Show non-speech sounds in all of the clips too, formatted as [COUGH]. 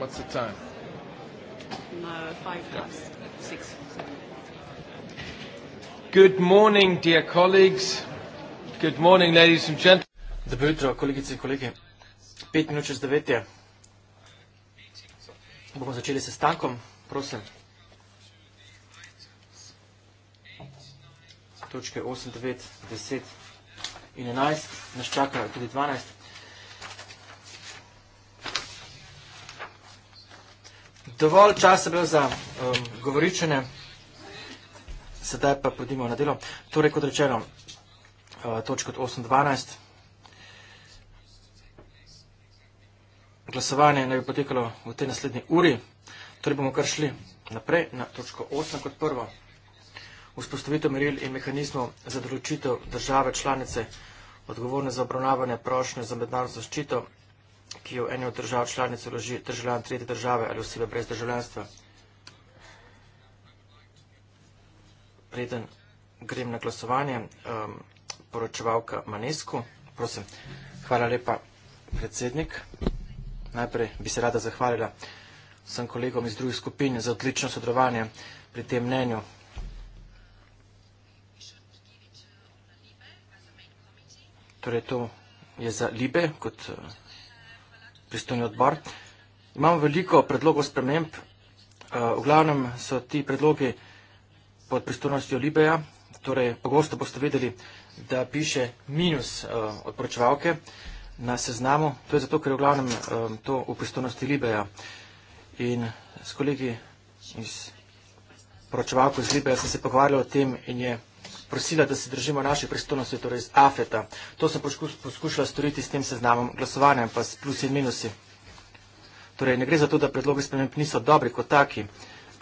What's the time? Uh, five past six. Good morning, dear colleagues. Good morning, ladies and gentlemen. Dobro jutro, kolegice in kolege. Pet minut čez devet je. Bomo začeli se stankom, prosim. Točke 8, 9, 10 in 11. Nas čaka tudi 12. dovolj časa bilo za um, govoričene, sedaj pa podimo na delo. Torej, kot rečeno, uh, točka 8.12. Glasovanje naj bi potekalo v tej naslednji uri, torej bomo kar šli naprej na točko 8 kot prvo. Vzpostavitev meril in mehanizmov za določitev države članice odgovorne za obravnavanje prošnje za mednarodno zaščito ki jo v eni od držav članic vloži državljan tretje države ali osebe brez državljanstva. Preden grem na glasovanje, um, poročevalka Manesku, prosim, hvala lepa, predsednik. Najprej bi se rada zahvalila vsem kolegom iz drugih skupin za odlično sodelovanje pri tem mnenju. Torej, to je za Libe kot pristojni odbor. Imamo veliko predlogov sprememb. Eh, v glavnem so ti predlogi pod pristojnostjo Libeja. Torej, pogosto boste videli, da piše minus eh, odporočevalke na seznamu. To je zato, ker je v glavnem eh, to v pristojnosti Libeja. In s kolegi iz poročevalko iz Libeja sem se pogovarjal o tem in je prosila, da se držimo naše pristojnosti, torej z AFETA. To sem poskušala storiti s tem seznamom glasovanja, pa s plusi in minusi. Torej, ne gre za to, da predloge sprememb niso dobri kot taki,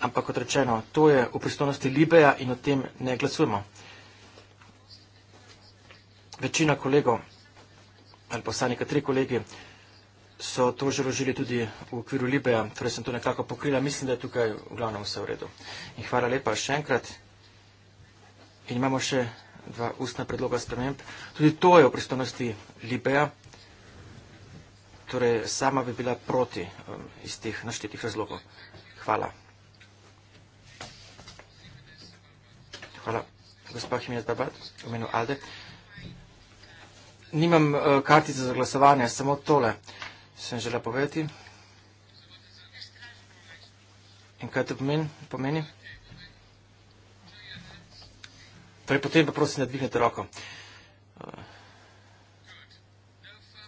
ampak kot rečeno, to je v pristojnosti Libeja in o tem ne glasujemo. Večina kolegov, ali pa vsaj nekaj tri kolegi, so to že rožili tudi v okviru Libeja, torej sem to nekako pokrila. Mislim, da je tukaj v glavnem vse v redu. In hvala lepa še enkrat in imamo še dva ustna predloga sprememb. Tudi to je v pristojnosti Libeja, torej sama bi bila proti um, iz teh naštetih razlogov. Hvala. Hvala, gospa Himjaz Babat, v menu Alde. Nimam uh, kartice za glasovanje, samo tole sem želela povedati. In kaj to pomeni? Torej, potem pa prosim, da dvihnete roko,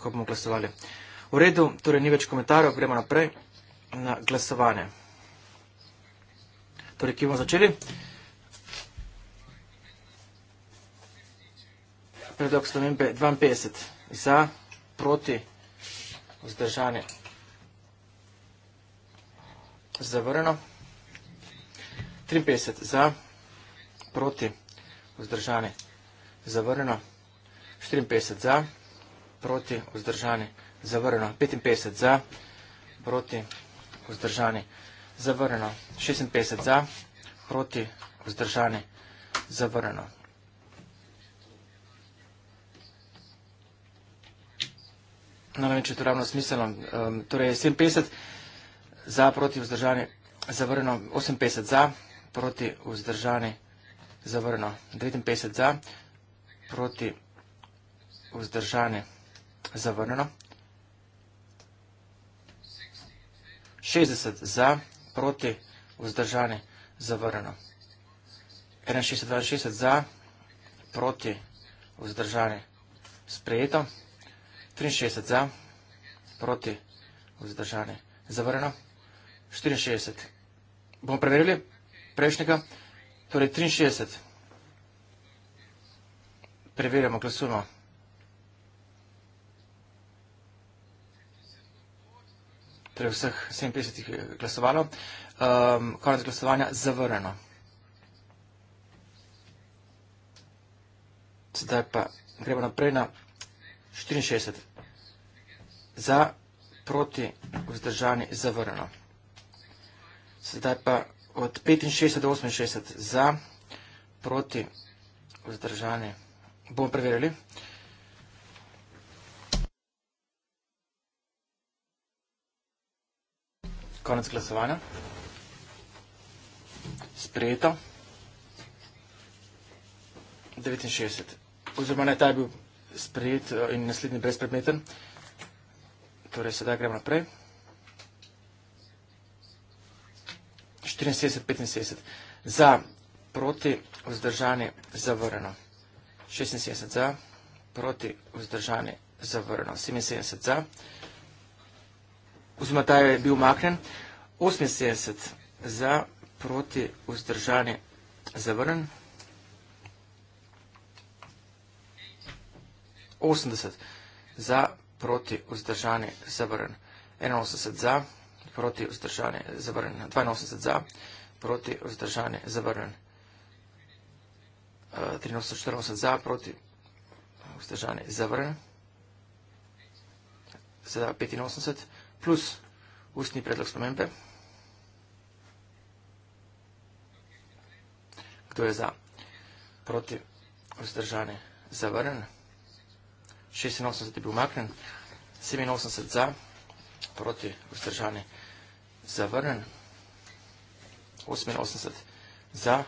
ko bomo glasovali. V redu, torej ni več komentarjev, gremo naprej na glasovanje. Torej, ki bomo začeli? Predlog slovenbe 52. Za, proti, vzdržanje. Zavrno. 53. Za, proti, vzdržanje vzdržani, zavrno, 54 za, proti, vzdržani, zavrno, 55 za, proti, vzdržani, zavrno, 56 za, proti, vzdržani, zavrno. No, ne vem, če je to ravno smiselno, um, torej 57 za, proti, vzdržani, zavrno, 58 za, proti, vzdržani, zavrno zavrnil. 59 za, proti vzdržani zavrnjeno. 60 za, proti vzdržani zavrnjeno. 61 za, proti vzdržani sprejeto. 63 za, proti vzdržani zavrnjeno. 64. Bomo preverili prejšnjega. Torej 63. Preverjamo, glasujemo. Torej vseh 57 glasovalo. Um, konec glasovanja zavrjeno. Zdaj pa gremo naprej na 64. Za, proti, vzdržani, zavrjeno. Zdaj pa od 65 do 68 za, proti, vzdržani. Bomo preverili. Konec glasovanja. Sprejeto. 69. Oziroma ne, ta je bil sprejet eh, in naslednji brezpredmeten. Torej, sedaj gremo naprej. 74, 75. Za, proti, vzdržani, zavrno. 76 za, proti, vzdržani, zavrno. 77 za, oziroma ta je bil maknen. 78 za, proti, vzdržani, zavrn. 80 za, proti, vzdržani, zavrn. 81 za, proti vzdržanje zavrnen, 82 za, proti vzdržanje zavrnen, 1384 za, proti vzdržanje zavrnen, sedaj 85, plus ustni predlog spomembe. Kdo je za? Proti vzdržanje zavrnen, 86 je bil umaknen, 87 za, proti vzdržanje zavrnen, zavrnen, 88 za,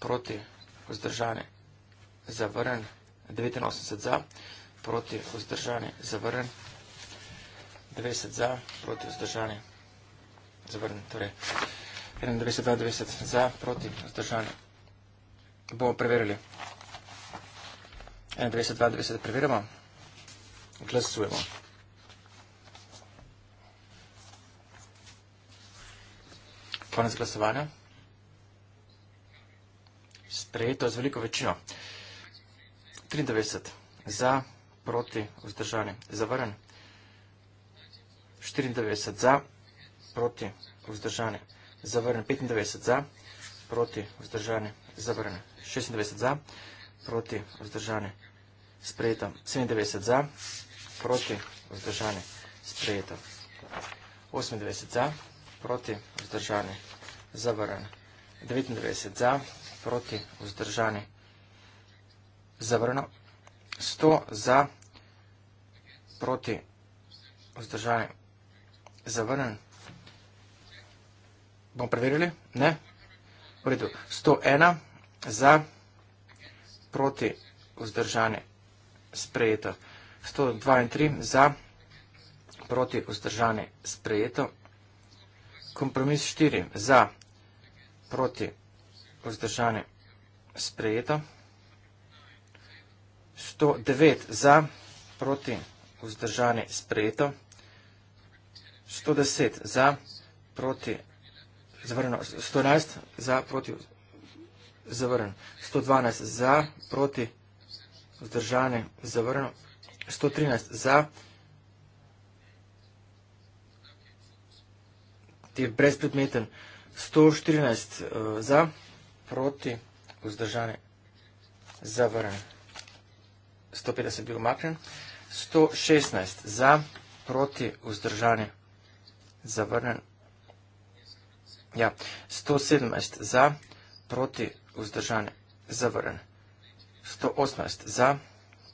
proti vzdržane, zavrnen, 89 za, proti vzdržane, zavrnen, 20 za, proti vzdržane, zavrnen, torej 21, 22 za, proti vzdržane. Bomo preverili. 21, 22 preverimo, glasujemo. Konec glasovanja. Sprejeto z veliko večino. 93 za, proti, vzdržani, zavrnjen. 94 za, proti, vzdržani, zavrnjen. 95 za, proti, vzdržani, zavrnjen. 96 za, proti, vzdržani, sprejeto. 97 za, proti, vzdržani, sprejeto. 98 za, proti, vzdržani, zavrnjen. 99 za, proti, vzdržani, zavrnjen. 100 za, proti, vzdržani, zavrnjen. Bomo preverili? Ne? V redu. 101 za, proti, vzdržani, sprejeto. 102 in 3 za, proti, vzdržani, sprejeto kompromis 4 za proti vzdržanje sprejeto, 109 za proti vzdržanje sprejeto, 110 za proti zavrno, 111 za proti zavrno, 112 za proti vzdržanje zavrno, 113 za proti je brezpredmeten. 114 uh, eh, za, proti, vzdržane, zavrnen. 150 bil umaknen. 116 za, proti, vzdržane, zavrnen. Ja, 117 za, proti, vzdržane, zavrnen. 118 za,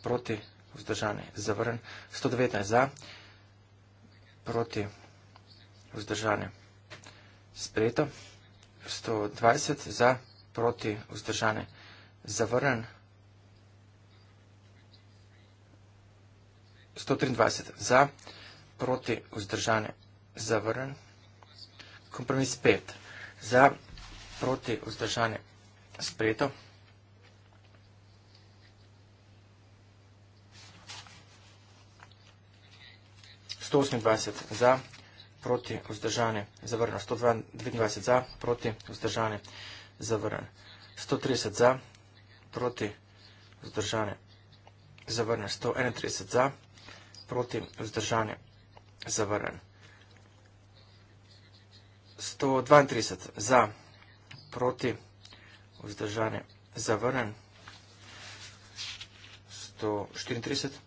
proti, vzdržane, zavrnen. 119 za, proti, vzdržane, zavrnen sprejeto. 120 za proti vzdržane. Zavrnen. 123 za proti vzdržane. Zavrnen. Kompromis 5 za proti vzdržane. Sprejeto. Sto osmi dvajset za proti vzdržane proti vzdržane, zavrne. 122 za, proti vzdržane, zavrne. 130 za, proti vzdržane, zavrne. 131 za, proti vzdržane, zavrne. 132 za, proti vzdržane, zavrne. 134 za.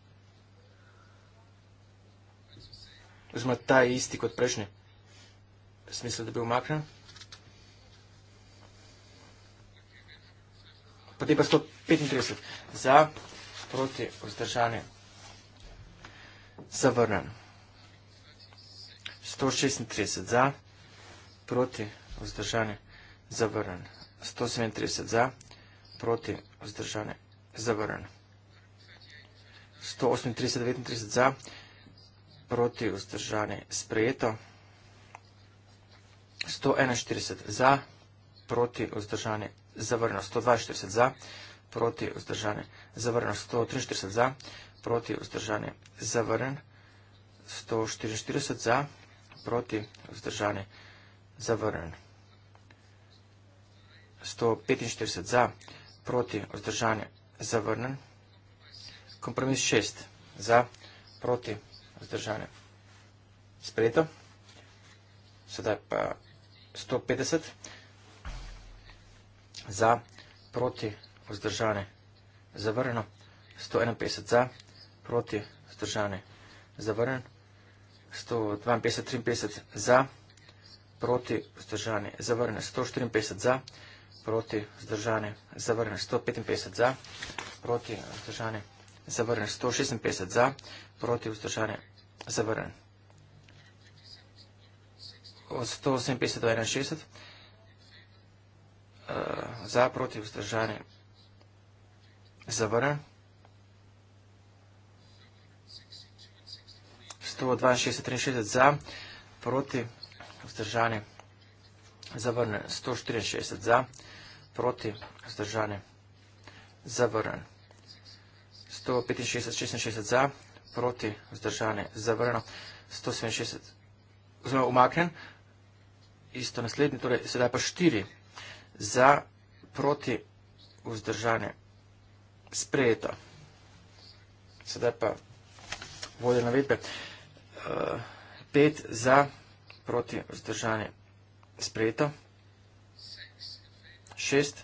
Oziroma, ta je isti kot prejšnji. Smisel, da bi umaknil. Potem pa 135 za, proti, vzdržanje. Zavrnen. 136 za, proti, vzdržanje. Zavrnen. 137 za, proti, vzdržanje. Zavrnen. 138, 39 za proti vzdržani sprejeto. 141 za, proti vzdržani zavrno. 142 za, proti vzdržani zavrno. 143 za, proti vzdržani zavrn. 144 za, proti vzdržani zavrn. 145 za, proti vzdržani zavrn. Kompromis 6 za, proti vzdržani zavrn vzdržane. Sprejeto. Sedaj pa 150 za, proti, vzdržane, zavrjeno, 151 za, proti, vzdržane, zavrjen, 152, 53 za, proti, vzdržane, zavrjen, 154 za, proti, vzdržane, zavrjen, 155 za, proti, vzdržane, zavrjen, 156 za, proti, vzdržane, zavrnjen. Od 157 do 61 uh, eh, za proti vzdržanje zavrnjen. 162-63 za proti vzdržanje zavrnjen. 164 za proti vzdržanje zavrnjen. 165-66 za proti, vzdržan je, zavrnjen, 167, oziroma umaknjen, isto naslednji, torej sedaj pa 4, za, proti, vzdržan je, sprejeto. Sedaj pa vodje navedbe, 5 eh, za, proti, vzdržan je, sprejeto, 6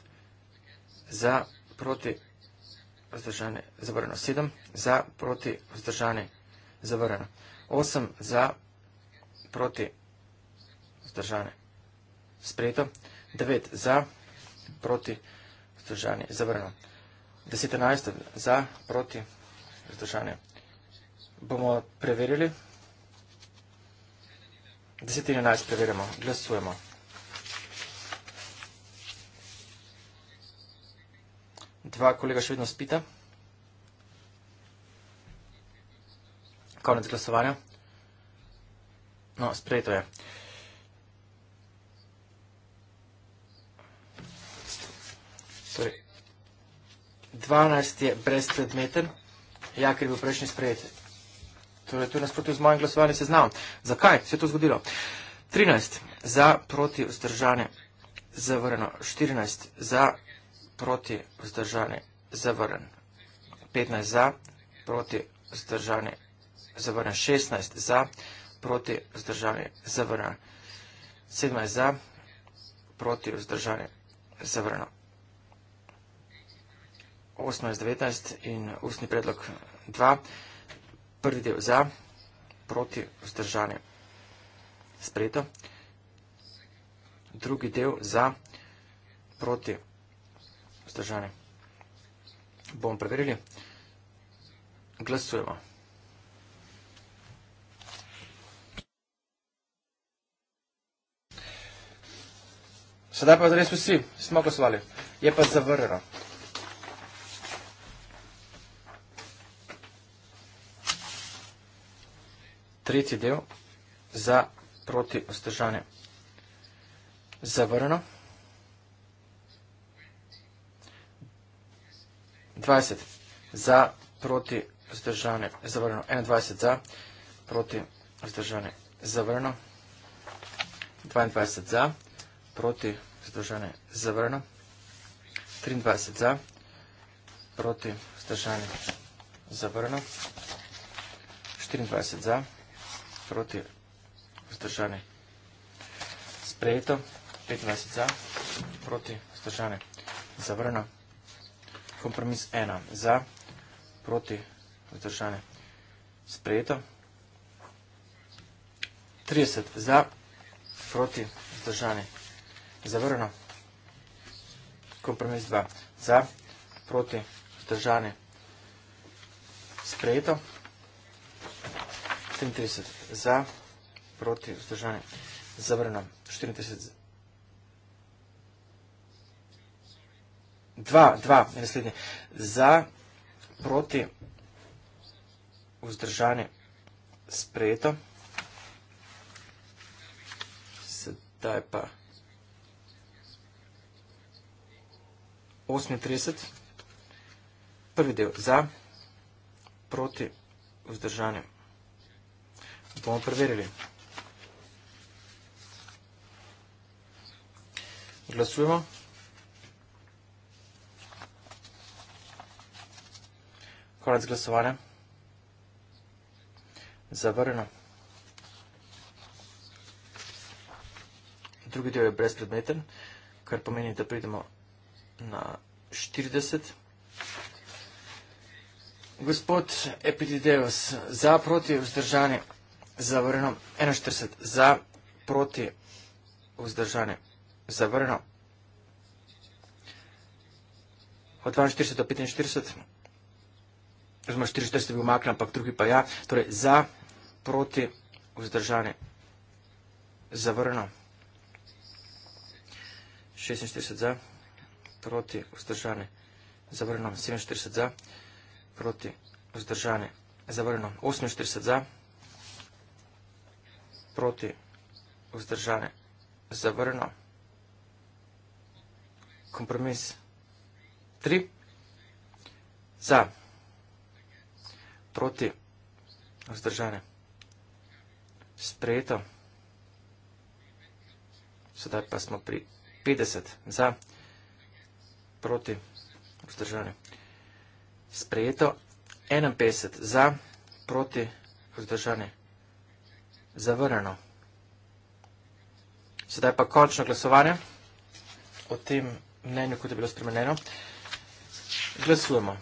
za, proti, vzdržan je, vzdržane, zavrano. 7 za, proti, vzdržane, zavrano. 8 za, proti, vzdržane, spreto. 9 za, proti, vzdržane, zavrano. 10, 11 za, proti, vzdržane. Bomo preverili. 10 in 11 preverimo, glasujemo. Dva kolega še vedno spita. Konec glasovanja. No, sprejeto je. Torej, 12 je brez predmeten, ja, ker je bil prejšnji sprejet. Torej, to je nasprotil z mojim glasovanjem seznamom. Zakaj se je to zgodilo? 13 za proti vzdržanje, zavrno. 14 za proti vzdržani zavrn. 15 za, proti vzdržani zavrn. 16 za, proti vzdržani zavrn. 17 za, proti vzdržani zavrn. 18, 19 in ustni predlog 2. Prvi del za, proti vzdržani spreto. Drugi del za, proti vzdržani zavrn vzdržani. Bomo preverili. Glasujemo. Sedaj pa res vsi smo glasovali. Je pa zavrljeno. Tretji del za proti vzdržanje. Zavrljeno. 20 za, proti, vzdržane, zavrno. 21 za, proti, vzdržane, zavrno. 22 za, proti, vzdržane, zavrno. 23 za, proti, vzdržane, zavrno. 24 za, proti, vzdržane, sprejeto. 25 za, proti, vzdržane, zavrno kompromis ena za, proti, vzdržane, sprejeto, 30 za, proti, vzdržane, zavrno, kompromis dva za, proti, vzdržane, sprejeto, 33 za, proti, vzdržane, zavrno, 34 za, dva, dva, naslednje, za, proti, vzdržanje, sprejeto, sedaj pa 38, prvi del, za, proti, vzdržanje, bomo preverili. Glasujemo. Konec glasovanja. Zavrno. Drugi del je brezpredmeten, kar pomeni, da pridemo na 40. Gospod Epitideus, za proti vzdržanje, zavrno, 41, za proti vzdržanje, zavrno, od 42 do 45 oziroma 44 bi umaknil, ampak drugi pa ja, torej za, proti, vzdržane, zavrno, 46 za, proti, vzdržane, zavrno, 47 za, proti, vzdržane, zavrno, 48 za, proti, vzdržane, zavrno, kompromis, 3, za, 3, proti, vzdržane, sprejeto. Sedaj pa smo pri 50 za, proti, vzdržane, sprejeto. 51 za, proti, vzdržane, zavrneno. Sedaj pa končno glasovanje o tem mnenju, kot je bilo spremenjeno. Glasujemo.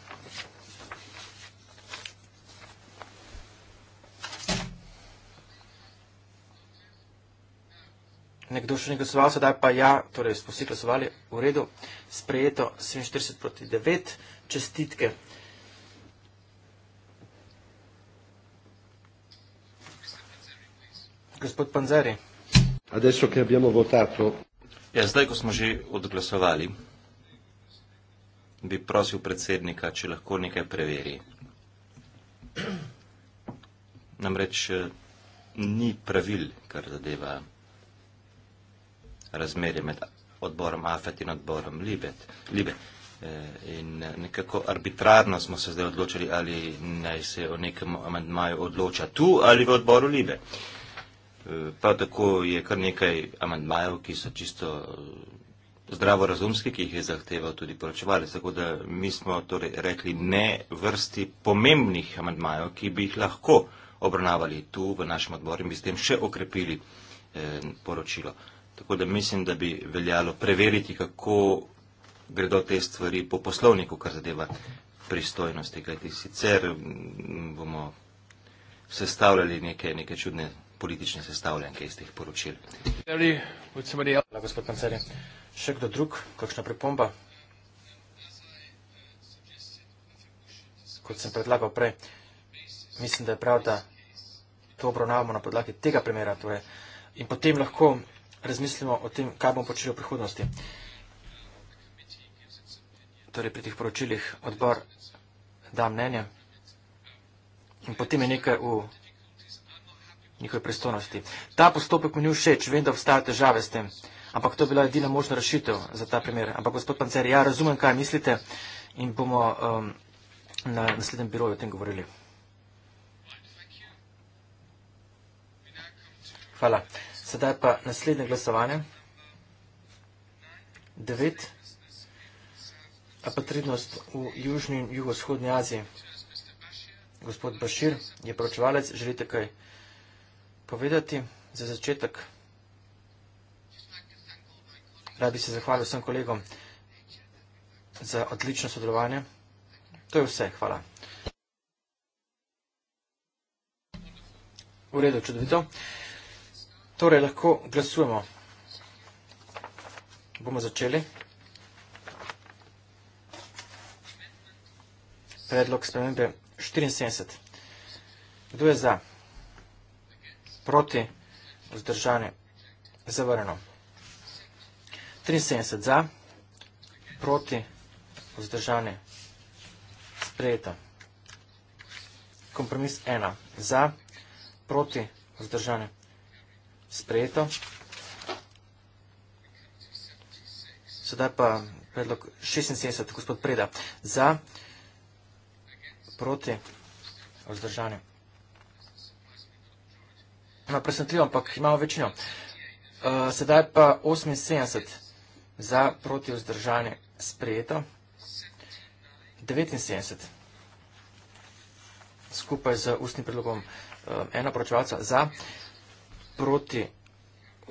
nekdo še ni glasoval, sedaj pa ja, torej smo vsi glasovali v redu, sprejeto 47 proti 9, čestitke. Gospod Panzeri. Adesso che abbiamo votato. Ja, zdaj, ko smo že odglasovali, bi prosil predsednika, če lahko nekaj preveri. Namreč eh, ni pravil, kar zadeva razmerje med odborom AFET in odborom Libet, Libe. Eh, in eh, nekako arbitrarno smo se zdaj odločili, ali naj se o nekem amandmaju odloča tu ali v odboru Libe. Eh, prav tako je kar nekaj amandmajev, ki so čisto zdravorazumski, ki jih je zahteval tudi poročevalec. Tako da mi smo torej rekli ne vrsti pomembnih amandmajev, ki bi jih lahko obravnavali tu v našem odboru in bi s tem še okrepili eh, poročilo. Tako da mislim, da bi veljalo preveriti, kako gredo te stvari po poslovniku, kar zadeva pristojnosti. Kajti sicer mm, bomo sestavljali neke, neke čudne politične sestavljanke iz teh poročil. Hvala, gospod Kancelje. Še kdo drug? Kakšna pripomba? Kot sem predlagal prej, mislim, da je prav, da to obravnavamo na podlagi tega primera. Torej. In potem lahko razmislimo o tem, kaj bomo počeli v prihodnosti. Torej, pri teh poročilih odbor da mnenje in potem je nekaj v njihove pristojnosti. Ta postopek mi ni všeč, vem, da obstaja težave s tem, ampak to je bila edina možna rešitev za ta primer. Ampak, gospod Pancer, ja, razumem, kaj mislite in bomo um, na naslednjem biroju o tem govorili. Hvala. Sedaj pa naslednje glasovanje. 9. Apatridnost v Južni in Jugoshodni Aziji. Gospod Bašir je pročevalec, želite kaj povedati za začetek? Rad bi se zahvalil vsem kolegom za odlično sodelovanje. To je vse, hvala. V redu, čudovito. Torej, lahko glasujemo. Bomo začeli. Predlog spremembe 74. Kdo je za? Proti? Vzdržanje? Zavrjeno. 73 za, proti, vzdržanje, sprejeto. Kompromis 1 za, proti, vzdržanje, sprejeto. Sedaj pa predlog 76, gospod Preda, za proti vzdržanje. Ima presentljivo, ampak imamo večino. Eh, sedaj pa 78 za proti vzdržanje sprejeto. 79 skupaj z ustnim predlogom eh, ena poročevalca za proti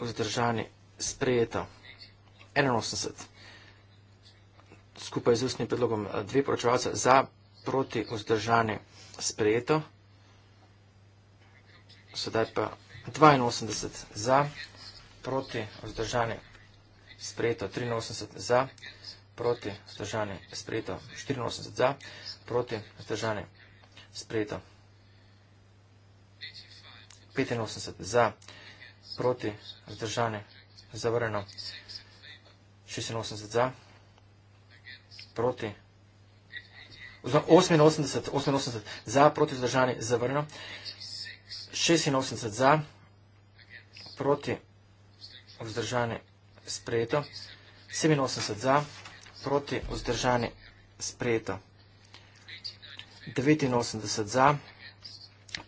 vzdržani sprejeta 81. Skupaj z ustnim predlogom eh, dve poročevalce za proti vzdržani sprejeto. Sedaj pa 82 za proti vzdržani sprejeto 83 za proti vzdržani sprejeto 84 za proti vzdržani sprejeto 83. 85 za, proti, vzdržane, zavrneno, 86 za, proti, oziroma 88, 88 za, proti, vzdržane, zavrneno, 86 za, proti, vzdržane, sprejeto, 87 za, proti, vzdržane, sprejeto, 89 za,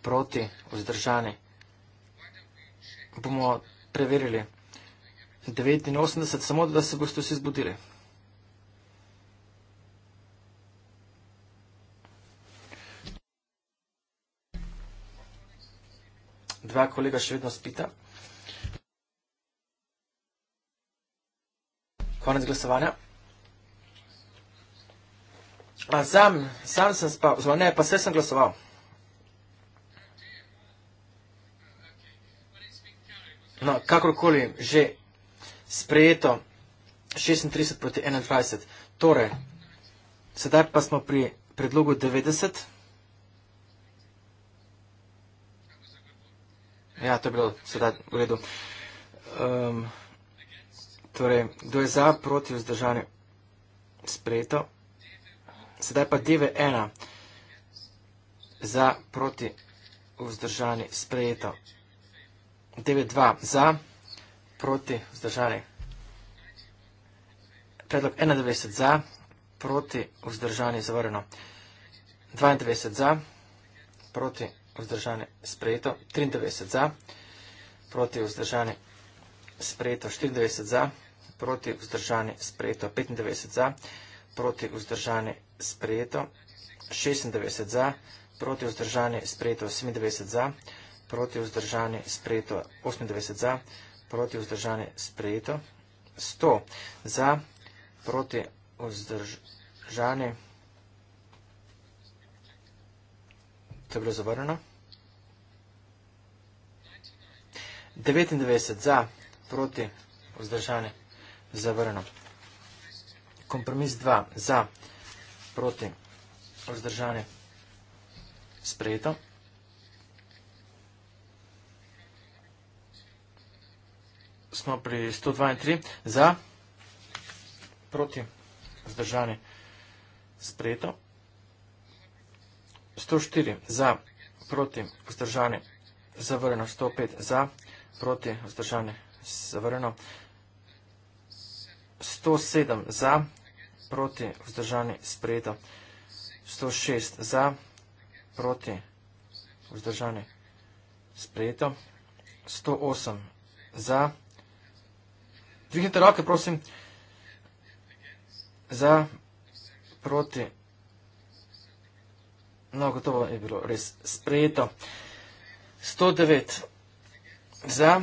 proti, vzdržane, sprejeto, bomo preverili. 89, samo da se boste vsi zbudili. Dva kolega še vedno spita. Konec glasovanja. A sam, sam sem spal, oziroma ne, pa vse sem glasoval. No, kakorkoli že sprejeto 36 proti 21. Torej, sedaj pa smo pri predlogu 90. Ja, to je bilo sedaj v redu. Um, torej, kdo je za proti vzdržanje sprejeto? Sedaj pa DV1 za proti vzdržanje sprejeto. 9-2 za, proti vzdržani. Predlog 91 za, proti vzdržani zavrjeno. 92 za, proti vzdržani sprejeto. 93 za, proti vzdržani sprejeto. 94 za, proti vzdržani sprejeto. 95 za, proti vzdržani sprejeto. 96 za, proti vzdržani sprejeto. 97 za, proti vzdržani sprejeto proti vzdržanje sprejeto, 98 za, proti vzdržanje sprejeto, 100 za, proti vzdržanje, to je bilo zavrljeno, 99 za, proti vzdržanje, zavrljeno, kompromis 2 za, proti vzdržanje, sprejeto, smo pri 102 in 3 za proti vzdržanje sprejeto. 104 za proti vzdržanje zavrjeno. 105 za proti vzdržanje zavrjeno. 107 za proti vzdržanje sprejeto. 106 za proti vzdržanje sprejeto. 108 za proti vzdržanje sprejeto. Dvignite roke, prosim, za, proti. No, gotovo je bilo res sprejeto. 109 za,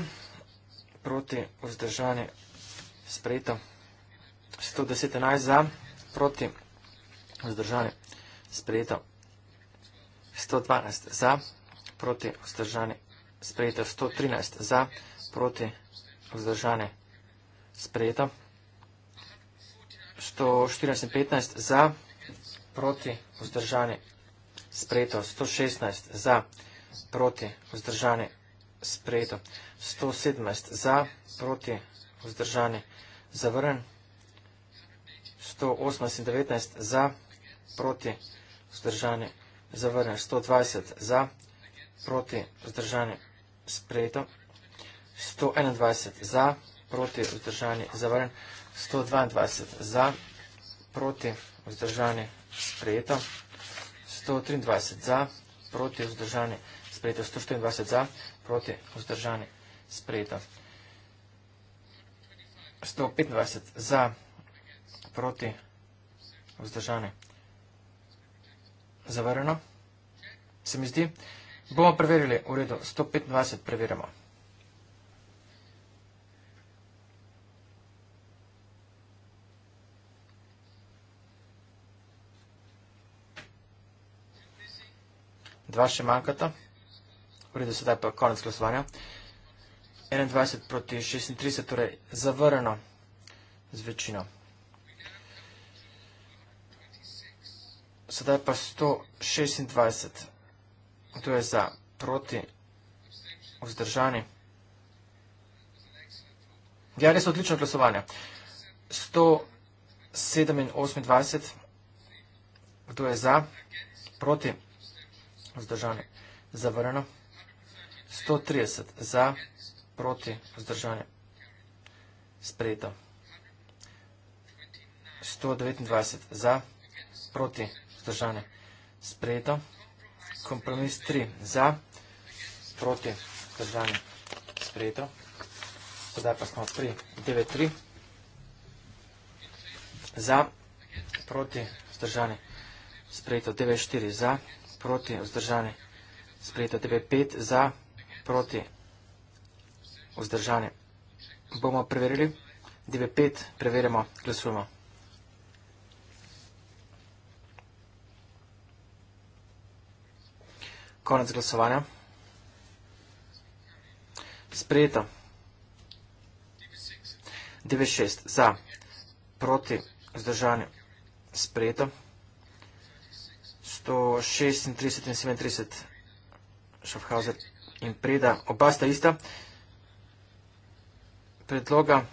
proti, vzdržanje, sprejeto. 110 11 za, proti, vzdržanje, sprejeto. 112 za, proti, vzdržanje, sprejeto. 113 za, proti, vzdržanje, sprejeto sprejeta. 114-15 za, proti vzdržane sprejeto. 116 za, proti vzdržane sprejeto. 117 za, proti vzdržane zavrnen. 118-19 za, proti vzdržane zavrnen. 120 za, proti vzdržane sprejeto. 121 za, proti vzdržane zavrnen proti vzdržanje zavrn, 122 za, proti vzdržanje sprejeto, 123 za, proti vzdržanje sprejeto, 124 za, proti vzdržanje sprejeto, 125 za, proti vzdržanje zavrno, se mi zdi, bomo preverili v redu, 125 preverjamo. dva še manjkata. Vredo sedaj pa konec glasovanja. 21 proti 36, torej zavrano z večino. Sedaj pa 126, to je za proti vzdržani. Ja, res odlično glasovanje. 127, to je za proti vzdržani vzdržane. Zavrano. 130 za, proti, vzdržane. Sprejeto. 129 za, proti, vzdržane. Sprejeto. Kompromis 3 za, proti, vzdržane. Sprejeto. Sedaj pa smo pri 9.3 za, proti, vzdržane. Sprejeto 9.4 za, proti vzdržani. Sprejeto tebe 5 za proti vzdržani. Bomo preverili. DB5, preverjamo, glasujemo. Konec glasovanja. Sprejeto. DB6, za, proti, zdržanje. Sprejeto. 136 in 37 Schaffhauser in Preda. Oba sta ista. Predloga.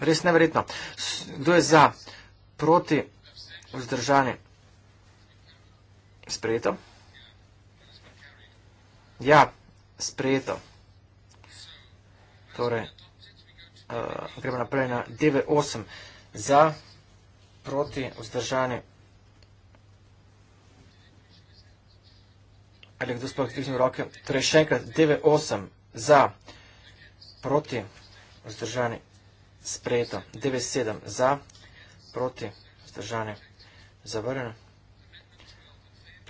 Res neverjetno. Kdo je za proti vzdržanje? Sprejeto. Ja, sprejeto. Torej, uh, gremo naprej na DV8 za proti, vzdržani. Ali kdo sploh stisne roke? Torej še enkrat, 9-8 za, proti, vzdržani, sprejeto. 9-7 za, proti, vzdržani, zavrjeno.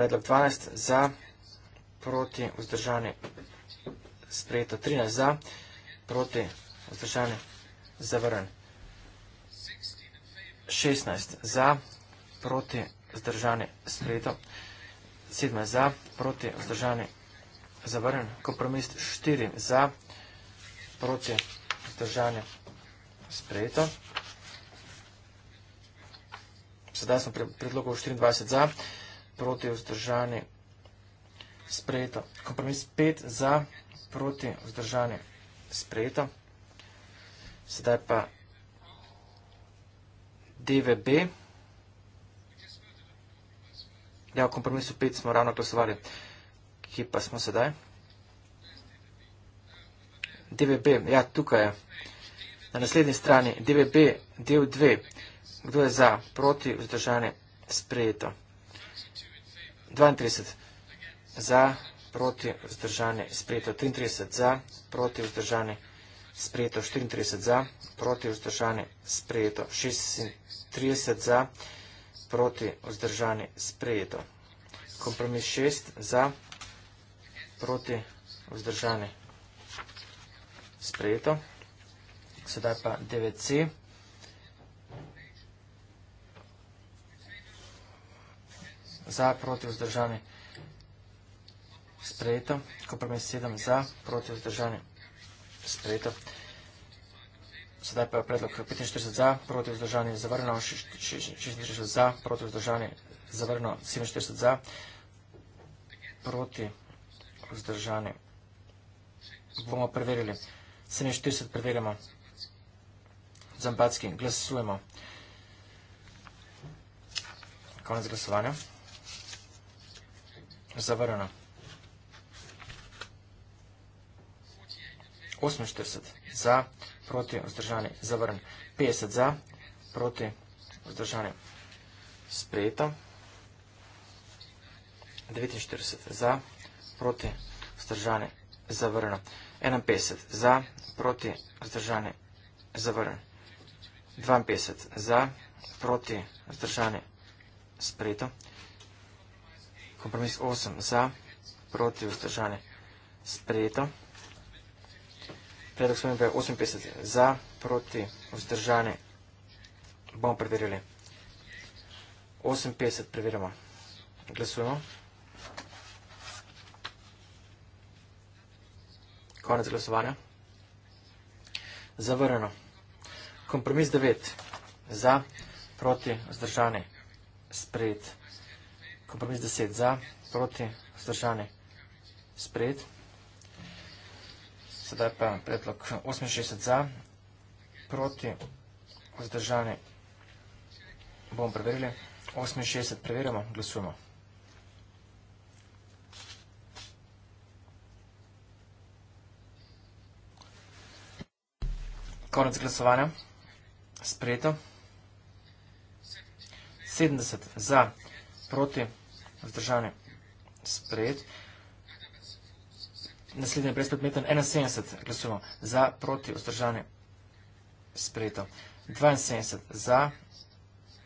Predlog 12 za, proti, vzdržani, sprejeto. 13 za, proti, vzdržani, zavrjeno. 16 za, proti zdržane sprejeto, 7 za, proti zdržane zavrnen, kompromis 4 za, proti zdržane sprejeto. Sedaj smo predlogov 24 za, proti vzdržane sprejeto. Kompromis 5 za, proti vzdržane sprejeto. Sedaj pa DVB. Ja, v kompromisu 5 smo ravno glasovali. Kje pa smo sedaj? DVB, ja, tukaj je. Na naslednji strani DVB, del 2. Kdo je za, proti, vzdržanje, sprejeto? 32 za, proti, vzdržanje, sprejeto. 33 za, proti, vzdržanje, sprejeto. 34 za, proti, vzdržanje, sprejeto. 36. 30 za, proti vzdržani sprejeto. Kompromis 6 za, proti vzdržani sprejeto. Sedaj pa 9c. Za, proti vzdržani sprejeto. Kompromis 7 za, proti vzdržani sprejeto. Sedaj pa je predlog 45 za, proti vzdržanje zavrno, 46 za, proti vzdržanje zavrno, 47 za, proti vzdržanje. Bomo preverili. 47 preverjamo. Zambatski, glasujemo. Konec glasovanja. Zavrno. 48 za, proti, vzdržani, zavrn, 50 za, proti, vzdržani, sprejeta, 49 za, proti, vzdržani, zavrn, 51 za, proti, vzdržani, zavrn, 52 za, proti, vzdržani, sprejeta, kompromis 8 za, proti, vzdržani, sprejeta, Predlog spremembe je 58 za, proti, vzdržane. Bomo preverili. 58 preverjamo. Glasujemo. Konec glasovanja. Zavrjeno. Kompromis 9 za, proti, vzdržane. Sprejet. Kompromis 10 za, proti, vzdržane. Sprejet. Sedaj pa predlog 68 za, proti, vzdržani bomo preverili. 68 preverjamo, glasujemo. Konec glasovanja, sprejeto. 70 za, proti, vzdržani sprejeti naslednjem brezpredmetnem 71 glasujemo za proti vzdržanje sprejeto. 72 za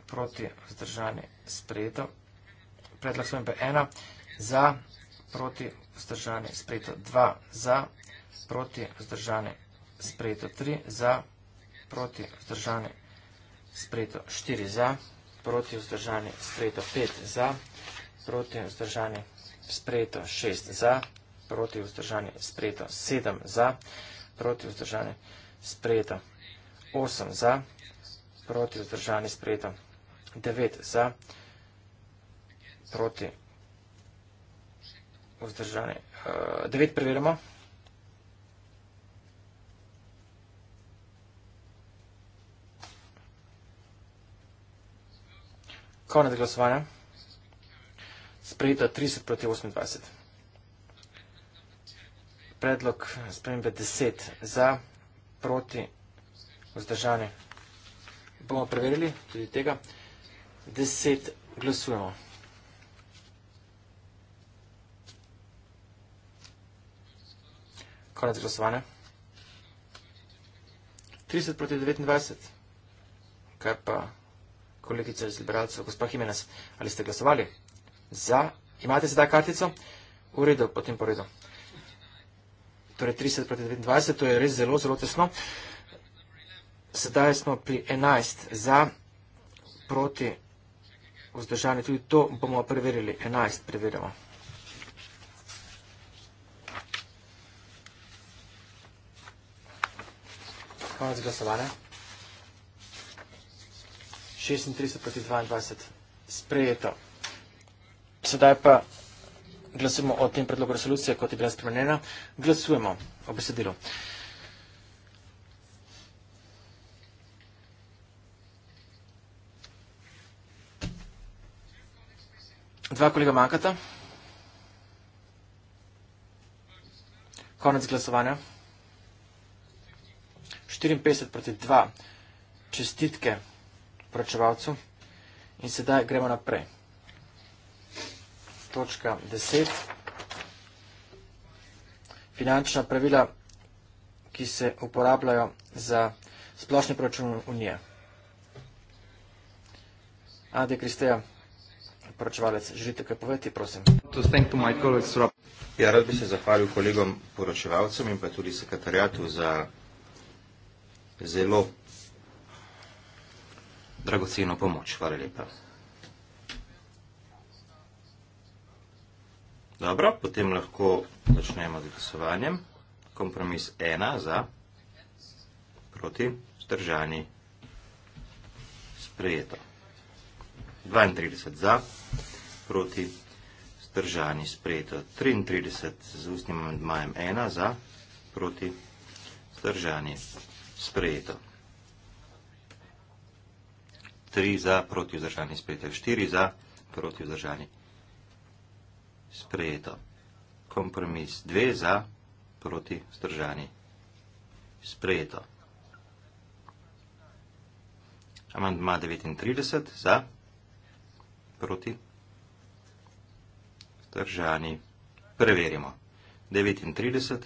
proti vzdržanje sprejeto. Predlog svojem pa 1 za proti vzdržanje sprejeto. 2 za proti vzdržanje sprejeto. 3 za proti vzdržanje sprejeto. 4 za proti vzdržanje sprejeto. 5 za proti vzdržanje sprejeto. 6 za proti vzdržanje sprejeto proti vzdržanje sprejeto, 7 za, proti vzdržanje sprejeto, 8 za, proti vzdržanje sprejeto, 9 za, proti vzdržanje, eh, 9 preverimo, Konec glasovanja. Sprejeta 30 proti 28 predlog spremembe 10 za proti vzdržanje. Bomo preverili tudi tega. 10 glasujemo. Konec glasovanja. 30 proti 29. Kaj pa kolegica iz liberalcev, gospod Jimenez, ali ste glasovali? Za. Imate sedaj kartico? V redu, potem po redu torej 30 proti 29, to je res zelo, zelo tesno. Sedaj smo pri 11 za, proti vzdržanje, tudi to bomo preverili, 11 preverjamo. Konec glasovanja. 36 proti 22, sprejeto. Sedaj pa glasujemo o tem predlogu resolucije, kot je bila spremenjena. Glasujemo o besedilu. Dva kolega manjkata. Konec glasovanja. 54 proti 2 čestitke vpračevalcu. In sedaj gremo naprej točka 10. Finančna pravila, ki se uporabljajo za splošni proračun Unije. Ade Kristeja, poročevalec, želite kaj povedati, prosim. Ja, rad bi se zahvalil kolegom poročevalcem in pa tudi sekretarjatu za zelo dragoceno pomoč. Hvala lepa. Dobro, potem lahko začnemo z glasovanjem. Kompromis 1 za proti zdržani. Sprejeto. 32 za proti zdržani. Sprejeto. 33 z ustnim amendmajem 1 za proti zdržani. Sprejeto. 3 za proti vzdržani sprejete, 4 za proti vzdržani sprejeto. Kompromis dve za, proti stržani. Sprejeto. Amandma 39 za, proti stržani. Preverimo. 39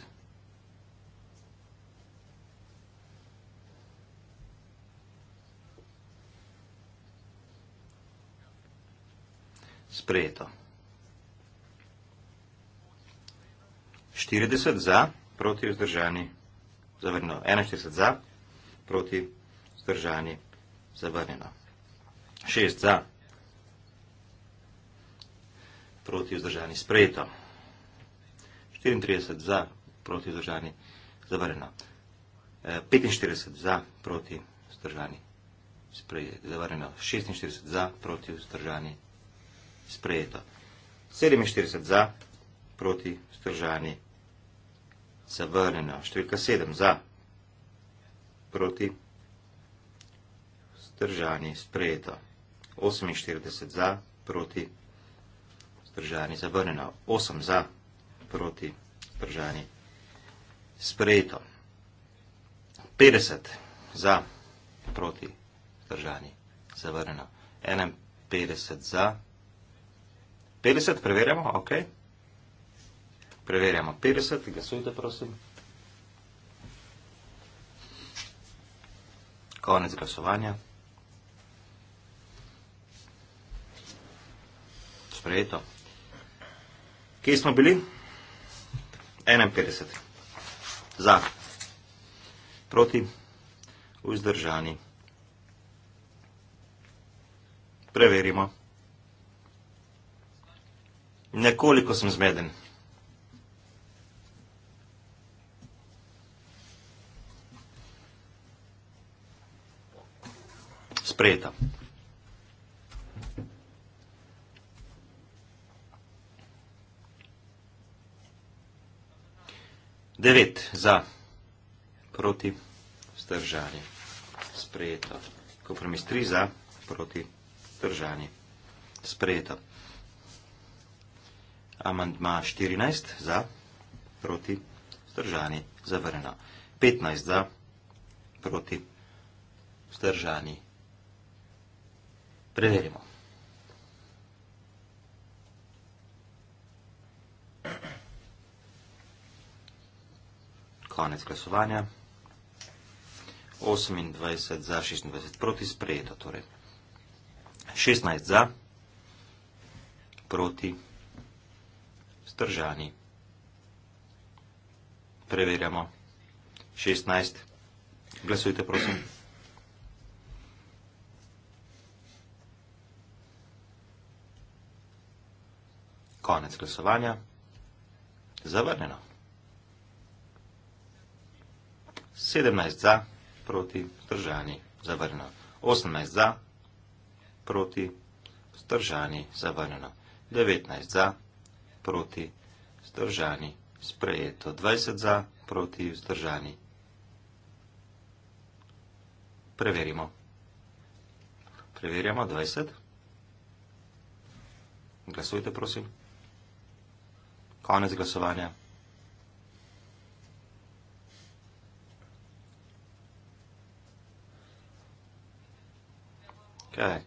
Sprejeto. 40 za, proti vzdržani, zavrnjeno. 41 za, proti vzdržani, zavrnjeno. 6 za, proti vzdržani, sprejeto. 34 za, proti vzdržani, zavrnjeno. 45 za, proti vzdržani, zavrnjeno. 46 za, proti vzdržani, sprejeto. 47 za, proti vzdržani, zavrnjeno proti vzdržani. Zavrnjeno. Številka sedem. Za. Proti vzdržani. Sprejeto. 48 za. Proti vzdržani. Zavrnjeno. 8 za. Proti vzdržani. Sprejeto. 50 za. Proti vzdržani. Zavrnjeno. 51 za. 50 preverjamo. Ok. Preverjamo 50, glasujte prosim. Konec glasovanja. Sprejeto. Kje smo bili? 51. Za. Proti. Vzdržani. Preverimo. Nekoliko sem zmeden. sprejeta. Devet za proti vzdržanje. Sprejeto. Kompromis tri za proti vzdržanje. Sprejeto. Amandma 14 za proti vzdržanje. Zavrneno. 15 za proti vzdržanje preverimo. Konec glasovanja. 28 za, 26 proti, sprejeto torej. 16 za, proti, stržani. Preverjamo. 16. Glasujte, prosim. Konec glasovanja. Zavrnjeno. 17 za, proti, vzdržani, zavrnjeno. 18 za, proti, vzdržani, zavrnjeno. 19 za, proti, vzdržani, sprejeto. 20 za, proti, vzdržani. Preverimo. Preverjamo 20. Glasujte, prosim. Konec glasovanja. Kaj?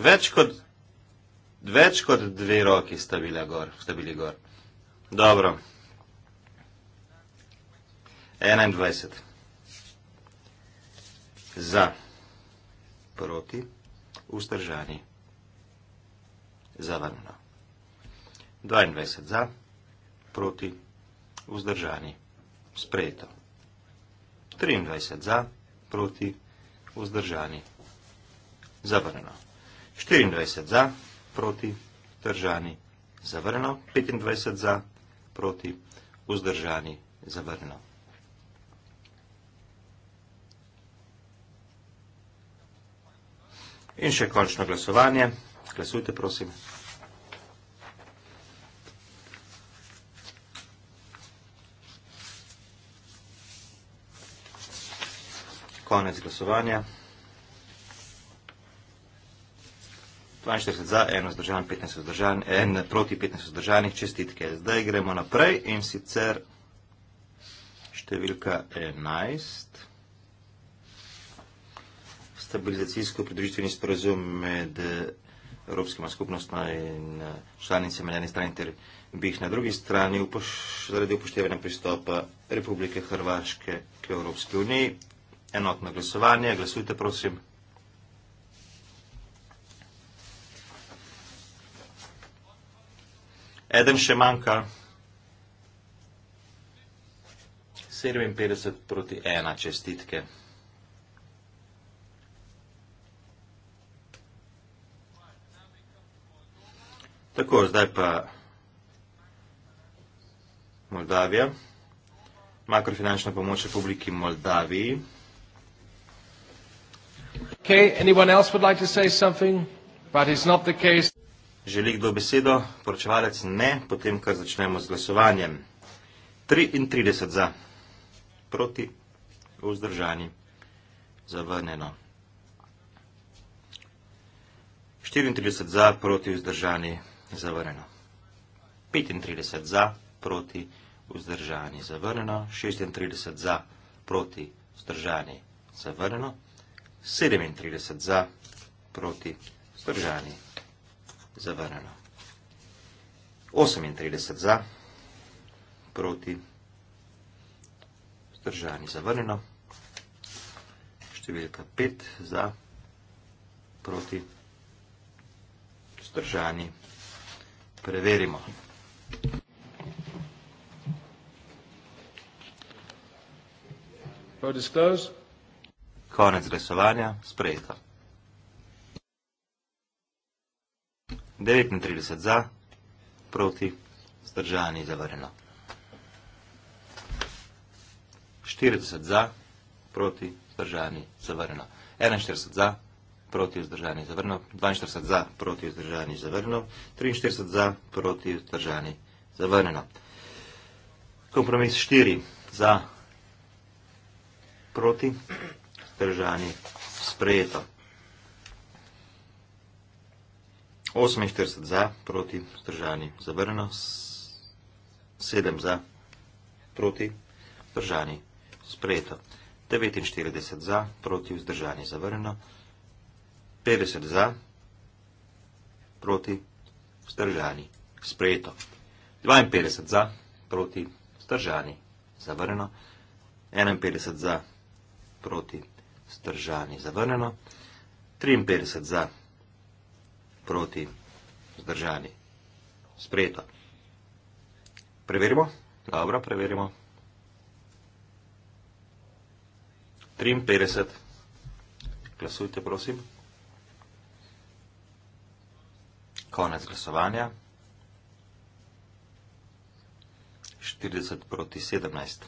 Več kot, več kot dve roki sta bili gor. Sta bili gor. Dobro. 21. Za. Proti. Ustržani. Zavrnjeno. 22 za, proti, vzdržani, sprejeto. 23 za, proti, vzdržani, zavrneno. 24 za, proti, vzdržani, zavrneno. 25 za, proti, vzdržani, zavrneno. In še končno glasovanje. Glasujte, prosim. Konec glasovanja. 42 za, 1 zdržan, 15 zdržan, 1 proti 15 zdržanih, čestitke. Zdaj gremo naprej in sicer številka 11. Stabilizacijsko pridružitveni sporozum med Evropskima skupnostma in eh, članicami na eni strani ter bih na drugi strani upoš zaradi upoštevanja pristopa Republike Hrvaške k Evropski uniji enotno glasovanje. Glasujte, prosim. Eden še manjka. 57 proti 1 čestitke. Tako, zdaj pa Moldavija. Makrofinančna pomoč Republiki Moldaviji. Okay, anyone else would like to say something? But it's not the case. Želi kdo besedo? Poročevalec ne, potem kar začnemo z glasovanjem. 33 za, proti, vzdržani, zavrnjeno. 34 za, proti, vzdržani, zavrnjeno. 35 za, proti, vzdržani, zavrnjeno. 36 za, proti, vzdržani, zavrnjeno. 37 za, proti, vzdržani, zavrnjeno. 38 za, proti, vzdržani, zavrnjeno. Številka 5 za, proti, vzdržani, preverimo. Vote is closed. Konec glasovanja, sprejeto. 39 za, proti, zdržani zavrjeno. 40 za, proti, zdržani zavrjeno. 41 za, proti, zdržani zavrjeno. 42 za, proti, zdržani zavrjeno. 43 za, proti, zdržani zavrjeno. Kompromis 4 za, proti, zdržani zavrjeno. Kržani sprejeto. 48 za, proti, vzdržani, zavrneno, 7 za, proti, vzdržani, sprejeto, 49 za, proti, vzdržani, zavrneno, 50 za, proti, vzdržani, sprejeto, 52 za, proti, vzdržani, zavrneno, 51 za, proti, vzdržani, zdržani, zavrnjeno, 53 za, proti, zdržani, sprejeto. Preverimo, dobro, preverimo. 53, glasujte, prosim. Konec glasovanja. 40 proti 17.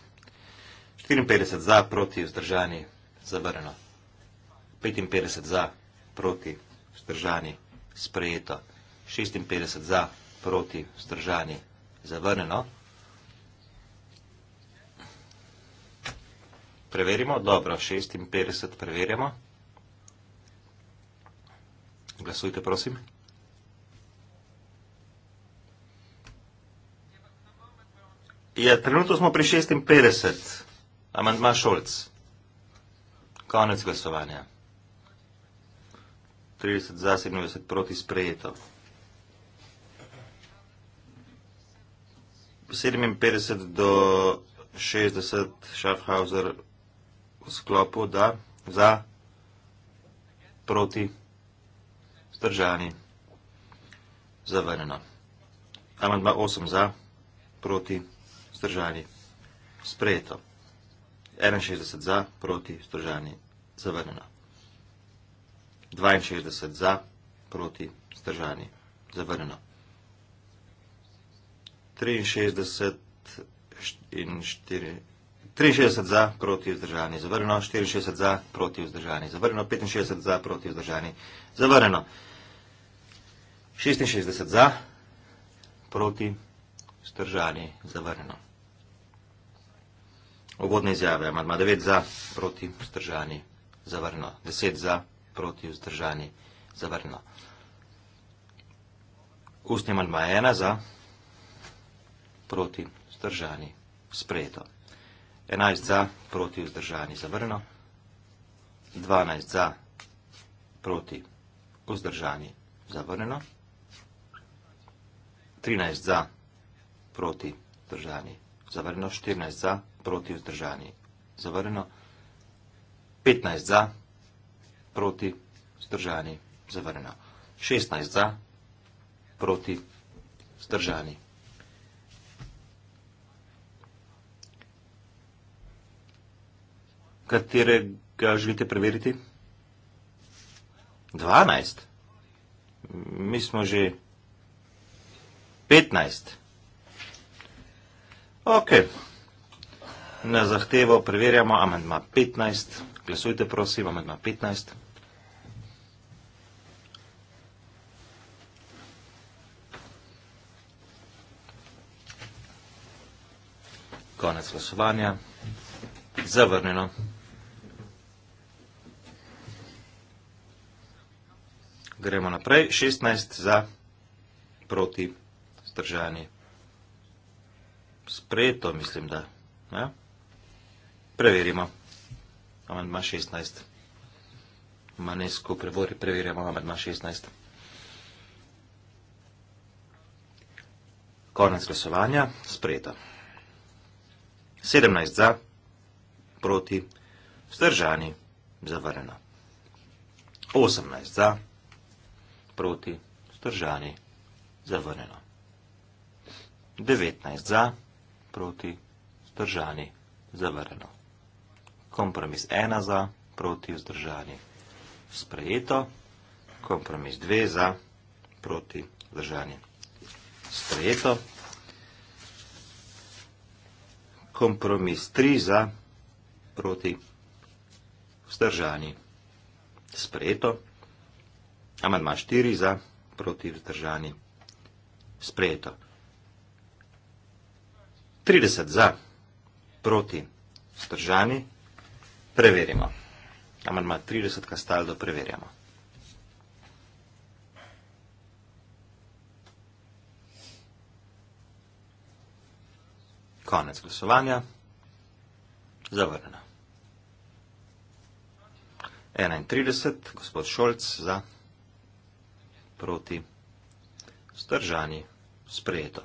54 za proti vzdržanji zavrnjeno. 55 za, proti, vzdržani, sprejeto. 56 za, proti, vzdržani, zavrnjeno. Preverimo, dobro, 56 preverjamo. Glasujte, prosim. Ja, trenutno smo pri 56. Amandma Šolc. Konec glasovanja. 30 za, 70 proti sprejeto. 57 do 60 Schaffhauser v sklopu, da, za, proti, zdržani, zavrneno. Amandma 8 za, proti, zdržani, sprejeto. 61 za, proti, vzdržani, zavrnjeno. 62 za, proti, vzdržani, zavrnjeno. 63 in 4... 63 za, proti, vzdržani, zavrnjeno. 64 za, proti, vzdržani, zavrnjeno. 65 za, proti, vzdržani, zavrnjeno. 66 za, proti, vzdržani, zavrnjeno. Ugodne izjave. Amadma 9 za, proti, vzdržani, zavrno. 10 za, proti, vzdržani, zavrno. Ustni amadma 1 za, proti, vzdržani, sprejeto. 11 za, proti, vzdržani, zavrno. 12 za, proti, vzdržani, zavrno. 13 za, proti, vzdržani, zavrno. 14 za, proti, vzdržani, zavrno proti vzdržani. Zavrnjeno. 15 za, proti vzdržani. Zavrnjeno. 16 za, proti vzdržani. Katerega želite preveriti? 12. Mi smo že 15. Okay na zahtevo preverjamo amendma 15. Glasujte prosim, amendma 15. Konec glasovanja. Zavrnjeno. Gremo naprej. 16 za proti zdržanje. Sprejeto, mislim, da. Ja? preverimo. Amandma 16. Manesko prebori, preverjamo amandma 16. Konec glasovanja, sprejeto. 17 za, proti, vzdržani, zavrjeno. 18 za, proti, vzdržani, zavrjeno. 19 za, proti, vzdržani, zavrjeno kompromis ena za, proti vzdržani sprejeto, kompromis dve za, proti vzdržani sprejeto, kompromis tri za, proti vzdržani sprejeto, amadma štiri za, proti vzdržani sprejeto. 30 za, proti, vzdržani, Preverimo. Amandma 30 Kastaldo preverjamo. Konec glasovanja. Zavrnjeno. 31, gospod Šolc za proti stržani sprejeto.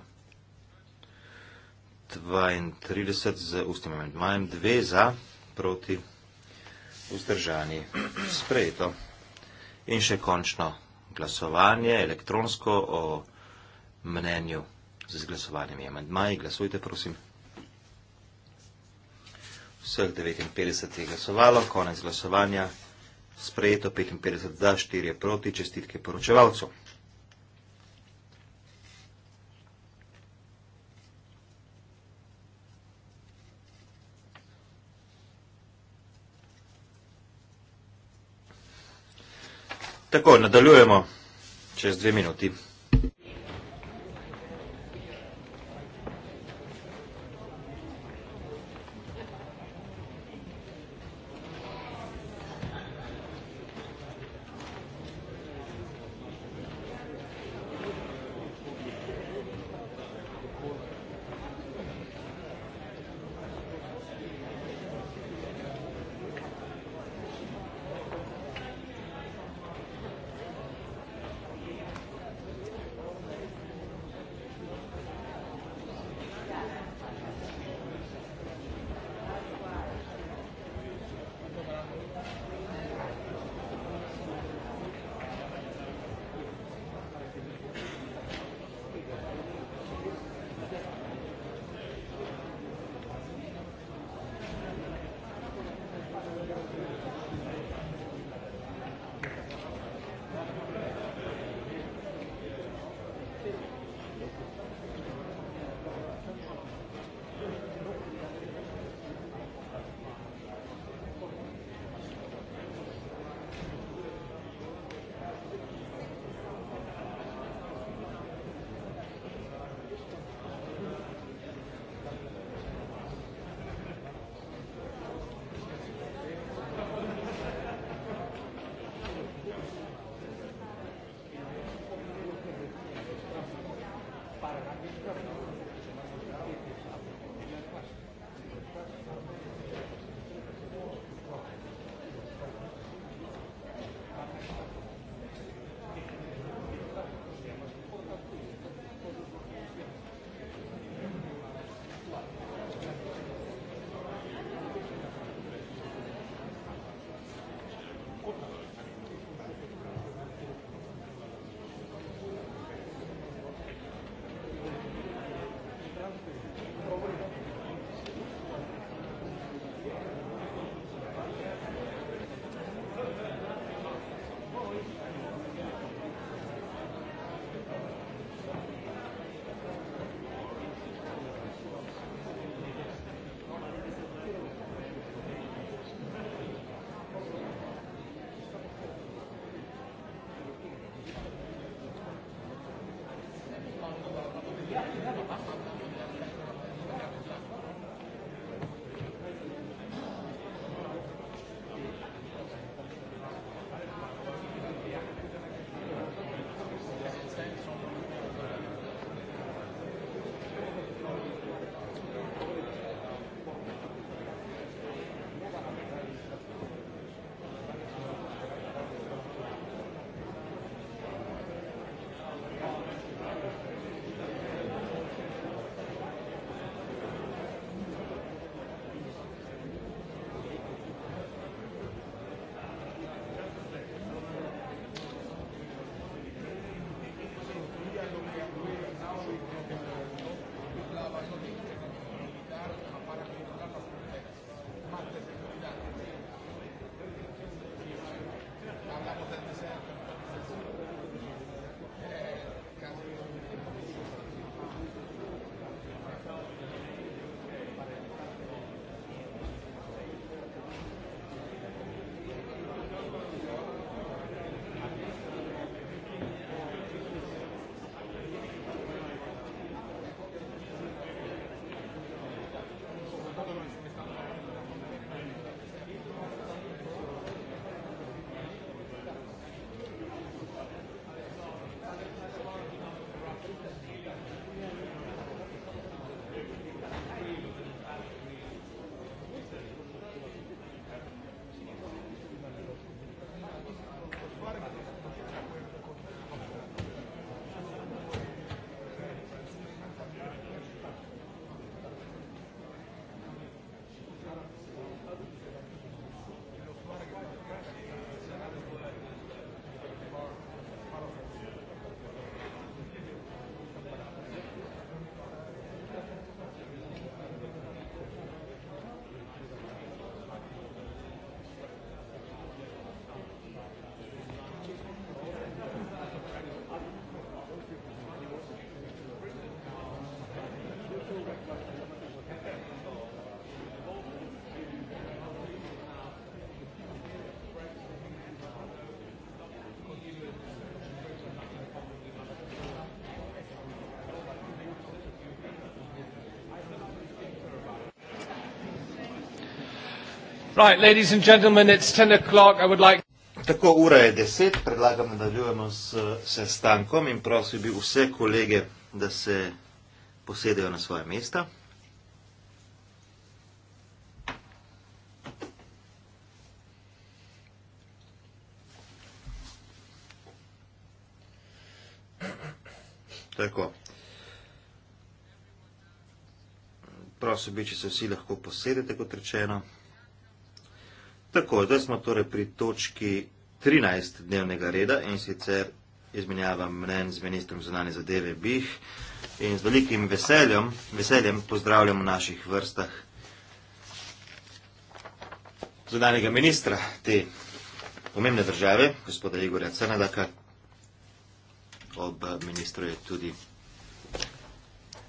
32 z ustnim amendmajem, 2 za proti stržani sprejeto vzdržani, sprejeto. In še končno glasovanje elektronsko o mnenju z izglasovanjem amandmaji. Glasujte, prosim. Vseh 59 je glasovalo, konec glasovanja, sprejeto 55 za, 4 proti, čestitke poročevalcu. Tako, nadaljujemo čez dve minuti. Right, ladies and gentlemen, it's 10 o'clock. I would like. Tako ura je 10, predlagam, da nadaljujemo s sestankom in prosim bi vse kolege, da se posedejo na svoje mesta. Tako. Prosim bi, če se vsi lahko posedete, kot rečeno. Tako, zdaj smo torej pri točki 13 dnevnega reda in sicer izmenjava mnen z ministrom zunanje zadeve BIH in z velikim veseljem, veseljem pozdravljam v naših vrstah zunanjega ministra te pomembne države, gospoda Igorja Crnadaka. Ob ministru je tudi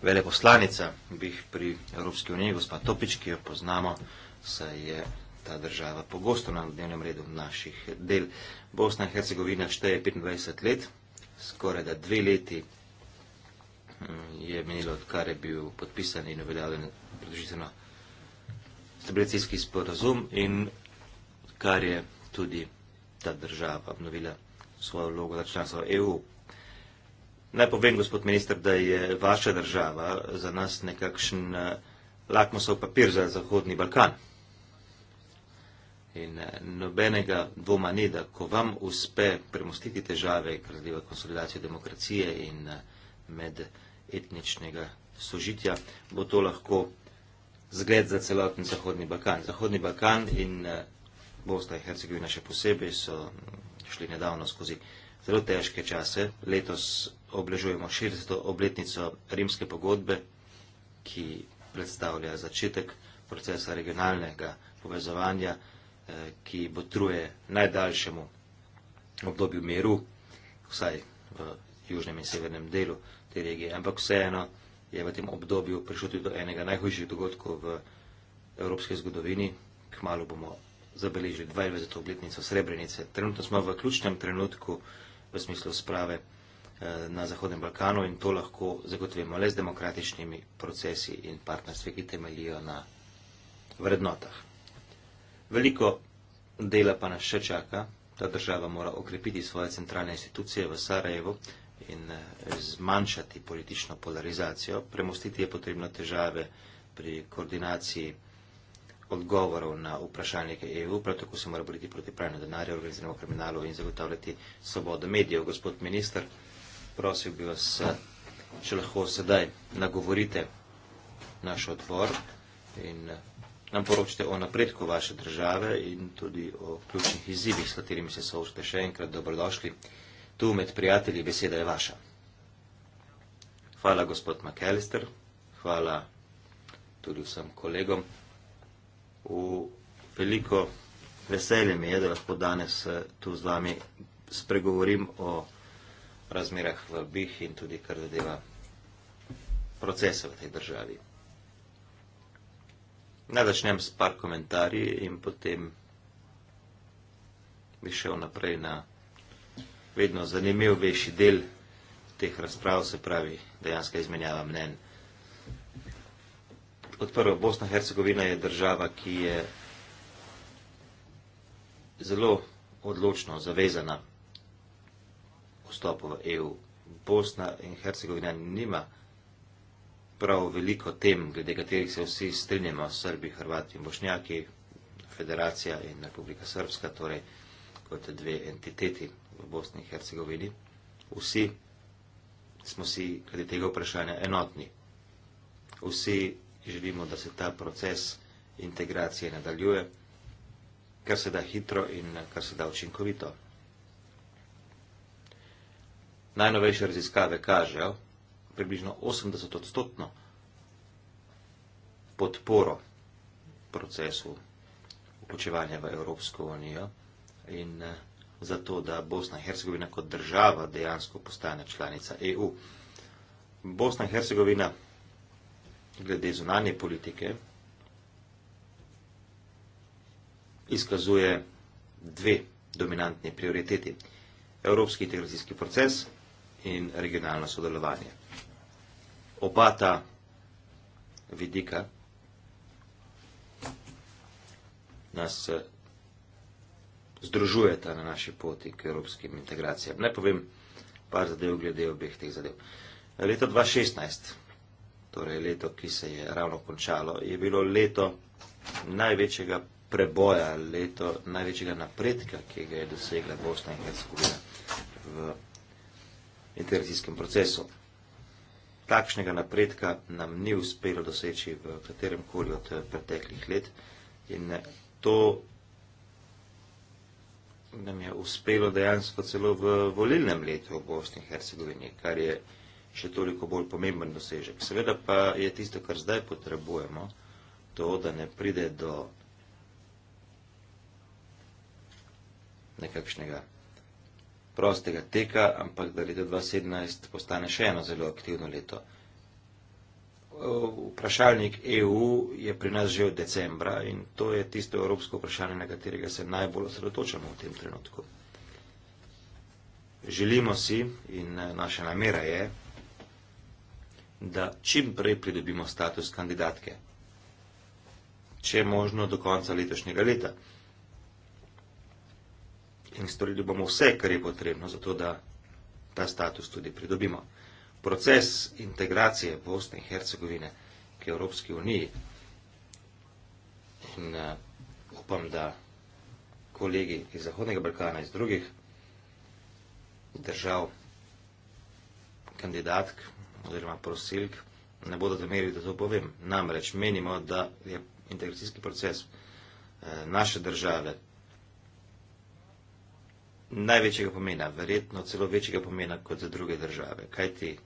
veleposlanica BIH pri Evropski uniji, gospa Topič, ki jo poznamo, se je ta država pogosto na dnevnem redu naših del. Bosna in Hercegovina šteje 25 let, skoraj da dve leti mm, je menilo, odkar je bil podpisan in uveljavljen predložiteno stabilacijski sporazum in kar je tudi ta država obnovila svojo vlogo za članstvo EU. Naj povem, gospod minister, da je vaša država za nas nekakšen eh, lakmusov papir za Zahodni Balkan. In eh, nobenega dvoma ni, da ko vam uspe premostiti težave, kar zadeva konsolidacijo demokracije in eh, medetničnega sožitja, bo to lahko zgled za celoten Zahodni Balkan. Zahodni Balkan in eh, Bosna in Hercegovina še posebej so mm, šli nedavno skozi zelo težke čase. Letos obležujemo 60. obletnico rimske pogodbe, ki predstavlja začetek procesa regionalnega povezovanja ki botruje najdaljšemu obdobju miru, vsaj v južnem in severnem delu te regije. Ampak vseeno je v tem obdobju prišlo tudi do enega najhujših dogodkov v evropske zgodovini. Hmalo bomo zabeležili 22. obletnico Srebrenice. Trenutno smo v ključnem trenutku v smislu sprave eh, na Zahodnem Balkanu in to lahko zagotovimo le z demokratičnimi procesi in partnerstvi, ki temeljijo na vrednotah. Veliko dela pa nas še čaka. Ta država mora okrepiti svoje centralne institucije v Sarajevu in eh, zmanjšati politično polarizacijo. Premostiti je potrebno težave pri koordinaciji odgovorov na vprašanje, ki je EU, prav tako se mora boriti proti pranju denarja, organiziranemu kriminalu in zagotavljati svobodo medijev. Gospod minister, prosil bi vas, eh, če lahko sedaj nagovorite naš odbor in eh, nam poročite o napredku vaše države in tudi o ključnih izzivih, s katerimi se soočate. Še enkrat dobrodošli. Tu med prijatelji beseda je vaša. Hvala, gospod McAllister. Hvala tudi vsem kolegom. V veliko veselje mi je, da lahko danes tu z vami spregovorim o razmerah v BIH in tudi kar zadeva procese v tej državi. Naj začnem s par komentarji in potem bi šel naprej na vedno zanimiv večji del teh razprav, se pravi dejansko izmenjava mnen. Odprvo, Bosna in Hercegovina je država, ki je zelo odločno zavezana vstopu v EU. Bosna in Hercegovina nima prav veliko tem, glede katerih se vsi strinjamo, Srbi, Hrvati in Bošnjaki, Federacija in Republika Srpska, torej kot dve entiteti v Bosni in Hercegovini, vsi smo si glede tega vprašanja enotni. Vsi želimo, da se ta proces integracije nadaljuje, kar se da hitro in kar se da učinkovito. Najnovejše raziskave kažejo, približno 80 odstotno podporo procesu upočevanja v Evropsko unijo in eh, zato, da Bosna in Hercegovina kot država dejansko postane članica EU. Bosna in Hercegovina glede zunanje politike izkazuje dve dominantne prioriteti. Evropski integracijski proces in regionalno sodelovanje oba ta vidika nas eh, združujeta na naši poti k evropskim integracijam. Ne povem par zadev glede obeh teh zadev. Leto 2016, torej leto, ki se je ravno končalo, je bilo leto največjega preboja, leto največjega napredka, ki ga je dosegla Bosna in Hercegovina v integracijskem procesu takšnega napredka nam ni uspelo doseči v katerem koli od eh, preteklih let in eh, to nam je uspelo dejansko celo v volilnem letu v Bosni in Hercegovini, kar je še toliko bolj pomemben dosežek. Seveda pa je tisto, kar zdaj potrebujemo, to, da ne pride do nekakšnega prostega teka, ampak da leto 2017 postane še eno zelo aktivno leto. Vprašalnik EU je pri nas že od decembra in to je tisto evropsko vprašanje, na katerega se najbolj osredotočamo v tem trenutku. Želimo si in naša namera je, da čim prej pridobimo status kandidatke, če je možno do konca letošnjega leta in storili bomo vse, kar je potrebno, zato da ta status tudi pridobimo. Proces integracije Bosne in Hercegovine k Evropski uniji in uh, upam, da kolegi iz Zahodnega Balkana, iz drugih držav, kandidatk oziroma prosilk, ne bodo zmerili, da to povem. Namreč menimo, da je integracijski proces uh, naše države največjega pomena, verjetno celo večjega pomena kot za druge države. Kaj ti?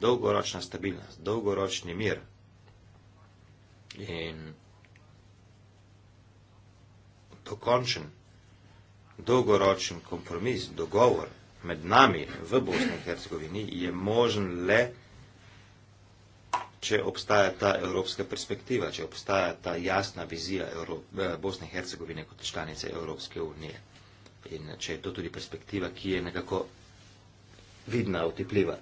Dolgoročna stabilnost, dolgoročni mir. In dokončen, dolgoročen kompromis, dogovor med nami v Bosni in Hercegovini je možen le, če obstaja ta evropska perspektiva, če obstaja ta jasna vizija Evrop eh, Bosne in Hercegovine kot članice Evropske unije. In če je to tudi perspektiva, ki je nekako vidna, utepljiva.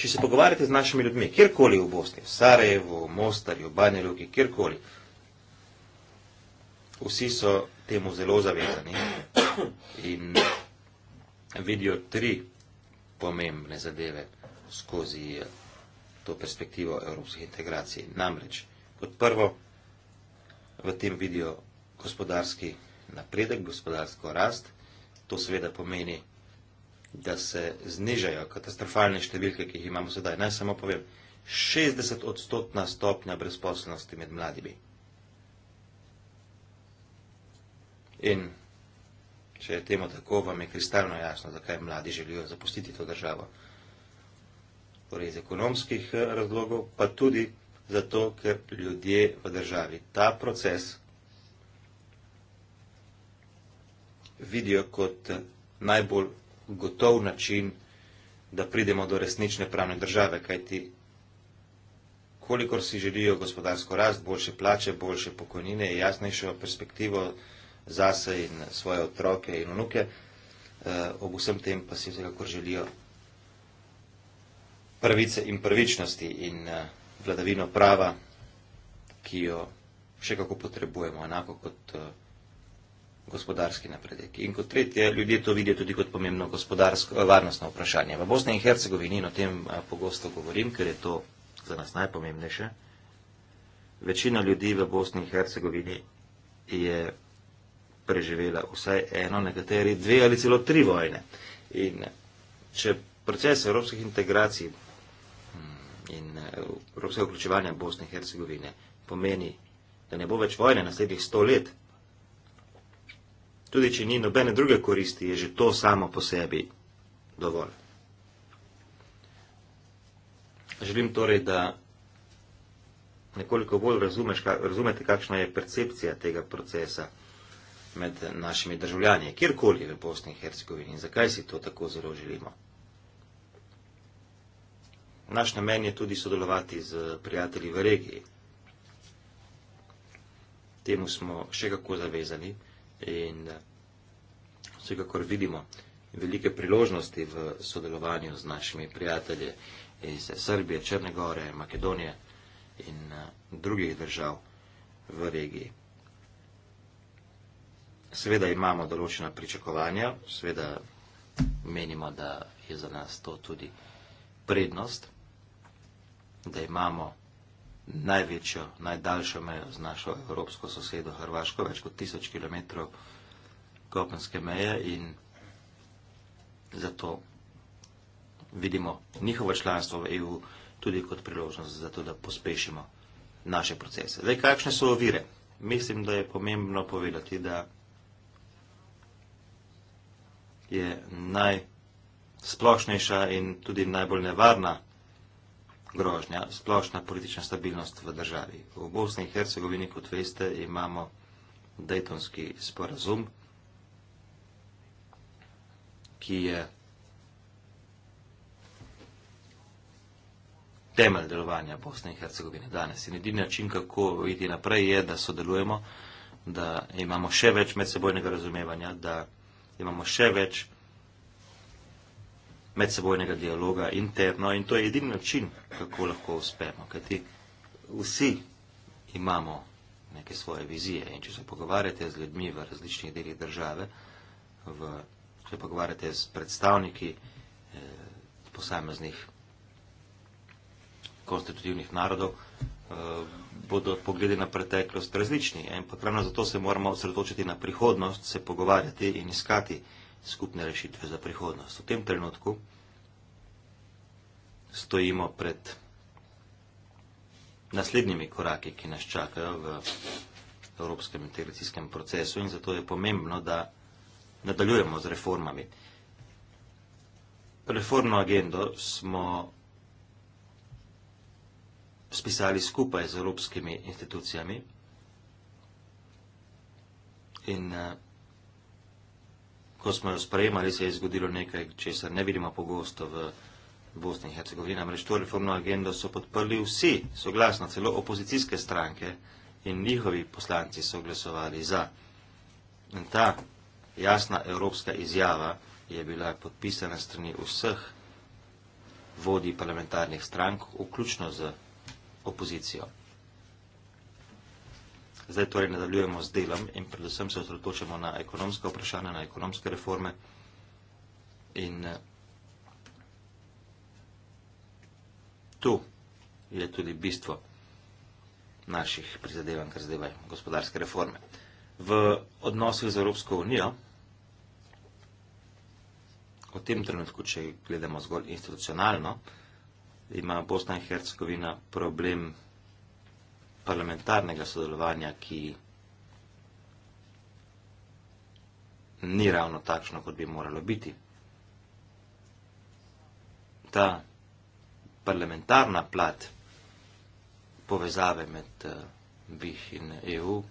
Če se pogovarjate z našimi ljudmi, kjerkoli v Bosni, v Sarajevu, v Mostarju, v Banjeluki, kjerkoli, vsi so temu zelo zavezani in vidijo tri pomembne zadeve skozi to perspektivo evropskih integracij. Namreč, kot prvo, v tem vidijo gospodarski napredek, gospodarsko rast. To seveda pomeni, da se znižajo katastrofalne številke, ki jih imamo sedaj. Naj samo povem, 60 odstotna stopnja brezposobnosti med mladimi. In če je temu tako, vam je kristalno jasno, zakaj mladi želijo zapustiti to državo. Torej iz ekonomskih eh, razlogov, pa tudi zato, ker ljudje v državi ta proces vidijo kot najbolj gotov način, da pridemo do resnične pravne države, kajti kolikor si želijo gospodarsko rast, boljše plače, boljše pokojnine, jasnejšo perspektivo zase in svoje otroke in vnuke, eh, ob vsem tem pa si vsekakor želijo pravice in pravičnosti in eh, vladavino prava, ki jo še kako potrebujemo, enako kot eh, gospodarski napredek. In kot tretje, ljudje to vidijo tudi kot pomembno gospodarsko eh, varnostno vprašanje. V Bosni in Hercegovini, in o tem eh, pogosto govorim, ker je to za nas najpomembnejše, večina ljudi v Bosni in Hercegovini je preživela vsaj eno, nekateri dve ali celo tri vojne. In eh, če proces evropskih integracij hm, in evropskega vključevanja Bosne in Hercegovine pomeni, da ne bo več vojne naslednjih sto let, Tudi če ni nobene druge koristi, je že to samo po sebi dovolj. Želim torej, da nekoliko bolj razumeš, ka, razumete, kakšna je percepcija tega procesa med našimi državljani, kjerkoli v Bosni in Hercegovini in zakaj si to tako zelo želimo. Naš namen je tudi sodelovati z prijatelji v regiji. Temu smo še kako zavezani. In eh, vsekakor vidimo velike priložnosti v sodelovanju z našimi prijatelji iz Srbije, Črnegore, Makedonije in eh, drugih držav v regiji. Seveda imamo določena pričakovanja, seveda menimo, da je za nas to tudi prednost, da imamo pričakovanja, največjo, najdaljšo mejo z našo evropsko sosedo Hrvaško, več kot tisoč kilometrov kopenske meje in zato vidimo njihovo članstvo v EU tudi kot priložnost za to, da pospešimo naše procese. Zdaj, kakšne so ovire? Mislim, da je pomembno povedati, da je najsplošnejša in tudi najbolj nevarna grožnja splošna politična stabilnost v državi. V Bosni in Hercegovini, kot veste, imamo Dejtonski sporazum, ki je temelj delovanja Bosne in Hercegovine danes. In edini način, kako iti naprej, je, da sodelujemo, da imamo še več medsebojnega razumevanja, da imamo še več medsebojnega dialoga interno in to je edini način, kako lahko uspemo, kajti vsi imamo neke svoje vizije in če se pogovarjate z ljudmi v različnih delih države, v, če se pogovarjate s predstavniki eh, posameznih konstitutivnih narodov, eh, bodo pogledi na preteklost različni. Ampak ravno zato se moramo osredotočiti na prihodnost, se pogovarjati in iskati eh, skupne rešitve za prihodnost. V tem trenutku stojimo pred naslednjimi koraki, ki nas čakajo v evropskem integracijskem procesu in zato je pomembno, da nadaljujemo z reformami. Reformno agendo smo spisali skupaj z evropskimi institucijami in uh, ko smo jo sprejemali, se je zgodilo nekaj, česar ne vidimo pogosto v Bosni in Hercegovini. Namreč to reformno agendo so podprli vsi, soglasno, celo opozicijske stranke in njihovi poslanci so glasovali za. In ta jasna evropska izjava je bila podpisana strani vseh vodij parlamentarnih strank, vključno z opozicijo. Zdaj torej nadaljujemo z delom in predvsem se osredotočamo na ekonomske vprašanja, na ekonomske reforme. In eh, tu je tudi bistvo naših prizadevanj, kar zadeva gospodarske reforme. V odnosih z Evropsko unijo, v tem trenutku, če gledamo zgolj institucionalno, ima Bosna in Hercegovina problem parlamentarnega sodelovanja, ki ni ravno takšno, kot bi moralo biti. Ta parlamentarna plat povezave med BIH eh, in EU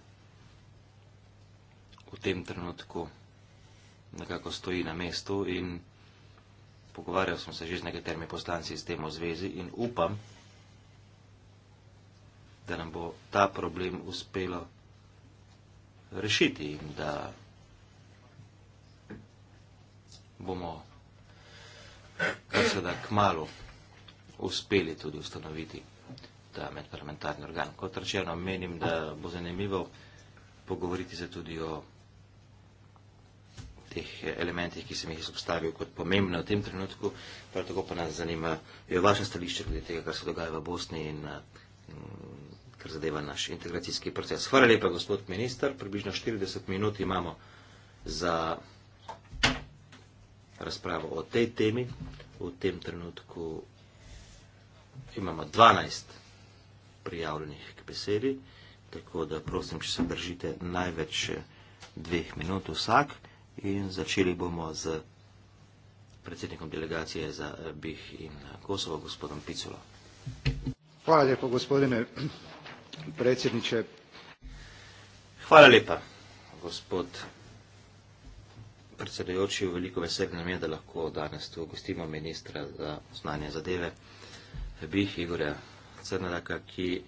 v tem trenutku nekako stoji na mestu in pogovarjal sem se že z nekaterimi poslanci s tem v zvezi in upam, da nam bo ta problem uspelo rešiti in da bomo kar se da k malu uspeli tudi ustanoviti ta medparlamentarni organ. Kot rečeno, menim, da bo zanimivo pogovoriti se tudi o teh elementih, ki sem jih izpostavil kot pomembne v tem trenutku, prav tako pa nas zanima vaše stališče glede tega, kar se dogaja v Bosni in eh, kar zadeva naš integracijski proces. Hvala lepa, gospod minister. Približno 40 minut imamo za razpravo o tej temi. V tem trenutku imamo 12 prijavljenih k besedi, tako da prosim, če se držite največ dveh minut vsak in začeli bomo z predsednikom delegacije za BIH in Kosovo, gospodom Piculo. Hvala lepo, gospodine predsjedniče. Hvala lepa, gospod predsedujoči. Veliko veselje nam je, da lahko danes tu gostimo ministra za znanje zadeve, Bih Igorja Crnaraka, ki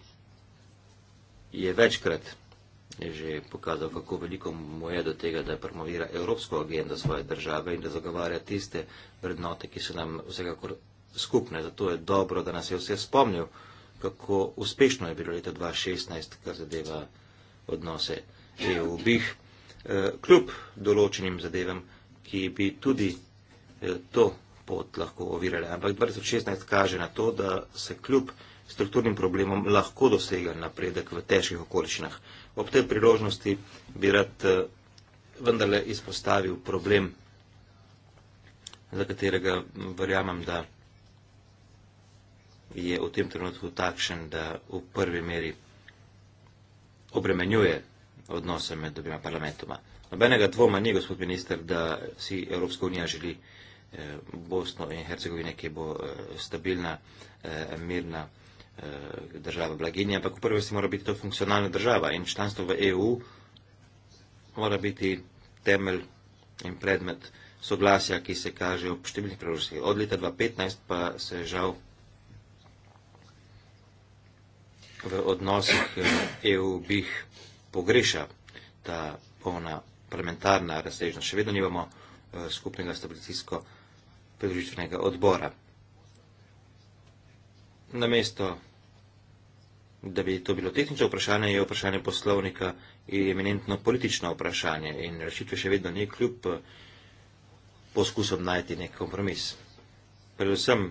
je večkrat že pokazal, kako veliko mu je do tega, da promovira evropsko agendo svoje države in da zagovarja tiste vrednote, ki so nam vsekakor skupne. Zato je dobro, da nas je vse spomnil kako uspešno je bilo leto 2016, kar zadeva odnose EU-bih, eh, kljub določenim zadevam, ki bi tudi eh, to pot lahko ovirale. Ampak 2016 kaže na to, da se kljub strukturnim problemom lahko dosega napredek v težkih okoliščinah. Ob tej priložnosti bi rad eh, vendarle izpostavil problem, za katerega verjamem, da je v tem trenutku takšen, da v prvi meri obremenjuje odnose med dvema parlamentoma. Nobenega dvoma ni, gospod minister, da si Evropska unija želi eh, Bosno in Hercegovine, ki bo eh, stabilna, eh, mirna država blaginja, ampak v prvi vrsti mora biti to funkcionalna država in članstvo v EU mora biti temelj in predmet soglasja, ki se kaže ob številnih priložnostih. Od leta 2015 pa se žal v odnosih EU bih pogreša ta polna parlamentarna razsežnost. Še vedno nimamo eh, skupnega stabilizacijsko predružitvenega odbora. Namesto, da bi to bilo tehnično vprašanje, je vprašanje poslovnika in eminentno politično vprašanje. In rešitve še vedno ni kljub eh, poskusom najti nek kompromis. Predvsem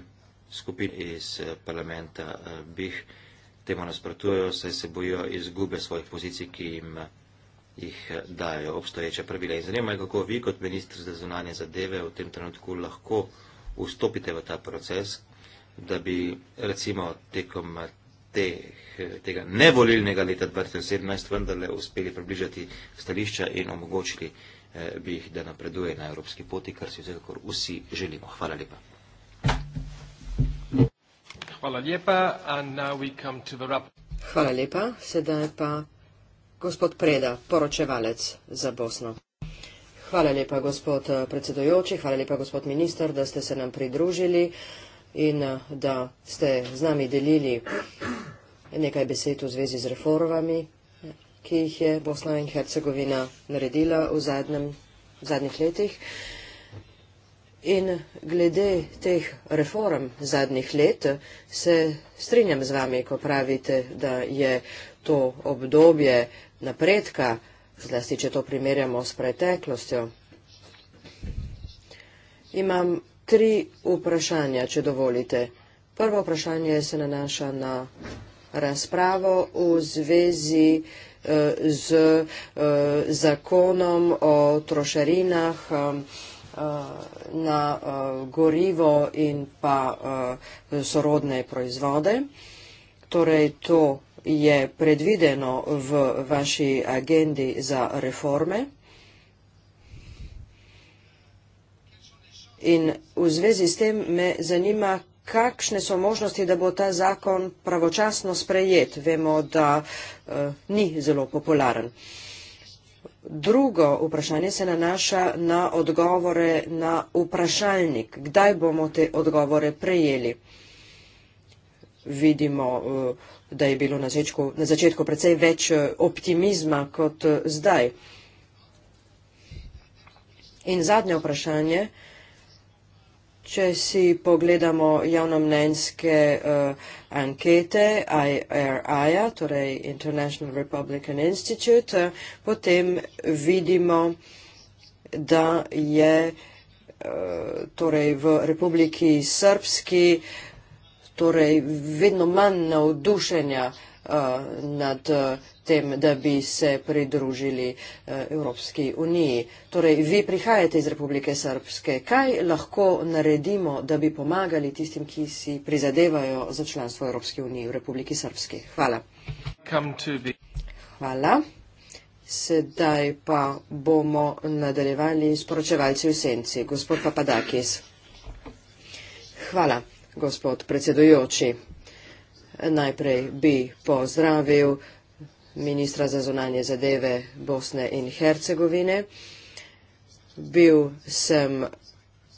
skupin iz eh, parlamenta bih vprašanje, temu nasprotujejo, saj se bojijo izgube svojih pozicij, ki jim jih dajo obstoječa pravila. In zanima je, kako vi kot ministr za zunanje zadeve v tem trenutku lahko vstopite v ta proces, da bi recimo tekom te, tega nevolilnega leta 2017 vendarle uspeli približati stališča in omogočili eh, bi jih, da napreduje na evropski poti, kar si vsekakor vsi želimo. Hvala lepa. Hvala lepa. Hvala lepa. Sedaj pa gospod Preda, poročevalec za Bosno. Hvala lepa, gospod eh, predsedojoči, hvala lepa, gospod minister, da ste se nam pridružili in eh, da ste z nami delili nekaj besed v zvezi z reformami, ki jih je Bosna in Hercegovina naredila v, zadnjem, v zadnjih letih. Uh, In glede teh reform zadnjih let se strinjam z vami, ko pravite, da je to obdobje napredka, zlasti če to primerjamo s preteklostjo. Imam tri vprašanja, če dovolite. Prvo vprašanje se nanaša na razpravo v zvezi eh, z eh, zakonom o trošarinah eh, Eh, na eh, gorivo in pa eh, sorodne proizvode. Torej, to je predvideno v vaši agendi za reforme. In v zvezi s tem me zanima, kakšne so možnosti, da bo ta zakon pravočasno sprejet. Vemo, da ni zelo popularen. Drugo vprašanje se nanaša na odgovore na vprašalnik. Kdaj bomo te odgovore prejeli? Vidimo, eh, da je bilo na začetku, na začetku precej več eh, optimizma kot eh, zdaj. In zadnje vprašanje. Če si pogledamo javnomnenjske uh, ankete IRI, torej International Republican Institute, uh, potem vidimo, da je uh, torej v Republiki Srpski torej vedno manj navdušenja uh, nad uh, tem, da bi se pridružili eh, Evropski uniji. Torej, vi prihajate iz Republike Srpske. Kaj lahko naredimo, da bi pomagali tistim, ki si prizadevajo za članstvo Evropske unije v Republiki Srpski? Hvala. Hvala. Sedaj pa bomo nadaljevali s poročevalci v senci. Gospod Papadakis. Hvala, gospod predsedujoči. Najprej bi pozdravil ministra za zunanje zadeve Bosne in Hercegovine. Bil sem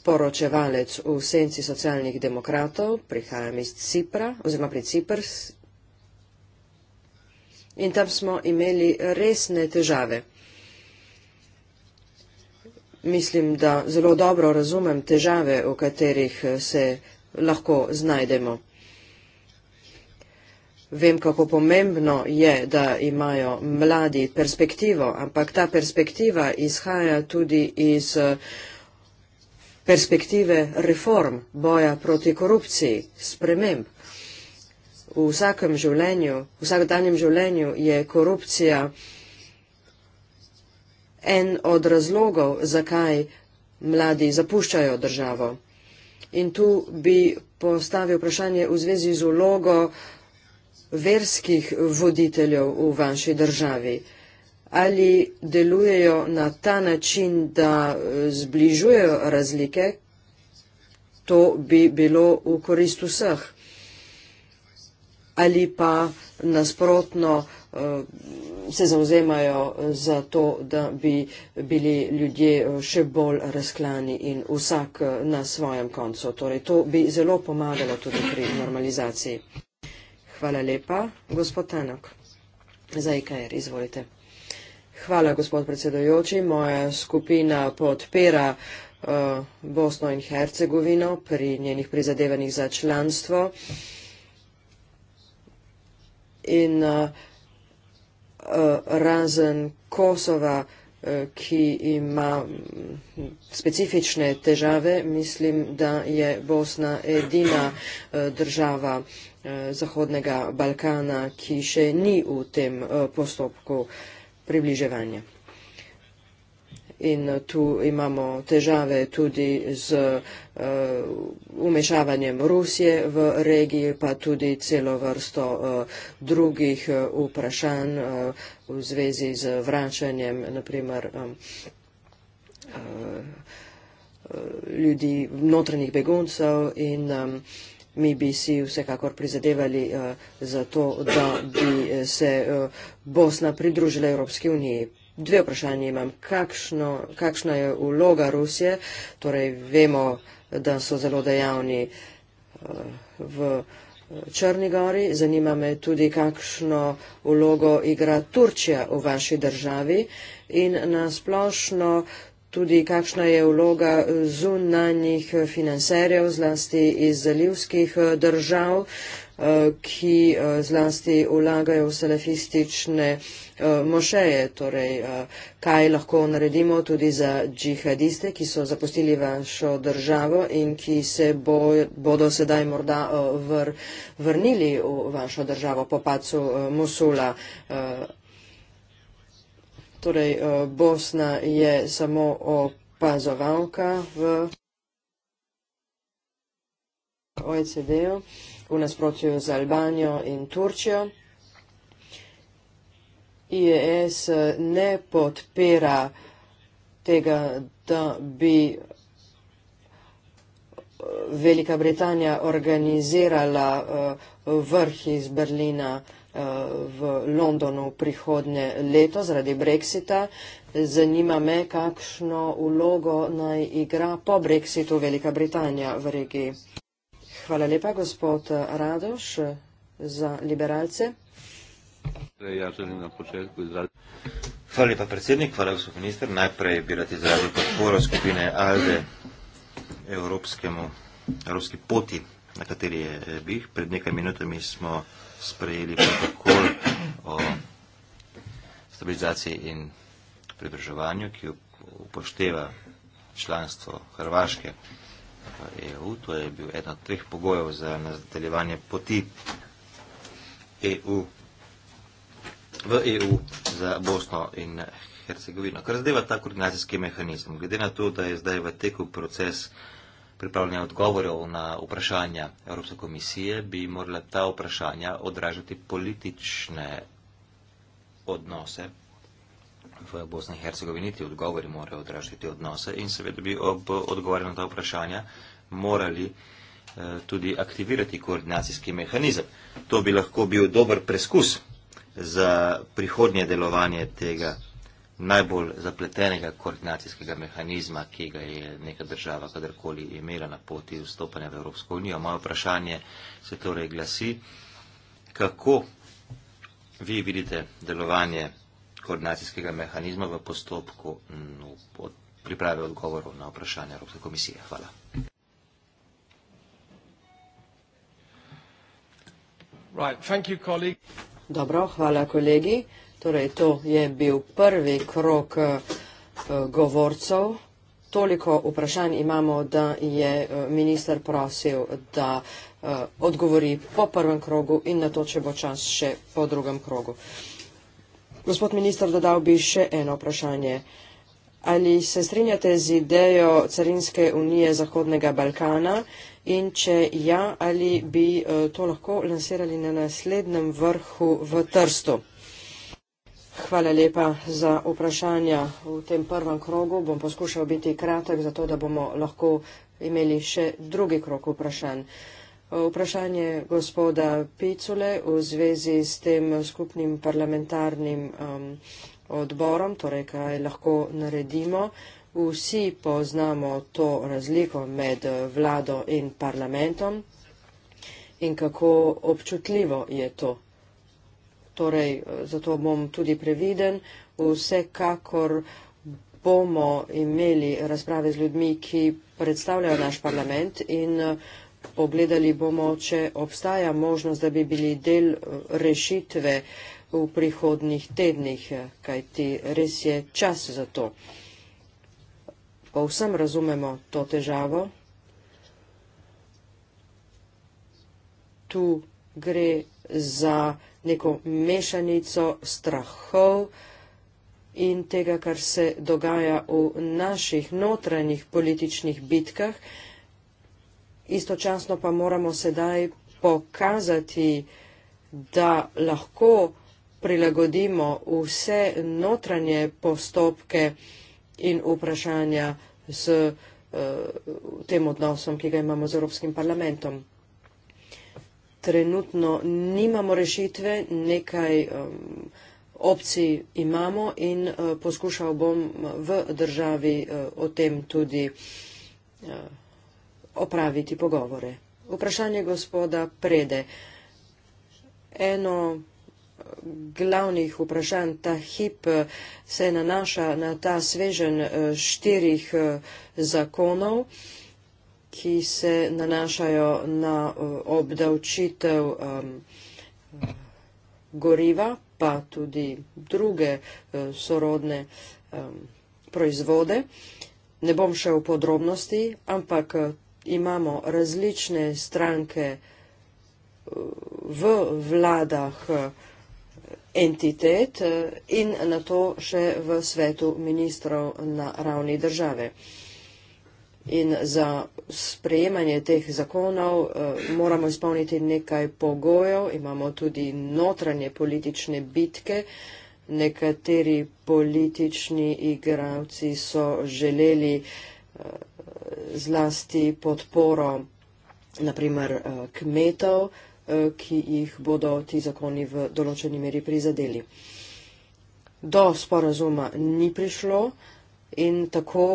poročevalec v senci socialnih demokratov, prihajam iz Cipra, oziroma pri Ciprs, in tam smo imeli resne težave. Mislim, da zelo dobro razumem težave, v katerih se lahko znajdemo. Vem, kako pomembno je, da imajo mladi perspektivo, ampak ta perspektiva izhaja tudi iz eh, perspektive reform, boja proti korupciji, sprememb. V vsakem življenju, vsakdanjem življenju je korupcija en od razlogov, zakaj mladi zapuščajo državo. In tu bi postavil vprašanje v zvezi z vlogo, verskih voditeljev v vaši državi. Ali delujejo na ta način, da eh, zbližujejo razlike? To bi bilo v korist vseh. Ali pa nasprotno eh, se zauzemajo za to, da bi bili ljudje eh, še bolj razklani in vsak na svojem koncu. Torej, to bi zelo pomagalo tudi pri normalizaciji. Hvala lepa, gospod Tanok. Za IKR, izvolite. Hvala, gospod predsedojoči. Moja skupina podpira uh, Bosno in Hercegovino pri njenih prizadevanjih za članstvo. In uh, uh, razen Kosova, uh, ki ima specifične težave. Mislim, da je Bosna edina eh, država eh, Zahodnega Balkana, ki še ni v tem eh, postopku približevanja in eh, tu imamo težave tudi z umešavanjem eh, Rusije v regiji, pa tudi celo vrsto eh, drugih vprašanj v zvezi z vračanjem, naprimer ljudi, notranjih beguncev in mi bi si vsekakor prizadevali za to, da bi se Bosna pridružila Evropske unije. Dve vprašanje imam. Kakšno, kakšna je vloga Rusije? Torej, vemo, da so zelo dejavni eh, v eh, Črnigori. Zanima me tudi, kakšno vlogo igra Turčija v vaši državi in nasplošno tudi, kakšna je vloga eh, zunanjih financerjev, zlasti iz zalivskih držav. Eh, ki eh, zlasti ulagajo v salafistične eh, mošeje. Torej, kaj lahko naredimo tudi za džihadiste, ki so zapustili vašo državo in ki se bo, bodo sedaj morda vr, vrnili v vašo državo po pacu Mosula. Torej, Bosna je samo opazovalka v OECD-u v nasprotju z Albanijo in Turčijo. IES ne podpira tega, da bi eh, Velika Britanija organizirala eh, vrh iz Berlina eh, v Londonu prihodnje leto zaradi Brexita. Zanima me, kakšno vlogo naj igra po Brexitu Velika Britanija v regiji. Hvala lepa, gospod Radoš, za liberalce. Ja želim na početku izraziti. Hvala lepa, predsednik. Hvala, gospod minister. Najprej bi rad izrazil podporo skupine ALDE evropskemu, evropski poti, na kateri je eh, bih. Pred nekaj minutami smo sprejeli protokol o stabilizaciji in pridrževanju, ki upošteva članstvo Hrvaške EU, to je bil eden od treh pogojev za nadaljevanje poti EU v EU za Bosno in Hercegovino. Kar zdaj ta koordinacijski mehanizem, glede na to, da je zdaj v teku proces pripravljanja odgovorov na vprašanja Evropske komisije, bi morala ta vprašanja odražati politične odnose v Bosni in Hercegovini, ti odgovori morajo odražati odnose in seveda bi ob odgovarjanju na ta vprašanja morali eh, tudi aktivirati koordinacijski mehanizem. To bi lahko bil dober preskus za prihodnje delovanje tega najbolj zapletenega koordinacijskega mehanizma, ki ga je neka država kadarkoli imela na poti vstopanja v Evropsko unijo. Moje vprašanje se torej glasi, kako vi vidite delovanje koordinacijskega mehanizma v postopku mm, priprave odgovorov na vprašanje Evropske komisije. Hvala. Dobro, hvala kolegi. Torej, to je bil prvi krok eh, govorcev. Toliko vprašanj imamo, da je eh, minister prosil, da eh, odgovori po prvem krogu in na to, če bo čas še po drugem krogu. Gospod minister, dodal bi še eno vprašanje. Ali se strinjate z idejo Carinske unije Zahodnega Balkana in če ja, ali bi eh, to lahko lansirali na naslednjem vrhu v Trstu? Hvala lepa za vprašanja. V tem prvem krogu bom poskušal biti kratek, zato da bomo lahko imeli še drugi krok vprašanj. Vprašanje gospoda Picule v zvezi s tem skupnim parlamentarnim um, odborom, torej kaj lahko naredimo. Vsi poznamo to razliko med uh, vlado in parlamentom in kako občutljivo je to. Torej, uh, zato bom tudi previden, vsekakor bomo imeli razprave z ljudmi, ki predstavljajo naš parlament in uh, Pogledali bomo, če obstaja možnost, da bi bili del eh, rešitve v prihodnih tednih, eh, kajti res je čas za to. Povsem razumemo to težavo. Tu gre za neko mešanico strahov in tega, kar se dogaja v naših notranjih političnih bitkah, istočasno pa moramo sedaj pokazati, da lahko prilagodimo vse notranje postopke in vprašanja s uh, tem odnosom, ki ga imamo z Evropskim parlamentom. Trenutno nimamo rešitve, nekaj um, opcij imamo in uh, poskušal bom v državi uh, o tem tudi uh, opraviti pogovore. Vprašanje gospoda Prede. Eno glavnih vprašanj ta hip eh, se nanaša na ta svežen eh, štirih eh, zakonov, ki se nanašajo na obdavčitev goriva, pa tudi druge sorodne proizvode. Ne bom šel v podrobnosti, ampak imamo različne stranke v vladah eh, entitet eh, in na to še v svetu ministrov na ravni države. In za sprejemanje teh zakonov eh, moramo izpolniti nekaj pogojev, imamo tudi notranje politične bitke, nekateri politični igravci so želeli zlasti podporo naprimer eh, kmetov, eh, ki jih bodo ti zakoni v določeni meri prizadeli. Do sporazuma ni prišlo in tako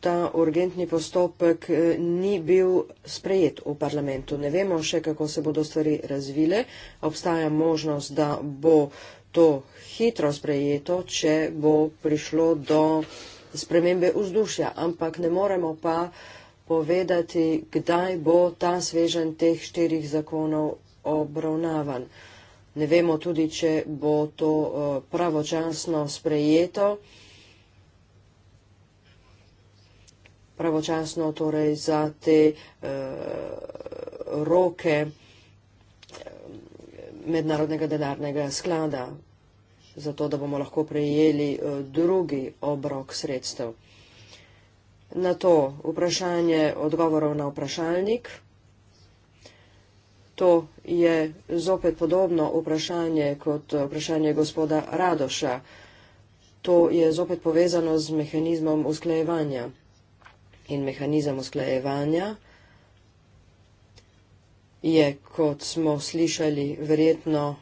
ta urgentni postopek eh, ni bil sprejet v parlamentu. Ne vemo še, kako se bodo stvari razvile. Obstaja možnost, da bo to hitro sprejeto, če bo prišlo do spremembe vzdušja, ampak ne moremo pa povedati, kdaj bo ta svežen teh štirih zakonov obravnavan. Ne vemo tudi, če bo to eh, pravočasno sprejeto, pravočasno torej za te eh, roke eh, mednarodnega denarnega sklada, zato da bomo lahko prejeli eh, drugi obrok sredstev. Na to vprašanje odgovorov na vprašalnik. To je zopet podobno vprašanje kot vprašanje gospoda Radoša. To je zopet povezano z mehanizmom usklajevanja. In mehanizem usklajevanja je, kot smo slišali, verjetno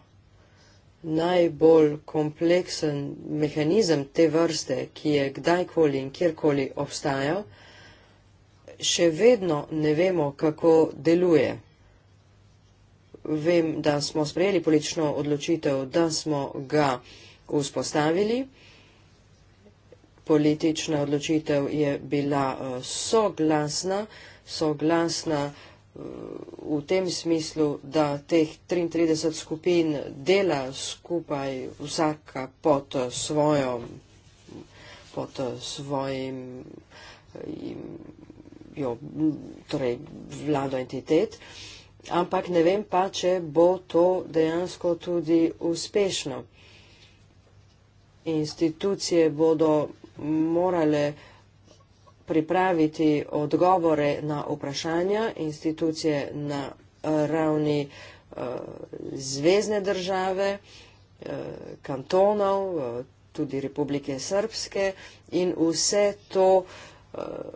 najbolj kompleksen mehanizem te vrste, ki je kdajkoli in kjerkoli obstajal, še vedno ne vemo, kako deluje. Vem, da smo sprejeli politično odločitev, da smo ga vzpostavili. Politična odločitev je bila eh, soglasna, soglasna v tem smislu, da teh 33 skupin dela skupaj vsaka pod svojo, pod svojim jo, torej vlado entitet, ampak ne vem pa, če bo to dejansko tudi uspešno. Institucije bodo morale pripraviti odgovore na vprašanja institucije na ravni eh, zvezne države, eh, kantonov, eh, tudi Republike Srpske in vse to,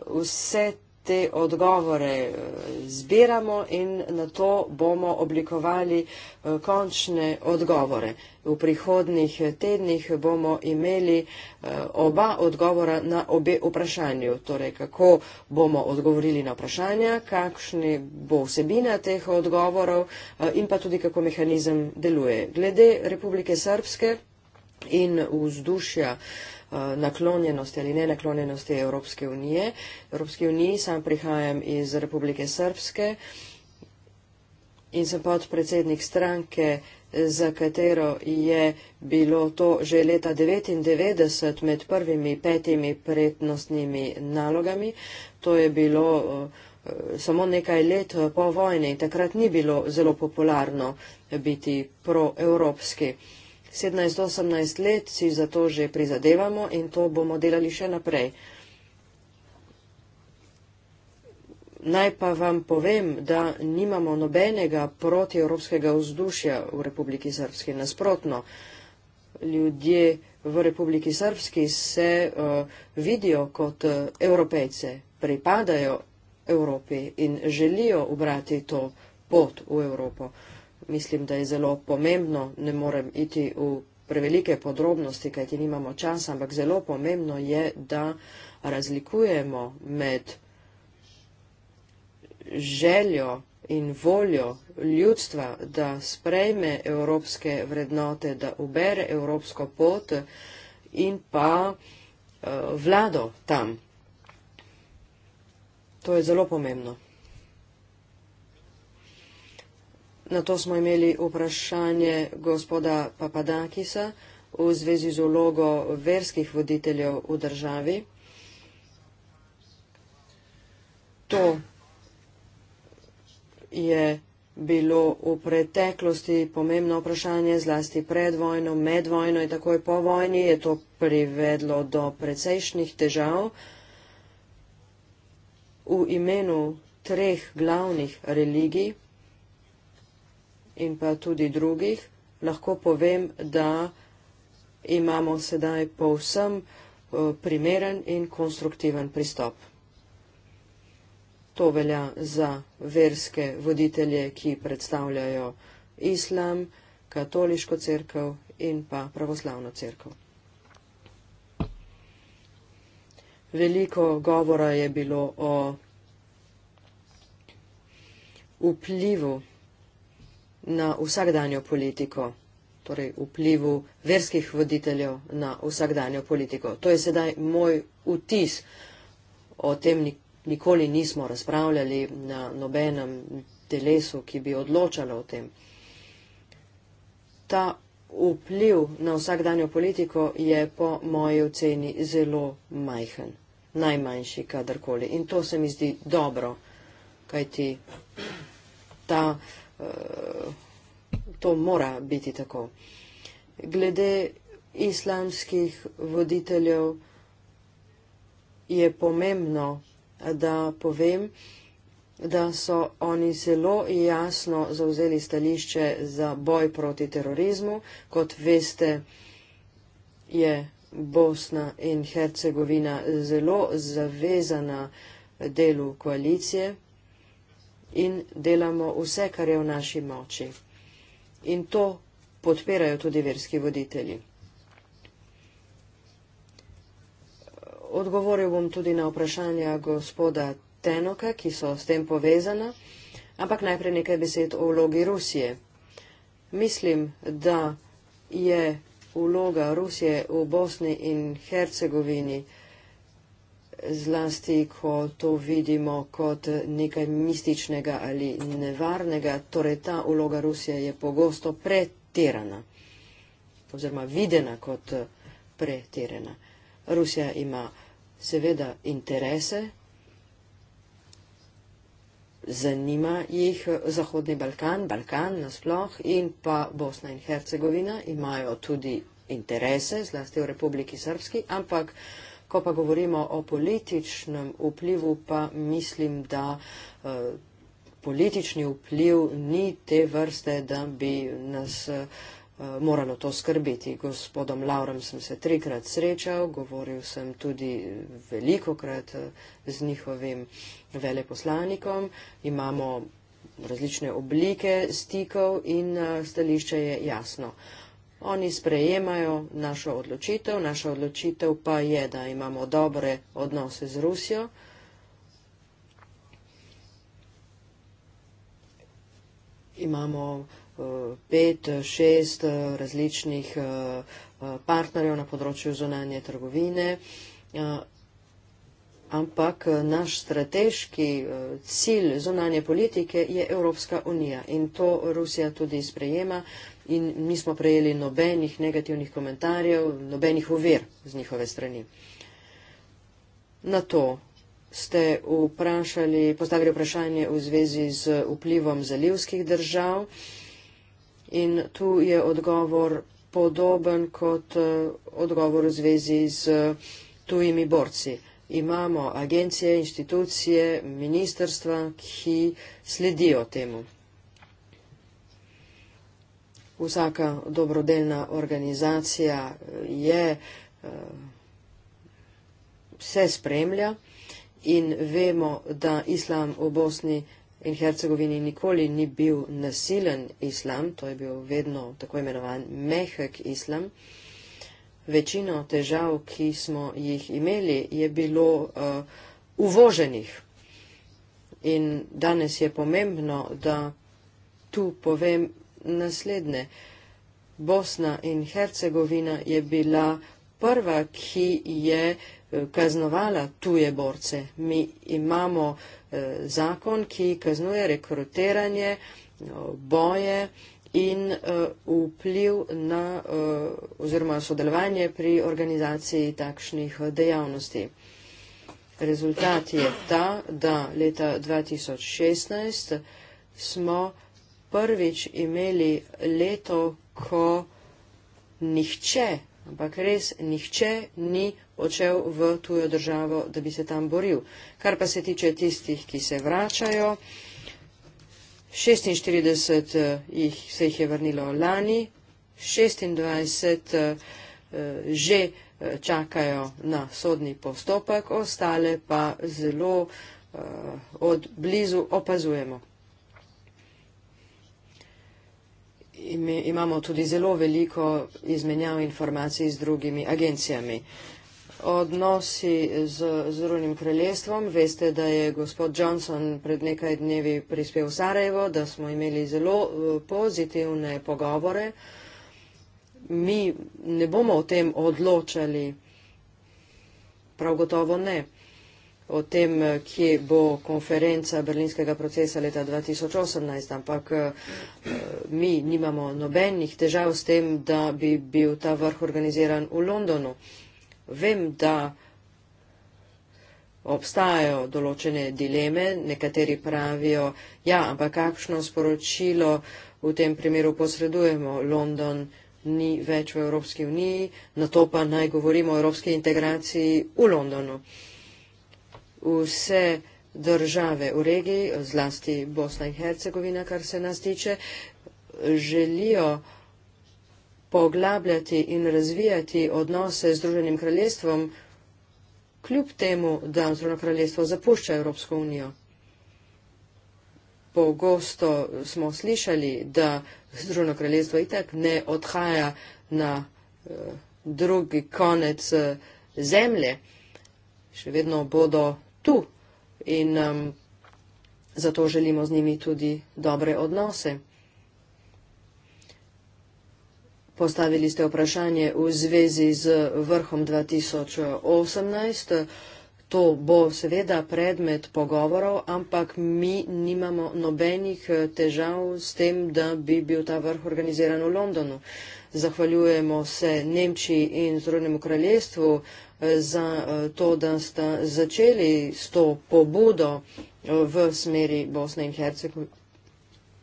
vse to, te odgovore eh, zbiramo in na to bomo oblikovali eh, končne odgovore. V prihodnih tednih bomo imeli eh, oba odgovora na obe vprašanju, torej kako bomo odgovorili na vprašanja, kakšni bo vsebina teh odgovorov in pa tudi kako mehanizem deluje. Glede Republike Srpske in vzdušja naklonjenosti ali nenaklonjenosti Evropske unije. Evropske unije sam prihajam iz Republike Srpske in sem podpredsednik stranke, za katero je bilo to že leta 1999 med prvimi petimi prednostnimi nalogami. To je bilo eh, samo nekaj let po vojni in takrat ni bilo zelo popularno biti proevropski. 17-18 let si za to že prizadevamo in to bomo delali še naprej. Naj pa vam povem, da nimamo nobenega protievropskega vzdušja v Republiki Srpski. Nasprotno, ljudje v Republiki Srpski se uh, vidijo kot eh, evropejce, pripadajo Evropi in želijo ubrati to pot v Evropo mislim, da je zelo pomembno, ne morem iti v prevelike podrobnosti, kajti nimamo časa, ampak zelo pomembno je, da razlikujemo med željo in voljo ljudstva, da sprejme evropske vrednote, da ubere evropsko pot in pa eh, vlado tam. To je zelo pomembno. Na to smo imeli vprašanje gospoda Papadakisa v zvezi z ulogo verskih voditeljev v državi. To je bilo v preteklosti pomembno vprašanje, zlasti pred vojno, med vojno in takoj po vojni je to privedlo do precejšnjih težav. V imenu treh glavnih religij in pa tudi drugih, lahko povem, da imamo sedaj povsem eh, primeren in konstruktiven pristop. To velja za verske voditelje, ki predstavljajo islam, katoliško crkv in pa pravoslavno crkv. Veliko govora je bilo o vplivu na vsakdanjo politiko, torej vplivu verskih voditeljev na vsakdanjo politiko. To je sedaj moj vtis. O tem nikoli nismo razpravljali na nobenem telesu, ki bi odločalo o tem. Ta vpliv na vsakdanjo politiko je po moji oceni zelo majhen, najmanjši kadarkoli. In to se mi zdi dobro, kajti ta Eh, to mora biti tako. Glede islamskih voditeljev je pomembno, da povem, da so oni zelo jasno zauzeli stališče za boj proti terorizmu. Kot veste, je Bosna in Hercegovina zelo zavezana delu koalicije in delamo vse, kar je v naši moči. In to podpirajo tudi verski voditelji. Odgovoril bom tudi na vprašanja gospoda Tenoka, ki so s tem povezana, ampak najprej nekaj besed o vlogi Rusije. Mislim, da je vloga Rusije v Bosni in Hercegovini uh, zlasti, ko to vidimo kot nekaj mističnega ali nevarnega, torej ta uloga Rusije je pogosto pretirana oziroma videna kot pretirana. Rusija ima seveda interese, zanima jih Zahodni Balkan, Balkan nasploh in pa Bosna in Hercegovina imajo tudi interese, zlasti v Republiki Srpski, ampak uh, Ko pa govorimo o političnem vplivu, pa mislim, da eh, politični vpliv ni te vrste, da bi nas eh, moralo to skrbeti. Gospodom Laurem sem se trikrat srečal, govoril sem tudi veliko krat eh, z njihovim veleposlanikom. Imamo različne oblike stikov in stališče je jasno. Oni sprejemajo našo odločitev, naša odločitev pa je, da imamo dobre odnose z Rusijo. Imamo eh, pet, šest eh, različnih eh, partnerjev na področju zunanje trgovine, ampak naš strateški cilj zunanje politike je Evropska unija in to Rusija tudi sprejema in nismo prejeli nobenih negativnih komentarjev, nobenih uver z njihove strani. Na to ste vprašali, postavili vprašanje v zvezi z vplivom zalivskih držav in tu je odgovor podoben kot eh, odgovor v zvezi z eh, tujimi borci. Imamo agencije, inštitucije, ministerstva, ki sledijo temu vsaka dobrodelna organizacija eh, je, eh, se spremlja in vemo, da islam v Bosni in Hercegovini nikoli ni bil nasilen islam, to je bil vedno tako imenovan mehek islam. Večino težav, ki smo jih imeli, je bilo uh, uvoženih. In danes je pomembno, da tu povem naslednje. Bosna in Hercegovina je bila prva, ki je eh, kaznovala tuje borce. Mi imamo eh, zakon, ki kaznuje rekrutiranje, eh, boje in eh, vpliv na eh, oziroma sodelovanje pri organizaciji takšnih eh, dejavnosti. Rezultat je ta, da leta 2016 smo prvič imeli leto, ko nihče, ampak res nihče ni odšel v tujo državo, da bi se tam boril. Kar pa se tiče tistih, ki se vračajo, 46 eh, jih, se jih je vrnilo lani, 26 eh, že eh, čakajo na sodni postopek, ostale pa zelo od blizu opazujemo. imamo tudi zelo veliko izmenjav informacij z drugimi agencijami. Odnosi z Zrunim kraljestvom. Veste, da je gospod Johnson pred nekaj dnevi prispel v Sarajevo, da smo imeli zelo eh, pozitivne pogovore. Mi ne bomo o tem odločali. Prav gotovo ne o tem, eh, kje bo konferenca berlinskega procesa leta 2018, ampak eh, eh, mi nimamo nobenih težav s tem, da bi bil ta vrh organiziran v Londonu. Vem, da obstajajo določene dileme, nekateri pravijo, ja, ampak kakšno sporočilo v tem primeru posredujemo London ni več v Evropski uniji, na to pa naj govorimo o evropski integraciji v Londonu. Uh, vse države v regiji, zlasti Bosna in Hercegovina, kar se nas tiče, želijo poglabljati in razvijati odnose z Združenim kraljestvom, kljub temu, da Združeno kraljestvo zapušča Evropsko unijo. Pogosto smo slišali, da Združeno kraljestvo itak ne odhaja na eh, drugi konec eh, zemlje. Še vedno bodo tu in um, zato želimo z njimi tudi dobre odnose. Postavili ste vprašanje v zvezi z vrhom 2018. To bo seveda predmet pogovorov, ampak mi nimamo nobenih eh, težav s tem, da bi bil ta vrh organiziran v Londonu zahvaljujemo se Nemčiji in Zrodnemu kraljestvu eh, za eh, to, da sta začeli s to pobudo eh, v smeri Bosne in Hercegovine.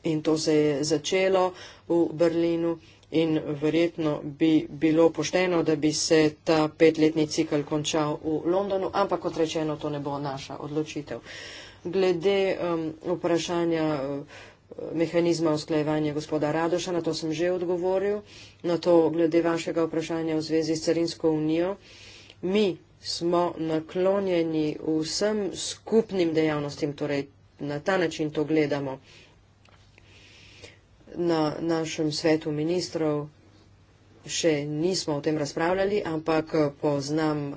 In to se je začelo v Berlinu in verjetno bi bilo pošteno, da bi se ta petletni cikl končal v Londonu, ampak kot rečeno, to ne bo naša odločitev. Glede um, vprašanja. Uh, mehanizma usklajevanja gospoda Radoša, na to sem že odgovoril, na to glede vašega vprašanja v zvezi s carinsko unijo. Mi smo naklonjeni vsem skupnim dejavnostim, torej na ta način to gledamo na našem svetu ministrov. Še nismo o tem razpravljali, ampak eh, poznam eh,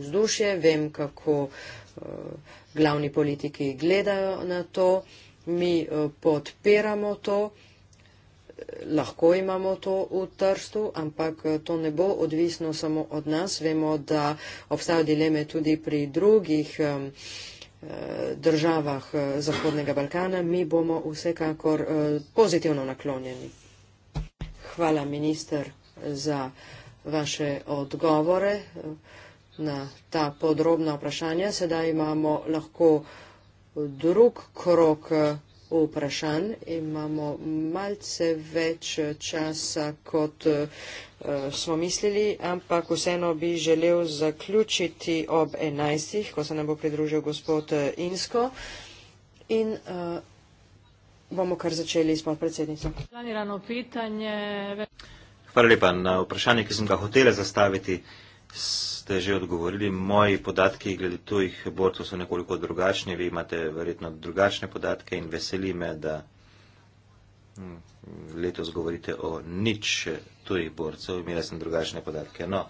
vzdušje, vem, kako eh, glavni politiki gledajo na to mi eh, podpiramo to, lahko imamo to v trstu, ampak eh, to ne bo odvisno samo od nas. Vemo, da obstajajo dileme tudi pri drugih eh, državah Zahodnega Balkana. Mi bomo vsekakor pozitivno naklonjeni. Hvala, minister, za vaše odgovore na ta podrobna vprašanja. Sedaj imamo lahko drug krok eh, vprašanj. Imamo malce več časa, kot uh, smo mislili, ampak vseeno bi želel zaključiti ob 11. ko se nam bo pridružil gospod eh, Insko. In uh, bomo kar začeli s podpredsednico. Hvala lepa na vprašanje, ki sem ga hotela zastaviti. S ste že odgovorili. Moji podatki glede tujih borcev so nekoliko drugačni. Vi imate verjetno drugačne podatke in veseli me, da hm, letos govorite o nič tujih borcev. Imela sem drugačne podatke. No,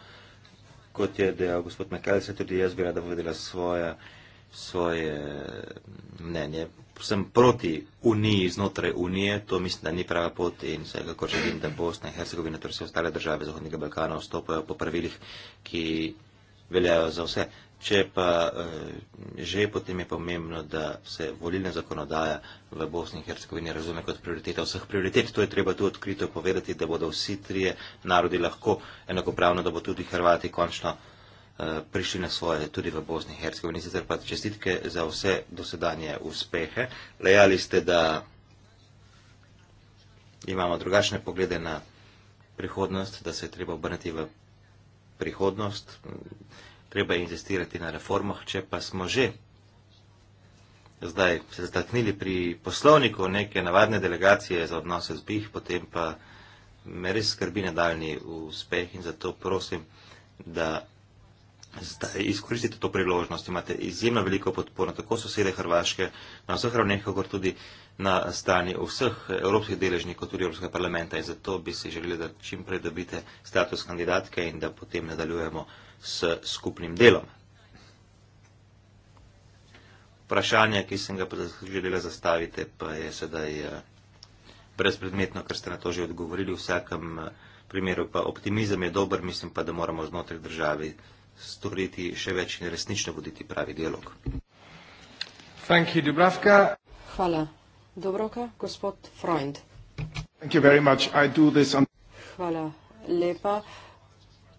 kot je dejal gospod Mekalj, se tudi jaz bi rada povedala svoje, svoje mnenje. Sem proti Uniji znotraj Unije, to mislim, da ni prava pot in vsekakor želim, da Bosna in Hercegovina, torej vse ostale države Zahodnega Balkana, vstopajo po pravilih, ki veljajo za vse. Če pa eh, že potem je pomembno, da se volilna zakonodaja v Bosni in Hercegovini razume kot prioriteta vseh prioritet, to je treba tu odkrito povedati, da bodo vsi trije narodi lahko enakopravno, da bo tudi Hrvati končno eh, prišli na svoje tudi v Bosni in Hercegovini. Sicer pa čestitke za vse dosedanje uspehe. Lejali ste, da imamo drugačne poglede na prihodnost, da se je treba obrniti v prihodnost, treba investirati na reformah, če pa smo že zdaj se zdatnili pri poslovniku neke navadne delegacije za odnose z BIH, potem pa me res skrbi nadaljni uspeh in zato prosim, da Zdaj, izkoristite to priložnost, imate izjemno veliko podporo tako sosede Hrvaške na vseh ravneh, kot tudi na strani vseh evropskih deležnikov, tudi Evropskega parlamenta in zato bi si želeli, da čim prej dobite status kandidatke in da potem nadaljujemo s skupnim delom. Vprašanje, ki sem ga želela zastavite, pa je sedaj eh, brezpredmetno, ker ste na to že odgovorili v vsakem eh, primeru, pa optimizem je dober, mislim pa, da moramo znotraj državi storiti še več in resnično voditi pravi dialog. Thank you, Dubravka. Hvala. Dobroka, gospod Freund. Thank you very much. I do this on... Hvala lepa.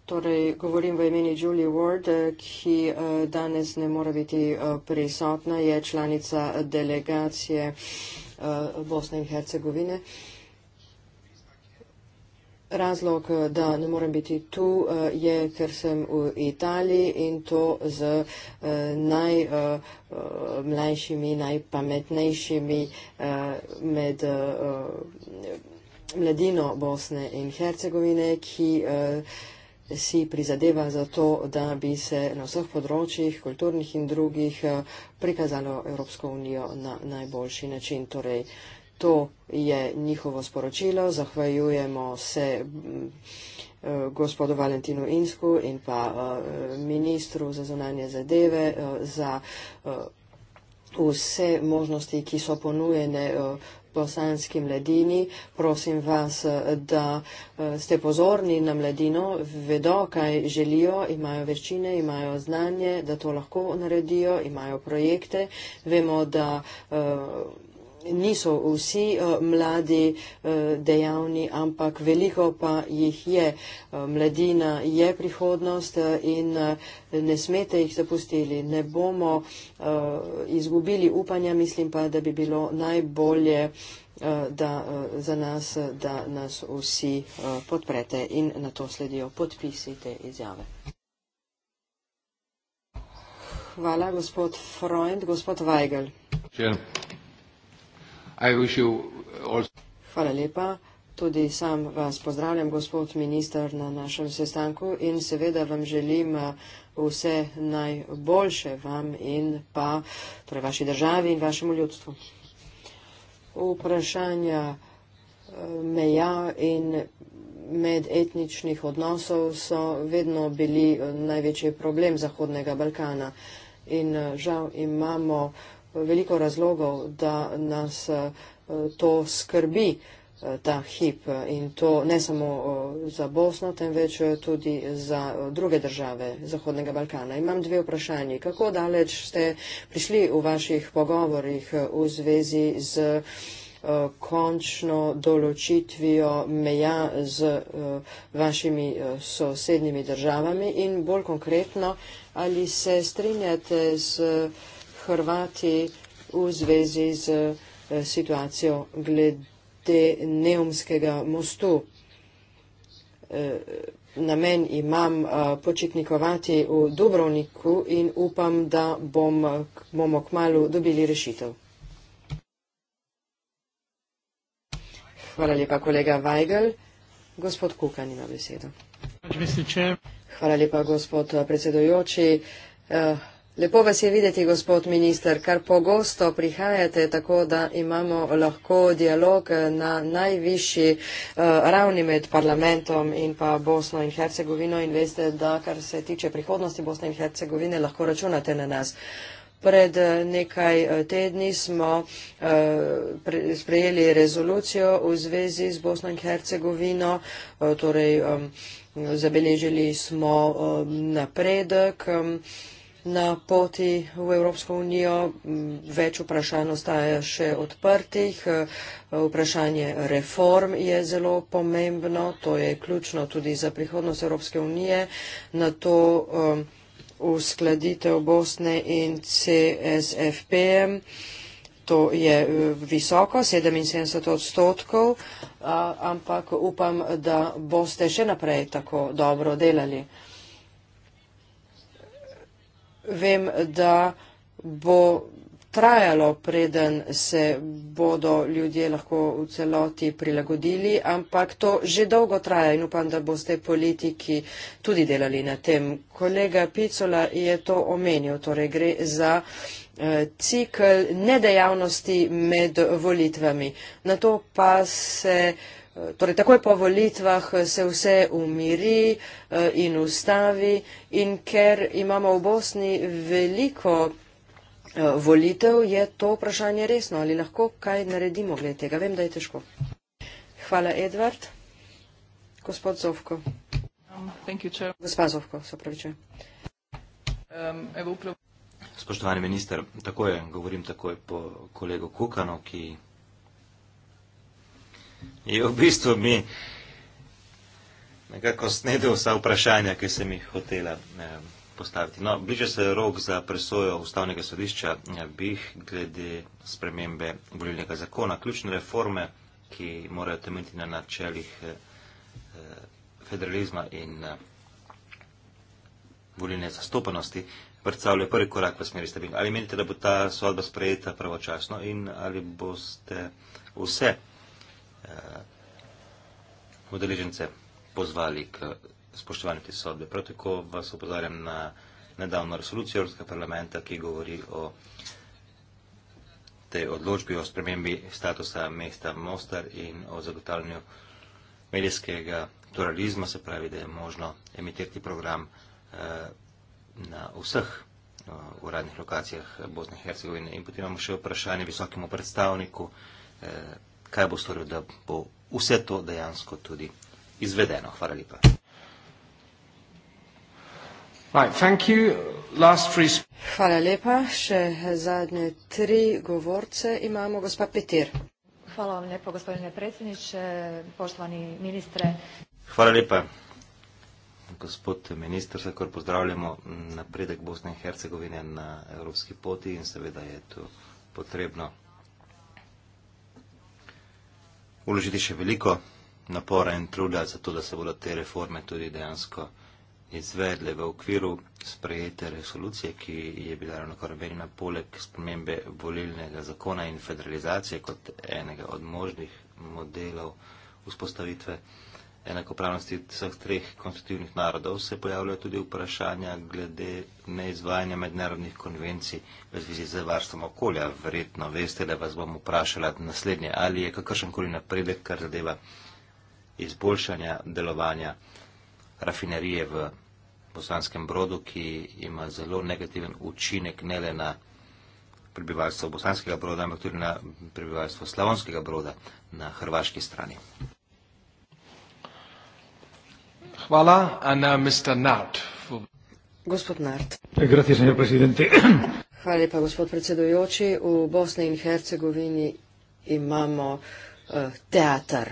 Torej, govorim v imeni Julie Ward, eh, ki eh, danes ne more biti eh, prisotna, je članica delegacije Bosne in Hercegovine. Razlog, eh, da ne morem biti tu, eh, je, ker sem v Italiji in to z eh, najmlajšimi, najpametnejšimi med mladino Bosne in Hercegovine, ki si prizadeva za to, da bi se na vseh področjih, kulturnih in drugih, prikazalo Evropsko unijo na najboljši način. Torej, To je njihovo sporočilo. Zahvaljujemo se mm, eh, gospodu Valentinu Insku in pa eh, ministru za zunanje zadeve eh, za vse možnosti, ki so ponujene poslanski mladini. Prosim vas, da ste pozorni na mladino, vedo, kaj želijo, imajo veščine, imajo znanje, da to lahko naredijo, imajo projekte. Vemo, da niso vsi eh, mladi eh, dejavni, ampak veliko pa jih je. Eh, mladina je prihodnost in ne smete jih zapustili. Ne bomo izgubili upanja, mislim pa, da bi bilo najbolje da, za nas, da nas vsi podprete in na to sledijo podpisi te izjave. Hvala, gospod Freund. Gospod Weigel. Čel. Hvala lepa. Tudi sam vas pozdravljam, gospod minister, na našem sestanku in seveda vam želim eh, vse najboljše vam in pa torej vaši državi in vašemu ljudstvu. Vprašanja eh, meja in medetničnih odnosov so vedno bili eh, največji problem Zahodnega Balkana. In žal imamo veliko razlogov, da nas eh, to skrbi eh, ta hip in to ne samo eh, za Bosno, temveč tudi za druge države Zahodnega Balkana. Imam dve vprašanje. Kako daleč ste prišli v vaših pogovorih v zvezi z končno določitvijo meja z vašimi sosednjimi državami in bolj konkretno, ali se strinjate z Hrvati v zvezi z eh, situacijo glede neumskega mostu. Eh, namen imam eh, počitnikovati v Dubrovniku in upam, da bom, bomo kmalo dobili rešitev. Hvala lepa, kolega Weigel. Gospod Kukan ima besedo. Hvala lepa, gospod predsedojoči. Lepo vas je videti, gospod minister, kar pogosto prihajate tako, da imamo lahko dialog na najvišji eh, ravni med parlamentom in pa Bosno in Hercegovino in veste, da kar se tiče prihodnosti Bosne in Hercegovine, lahko računate na nas. Pred eh, nekaj eh, tedni smo sprejeli rezolucijo v zvezi z Bosno in Hercegovino, torej zabeležili smo napredek na poti v Evropsko unijo več vprašanj ostaja še odprtih. E, vprašanje reform je zelo pomembno, to je ključno tudi za prihodnost Evropske unije. Na to e, uskladitev Bosne in CSFP, to je e, visoko, 77 odstotkov, ampak upam, da boste še naprej tako dobro delali vem, da bo trajalo, preden se bodo ljudje lahko v celoti prilagodili, ampak to že dolgo traja in upam, da boste politiki tudi delali na tem. Kolega Picola je to omenil, torej gre za eh, cikl nedejavnosti med volitvami. Na to pa se Eh, torej, takoj po volitvah eh, se vse umiri eh, in ustavi in ker imamo v Bosni veliko volitev, je to vprašanje resno. Ali lahko kaj naredimo glede tega? Vem, da je težko. Hvala, Edvard. Gospod Zovko. Um, Gospa Zovko, se pravi, če. Um, Spoštovani minister, tako je, govorim takoj po kolegu Kukano, ki je v bistvu mi nekako snedil vsa vprašanja, ki sem jih hotela eh, postaviti. No, bliže se je rok za presojo ustavnega sodišča, eh, bih glede spremembe volilnega zakona. Ključne reforme, ki morajo temeljiti na načelih eh, eh, federalizma in eh, volilne zastopanosti, predstavlja prvi korak v smeri stabilnosti. Ali menite, da bo ta sodba sprejeta pravočasno in ali boste vse eh, udeležence pozvali k spoštovanju te sodbe. Prav tako vas opozarjam na nedavno resolucijo Evropskega parlamenta, ki govori o tej odločbi o spremembi statusa mesta Mostar in o zagotavljanju medijskega pluralizma, se pravi, da je možno emitirati program eh, na vseh eh, uradnih lokacijah Bosne in Hercegovine. In potem imamo še vprašanje visokemu predstavniku. Eh, kaj bo storil, da bo vse to dejansko tudi izvedeno. Hvala lepa. Hvala lepa. Še zadnje tri govorce imamo, gospa Petir. Hvala vam lepa, gospodine predsjedniče, poštovani ministre. Hvala lepa, gospod minister, vsakor pozdravljamo napredek Bosne in Hercegovine na evropski poti in seveda je to potrebno vložiti še veliko napora in truda za to, da se bodo te reforme tudi dejansko izvedle v okviru sprejete resolucije, ki je bila ravno kar menjena poleg spremembe volilnega zakona in federalizacije kot enega od možnih modelov vzpostavitve enakopravnosti vseh treh konstitutivnih narodov, se pojavljajo tudi vprašanja glede neizvajanja mednarodnih konvencij v zvezi z varstvom okolja. Verjetno veste, da vas bom vprašala naslednje, ali je kakršenkoli napredek, kar zadeva izboljšanja delovanja rafinerije v Bosanskem brodu, ki ima zelo negativen učinek ne le na prebivalstvo Bosanskega broda, ampak tudi na prebivalstvo Slavonskega broda na hrvaški strani. Hvala. Ana, Mr. Nart. Gospod Nart. Gracias, señor presidente. [CLEARS THROAT] Hvala lepa, gospod predsedujoči. V Bosni in Hercegovini imamo uh, teater.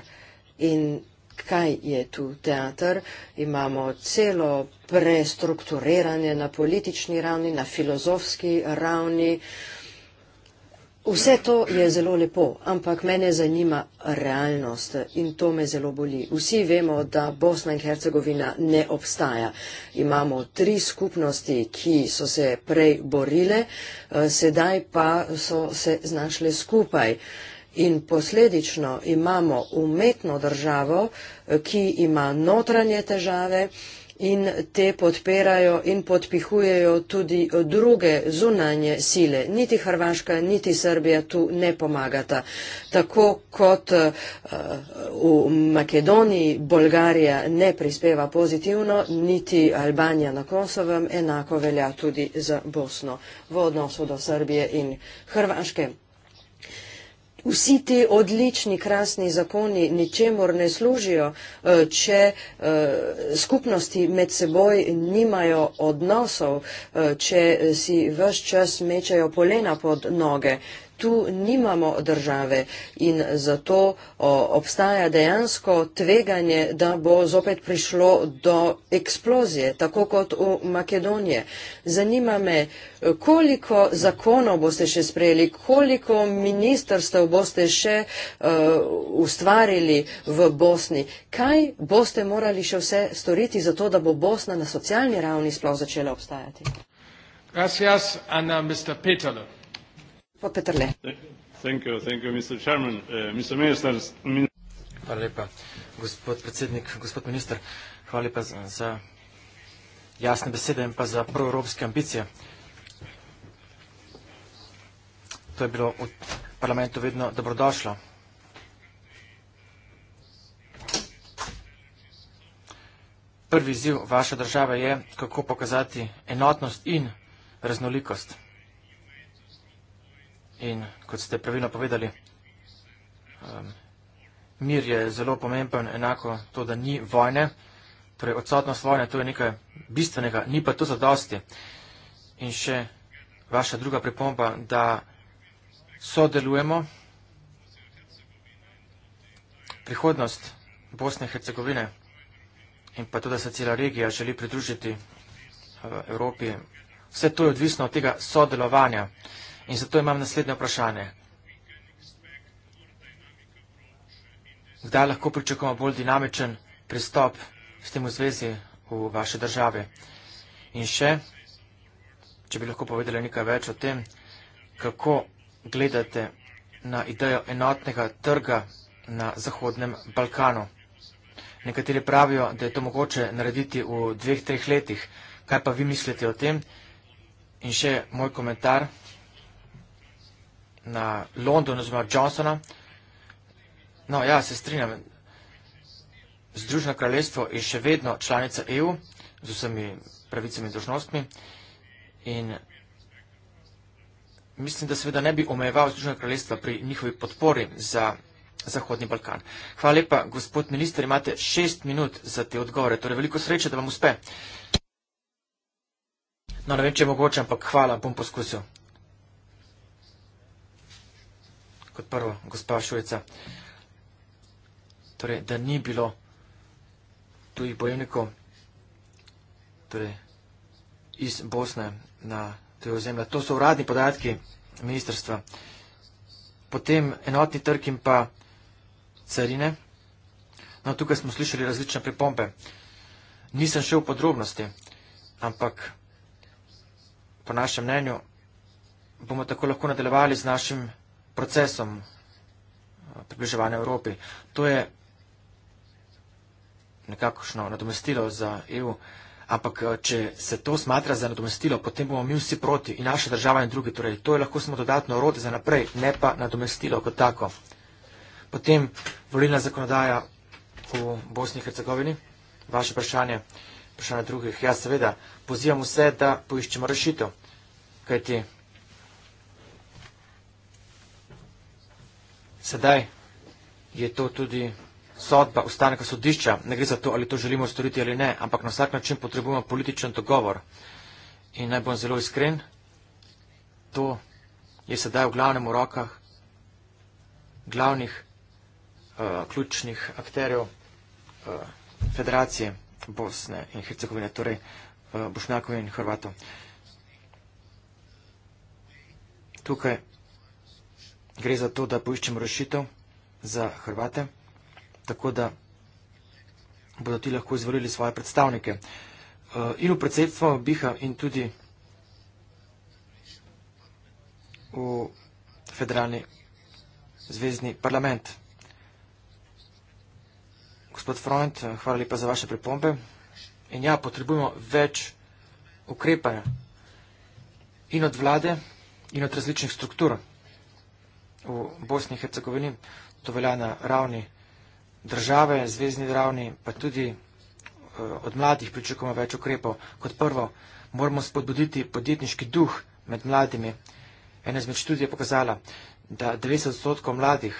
In kaj je tu teater? Imamo celo prestrukturiranje na politični ravni, na filozofski ravni. Uh, Vse to je zelo lepo, ampak mene zanima realnost in to me zelo boli. Vsi vemo, da Bosna in Hercegovina ne obstaja. Imamo tri skupnosti, ki so se prej borile, eh, sedaj pa so se znašle skupaj. In posledično imamo umetno državo, eh, ki ima notranje težave, in te podpirajo in podpihujejo tudi druge zunanje sile. Niti Hrvaška, niti Srbija tu ne pomagata. Tako kot eh, v Makedoniji Bolgarija ne prispeva pozitivno, niti Albanija na Kosovem enako velja tudi za Bosno v odnosu do Srbije in Hrvaške vsi ti odlični, krasni zakoni ničemor ne služijo, eh, če eh, skupnosti med seboj nimajo odnosov, eh, če si vse čas mečajo polena pod noge tu nimamo države in zato o, obstaja dejansko tveganje, da bo zopet prišlo do eksplozije, tako kot v Makedonije. Zanima me, koliko zakonov boste še sprejeli, koliko ministrstev boste še uh, ustvarili v Bosni, kaj boste morali še vse storiti za to, da bo Bosna na socialni ravni sploh začela obstajati. Gracias, Ana, Mr. Peterle. Gospod Petrle. Thank you, thank you, Mr. Chairman, uh, eh, Mr. Minister. Min hvala lepa, gospod predsednik, gospod minister. Hvala lepa za, za jasne besede in pa za proevropske ambicije. To je bilo v parlamentu vedno dobrodošlo. Prvi izziv vaše države je, kako pokazati enotnost in raznolikost. In kot ste pravilno povedali, um, mir je zelo pomemben, enako to, da ni vojne. Torej, odsotnost vojne, to je nekaj bistvenega, ni pa to za dosti. In še vaša druga pripomba, da sodelujemo. Prihodnost Bosne in Hercegovine in pa to, da se cela regija želi pridružiti v uh, Evropi, vse to je odvisno od tega sodelovanja. In zato imam naslednje vprašanje. Kdaj lahko pričakujemo bolj dinamičen pristop s tem v zvezi v vaše države? In še, če bi lahko povedali nekaj več o tem, kako gledate na idejo enotnega trga na Zahodnem Balkanu. Nekateri pravijo, da je to mogoče narediti v dveh, treh letih. Kaj pa vi mislite o tem? In še moj komentar na London oziroma Johnsona. No ja, se strinjam, Združeno kraljestvo je še vedno članica EU z vsemi pravicami in dožnostmi in mislim, da seveda ne bi omejeval Združeno kraljestvo pri njihovi podpori za Zahodni Balkan. Hvala lepa, gospod minister, imate šest minut za te odgovore, torej veliko sreče, da vam uspe. No, ne vem, če je mogoče, ampak hvala, bom poskusil. kot prvo, gospa Šujica. Torej, da ni bilo tujih bojevnikov torej, iz Bosne na tej ozemlji. To so uradni podatki ministrstva. Potem enotni trg in pa carine. No, tukaj smo slišali različne pripombe. Nisem šel v podrobnosti, ampak po našem mnenju bomo tako lahko nadaljevali z našim procesom eh, približevanja Evropi. To je nekakšno nadomestilo za EU, ampak eh, če se to smatra za nadomestilo, potem bomo mi vsi proti in naša država in drugi. Torej, to je lahko samo dodatno orodje za naprej, ne pa nadomestilo kot tako. Potem volilna zakonodaja v Bosni in Hercegovini. Vaše vprašanje, vprašanje drugih. Ja, seveda, pozivam vse, da poiščemo rešitev. Kajti Sedaj je to tudi sodba ustavnega sodišča. Ne gre za to, ali to želimo storiti ali ne, ampak na vsak način potrebujemo političen dogovor. In naj bom zelo iskren, to je sedaj v glavnem v rokah glavnih uh, ključnih akterjev uh, Federacije Bosne in Hercegovine, torej uh, Bošnjakov in Hrvatov. Tukaj gre za to, da poiščemo rešitev za Hrvate, tako da bodo ti lahko izvolili svoje predstavnike. Eh, in v predsedstvo Biha in tudi v federalni zvezdni parlament. Gospod Freund, eh, hvala lepa za vaše pripombe. In ja, potrebujemo več ukrepanja in od vlade in od različnih struktur v Bosni in Hercegovini. To velja na ravni države, zvezdni ravni, pa tudi eh, od mladih pričakujemo več ukrepov. Kot prvo, moramo spodbuditi podjetniški duh med mladimi. Ena izmed študij je pokazala, da 90 odstotkov mladih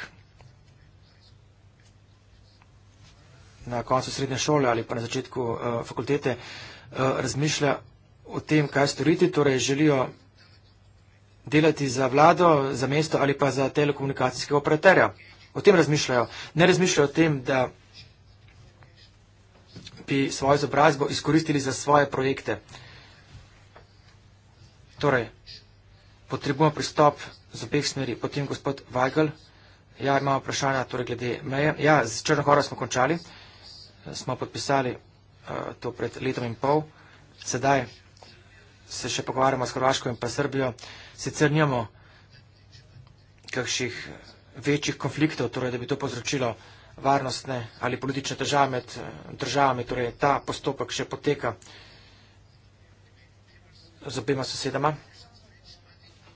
na koncu srednje šole ali pa na začetku uh, fakultete uh, razmišlja o tem, kaj storiti, torej želijo delati za vlado, za mesto ali pa za telekomunikacijskega operaterja. O tem razmišljajo. Ne razmišljajo o tem, da bi svojo izobrazbo izkoristili za svoje projekte. Torej, potrebujemo pristop z obeh smeri. Potem gospod Weigl, ja, imamo vprašanja torej glede meje. Ja, z Črnohoro smo končali, smo podpisali uh, to pred letom in pol. Sedaj se še pogovarjamo s Hrvaško in pa Srbijo. Uh, sicer nimamo kakšnih večjih konfliktov, torej da bi to povzročilo varnostne ali politične težave med eh, državami, torej ta postopek še poteka z obema sosedama.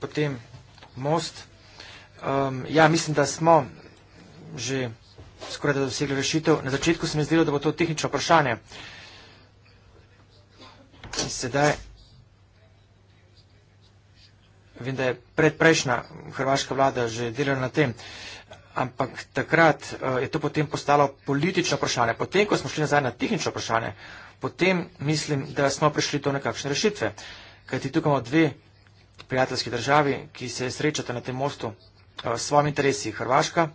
Potem most. Um, ja, mislim, da smo že skoraj da dosegli rešitev. Na začetku se mi zdelo, da bo to tehnično vprašanje. In sedaj Vem, da je predprejšnja hrvaška vlada že delala na tem, ampak takrat eh, je to potem postalo politično vprašanje. Potem, ko smo šli nazaj na tehnično vprašanje, potem mislim, da smo prišli do nekakšne rešitve. Kajti tukaj imamo dve prijateljski državi, ki se srečata na tem mostu eh, s svojimi interesi. Hrvaška,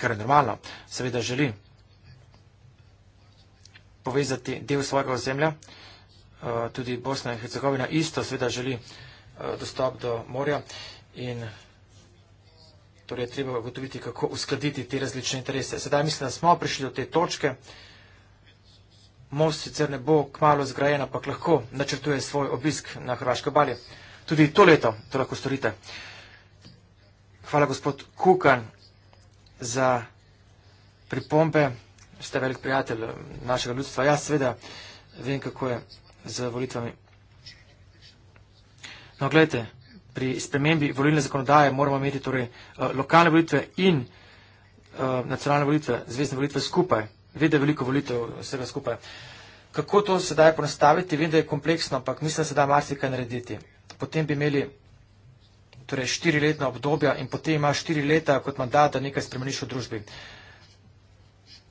kar je normalno, seveda želi povezati del svojega ozemlja, Eh, tudi Bosna in Hercegovina isto seveda želi eh, dostop do morja in torej je treba ugotoviti, kako uskladiti te različne interese. Sedaj mislim, da smo prišli do te točke. Most sicer ne bo kmalo zgrajen, ampak lahko načrtuje svoj obisk na Hrvaške balje. Tudi to leto to lahko storite. Hvala gospod Kukan za pripombe. Ste velik prijatelj eh, našega ljudstva. Jaz seveda vem, kako je z volitvami. No, gledajte, pri spremembi volilne zakonodaje moramo imeti torej eh, lokalne volitve in eh, nacionalne volitve, zvezdne volitve skupaj. Vem, da je veliko volitev vsega skupaj. Kako to sedaj ponastaviti, vem, da je kompleksno, ampak mislim, da se da marsikaj narediti. Potem bi imeli torej, štiriletna obdobja in potem ima štiri leta kot mandat, da nekaj spremeniš v družbi.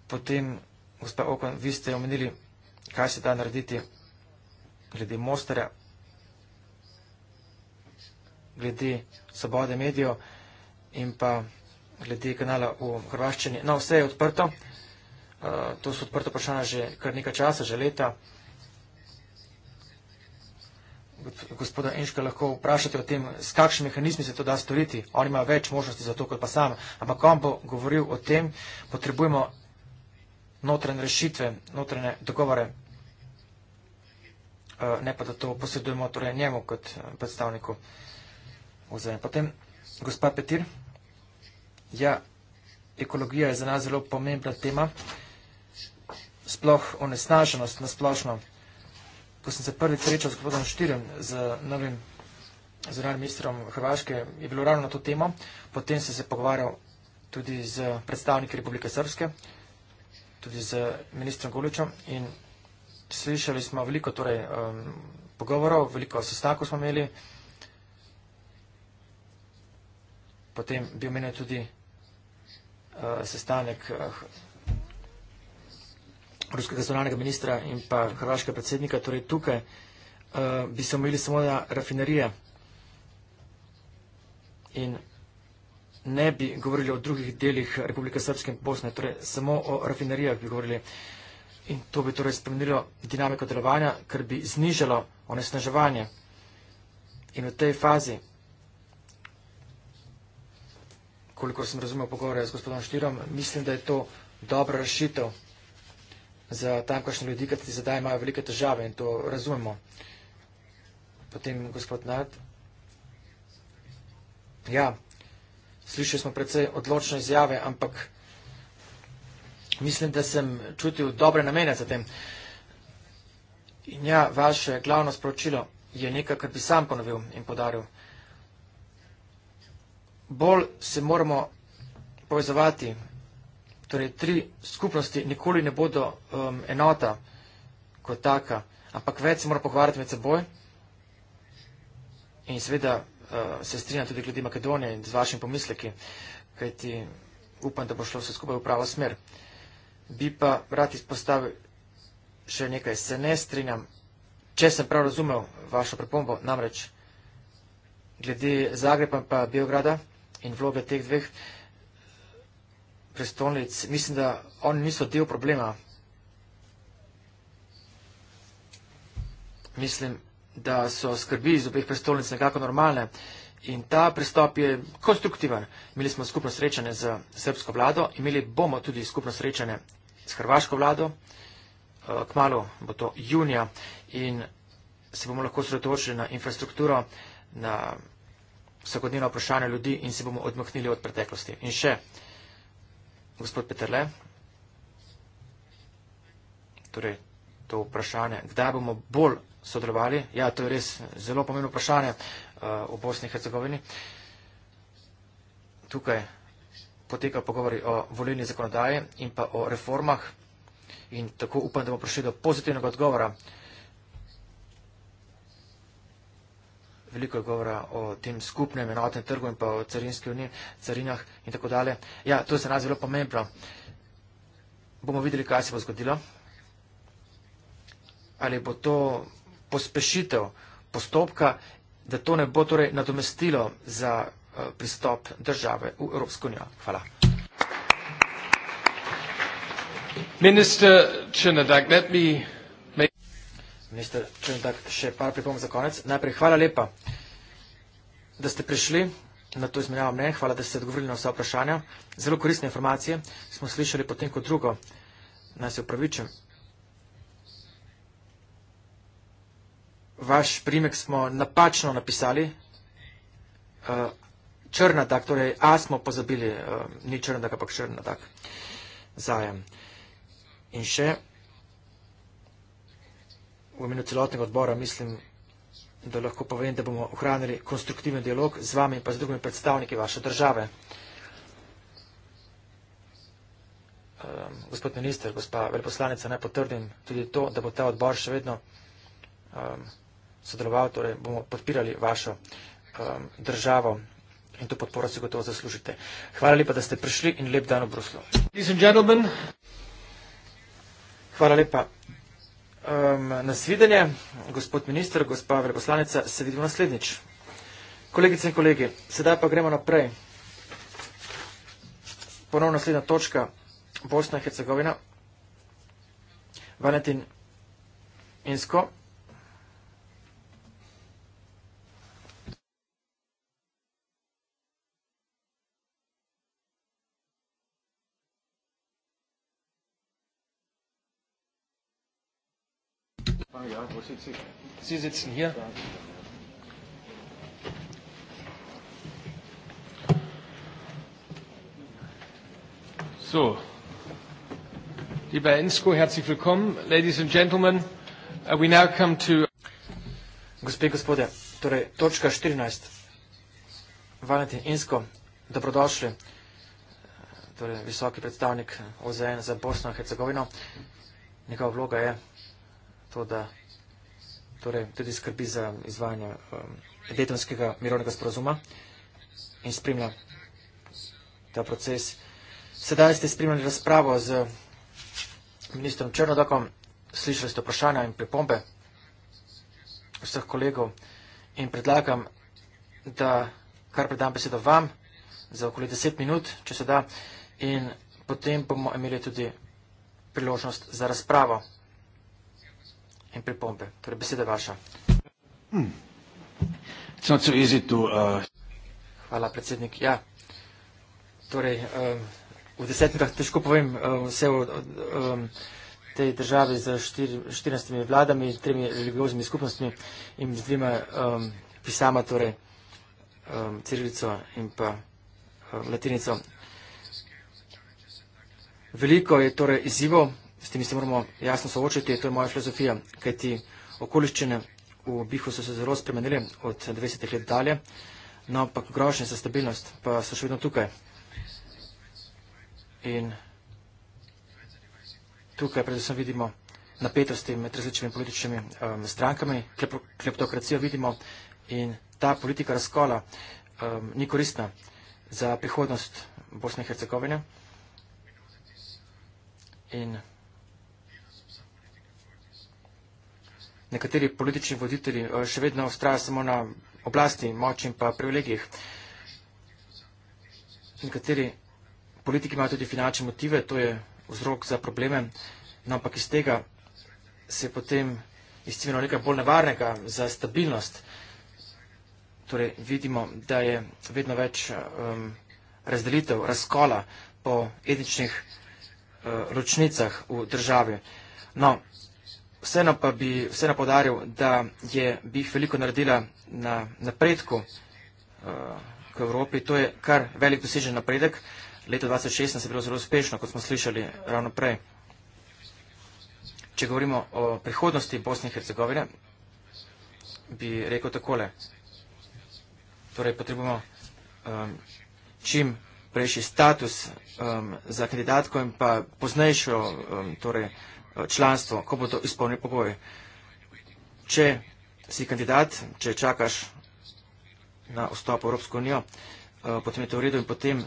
Potem, gospod Okon, vi ste omenili, kaj se da narediti glede Mostarja, glede svobode medijev in pa glede kanala v Hrvaščini. No, vse je odprto. Uh, to so odprto vprašanja že kar nekaj časa, že leta. Gospoda Inška lahko vprašate o tem, s kakšnim mehanizmi se to da storiti. On ima več možnosti za to, kot pa sam. Ampak on bo govoril o tem, potrebujemo notranje rešitve, notranje dogovore. Eh, ne pa da to posredujemo torej njemu kot eh, predstavniku muzeja. Potem, gospa Petir, ja, ekologija je za nas zelo pomembna tema, sploh onesnaženost na splošno. Ko sem se prvič srečal s gospodom Štirem, z novim zunanjim ministrom Hrvaške, je bilo ravno na to temo, potem sem se pogovarjal tudi z predstavniki Republike Srpske, tudi z ministrom Goličom in slišali smo veliko torej, um, pogovorov, veliko sestankov smo imeli. Potem bi omenil tudi uh, sestanek uh, ruskega zunanega ministra in pa hrvaškega predsednika. Torej tukaj uh, bi se omejili samo na rafinerije in ne bi govorili o drugih delih Republike Srpske in Bosne, torej samo o rafinerijah bi govorili. Uh, in to bi torej spremenilo dinamiko delovanja, ker bi znižalo onesnaževanje. In v tej fazi, koliko sem razumel pogovore z gospodom Štirom, mislim, da je to dobra rešitev za tamkajšnje ljudi, ki zdaj imajo velike težave in to razumemo. Potem gospod Nad. Ja, slišali smo precej odločne izjave, ampak mislim, da sem čutil dobre namene za tem. In ja, vaše glavno sporočilo je nekaj, kar bi sam ponovil in podaril. Bolj se moramo povezovati, torej tri skupnosti nikoli ne bodo um, enota kot taka, ampak več se mora pogovarjati med seboj in seveda uh, se strinja tudi glede Makedonije in z vašimi pomisleki, kajti upam, da bo šlo vse skupaj v pravo smer bi pa rad izpostavil še nekaj, se ne strinjam, če sem prav razumel vašo pripombo, namreč glede Zagreba in pa Beograda in vloge teh dveh prestolnic, mislim, da oni niso del problema. Mislim, da so skrbi iz obeh prestolnic nekako normalne. In ta pristop je konstruktiven. Imeli smo skupno srečanje z srpsko vlado, imeli bomo tudi skupno srečanje s hrvaško vlado, eh, kmalo bo to junija in se bomo lahko sredotočili na infrastrukturo, na vsakodnevno vprašanje ljudi in se bomo odmaknili od preteklosti. In še, gospod Peterle, torej to vprašanje, kdaj bomo bolj sodelovali? Ja, to je res zelo pomembno vprašanje. Eh, v Bosni in Hercegovini. Tukaj potekajo pogovori o volilni zakonodaji in pa o reformah in tako upam, da bomo prišli do pozitivnega odgovora. Veliko je govora o tem skupnem enotnem trgu in pa o carinski uniji, carinah in tako dalje. Ja, to je za nas zelo pomembno. Bomo videli, kaj se bo zgodilo. Ali bo to pospešitev postopka da to ne bo torej nadomestilo za eh, pristop države v Evropsko unijo. Hvala. Minister Črnodak, še par pripomb za konec. Najprej hvala lepa, da ste prišli na to izmenjavo mnenj. Hvala, da ste odgovorili na vse vprašanja. Zelo koristne informacije smo slišali potem kot drugo. Naj se upravičim, vaš primek smo napačno napisali. Eh, črna tak, torej A smo pozabili, eh, ni črna tak, ampak črna tak. Zajem. In še, v imenu celotnega odbora mislim, da lahko povem, da bomo ohranili konstruktiven dialog z vami in pa z drugimi predstavniki vaše države. Eh, gospod minister, gospa veljeposlanica, ne potrdim tudi to, da bo ta odbor še vedno vsega sodeloval, torej bomo podpirali vašo um, državo in to podporo si gotovo zaslužite. Hvala lepa, da ste prišli in lep dan v Bruslu. Hvala lepa. Um, nasvidenje, gospod minister, gospa veleposlanica, se vidimo naslednjič. Kolegice in kolegi, sedaj pa gremo naprej. Ponovno naslednja točka, Bosna in Hercegovina, Valentin Insko. ja, wo sind Sie? Sie sitzen hier. So, lieber Ensko, herzlich willkommen, Ladies and Gentlemen. Uh, we now come to. Gospe, gospode, torej, točka 14. Valentin Ensko, dobrodošli. Torej, visoki predstavnik OZN za Bosno in Hercegovino. Njegova vloga je to, da torej, tudi skrbi za izvajanje um, detonskega mirovnega sporozuma in spremlja ta proces. Sedaj ste spremljali razpravo z ministrom Črnodokom, slišali ste vprašanja in pripombe vseh kolegov in predlagam, da kar predam besedo vam za okoli 10 minut, če se da, in potem bomo imeli tudi priložnost za razpravo in pripombe. Torej, beseda je vaša. Hmm. To, uh... Hvala, predsednik. Ja. Torej, um, v desetnikah težko povem um, vse o um, tej državi z 14 štir, vladami, z tremi religioznimi skupnostmi in z dvima um, pisama, torej um, Cirilico in pa um, Latinico. Veliko je torej izzivov s tem se moramo jasno soočiti, to je moja filozofija, kajti okoliščine v Bihu so se zelo spremenile od 20 let dalje, no pa grožnje za stabilnost pa so še vedno tukaj. In tukaj predvsem vidimo napetosti med različnimi političnimi um, strankami, kleptokracijo vidimo in ta politika razkola um, ni koristna za prihodnost Bosne in Hercegovine. In nekateri politični voditelji eh, še vedno ustrajajo samo na oblasti, moči in pa privilegijih. Nekateri politiki imajo tudi finančne motive, to je vzrok za probleme, no ampak iz tega se je potem izcivilo nekaj bolj nevarnega za stabilnost. Torej vidimo, da je vedno več um, razdelitev, razkola po etničnih uh, ločnicah v državi. No, Vseeno pa bi vseeno podaril, da je BIH veliko naredila na napredku uh, k Evropi. To je kar velik dosežen napredek. Leto 2016 je bilo zelo uspešno, kot smo slišali ravno prej. Če govorimo o prihodnosti Bosne in Hercegovine, bi rekel takole. Torej, potrebujemo um, čim prejši status um, za kandidatko in pa poznejšo um, torej, uh, Eh, članstvo, ko bo to izpolnil pogoje. Če si kandidat, če čakaš na vstop v Evropsko unijo, eh, potem je to v redu in potem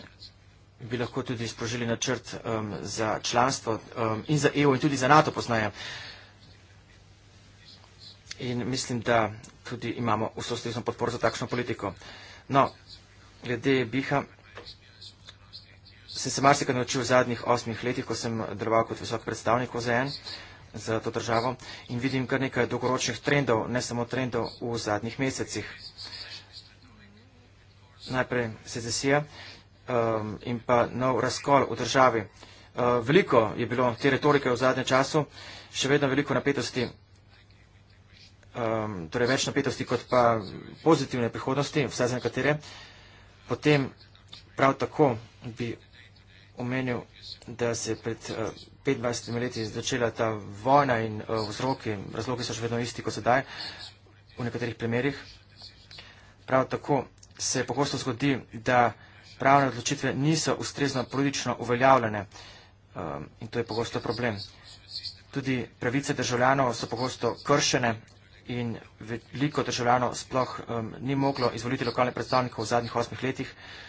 bi lahko tudi sprožili načrt um, za članstvo um, in za EU in tudi za NATO poznaje. In mislim, da tudi imamo vso stresno podporo za takšno politiko. No, glede Biha, sem se marsikaj naučil v zadnjih osmih letih, ko sem deloval kot visok predstavnik OZN za to državo in vidim kar nekaj dolgoročnih trendov, ne samo trendov v zadnjih mesecih. Najprej secesija um, in pa nov razkol v državi. Uh, veliko je bilo te retorike v zadnjem času, še vedno veliko napetosti, um, torej več napetosti kot pa pozitivne prihodnosti, vsaj za nekatere. Potem prav tako bi omenil, da se pred 25 uh, eh, leti začela ta vojna in uh, vzroki, razlogi so še vedno isti kot sedaj v nekaterih primerjih. Prav tako se pogosto zgodi, da pravne odločitve niso ustrezno politično uveljavljene um, in to je pogosto problem. Tudi pravice državljanov so pogosto kršene in veliko državljanov sploh um, ni moglo izvoliti lokalnih predstavnikov v zadnjih osmih letih. Uh,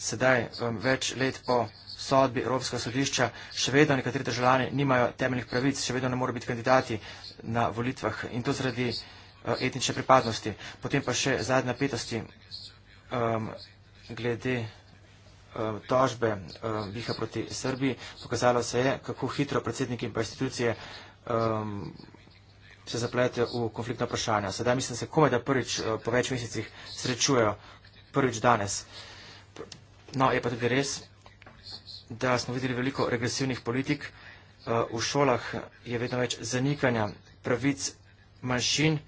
sedaj um, več let po sodbi Evropskega sodišča, še vedno nekateri državljani nimajo temeljnih pravic, še vedno ne morejo biti kandidati na volitvah in to zaradi uh, etnične pripadnosti. Potem pa še zadnje napetosti um, glede um, tožbe viha proti Srbiji. Pokazalo se je, kako hitro predsedniki in pa institucije se zapletejo v konfliktno vprašanje. Sedaj mislim se, kome da prvič uh, po več mesecih srečujejo, prvič danes. No, je pa tudi res, da smo videli veliko regresivnih politik. Eh, v šolah je vedno več zanikanja pravic manjšin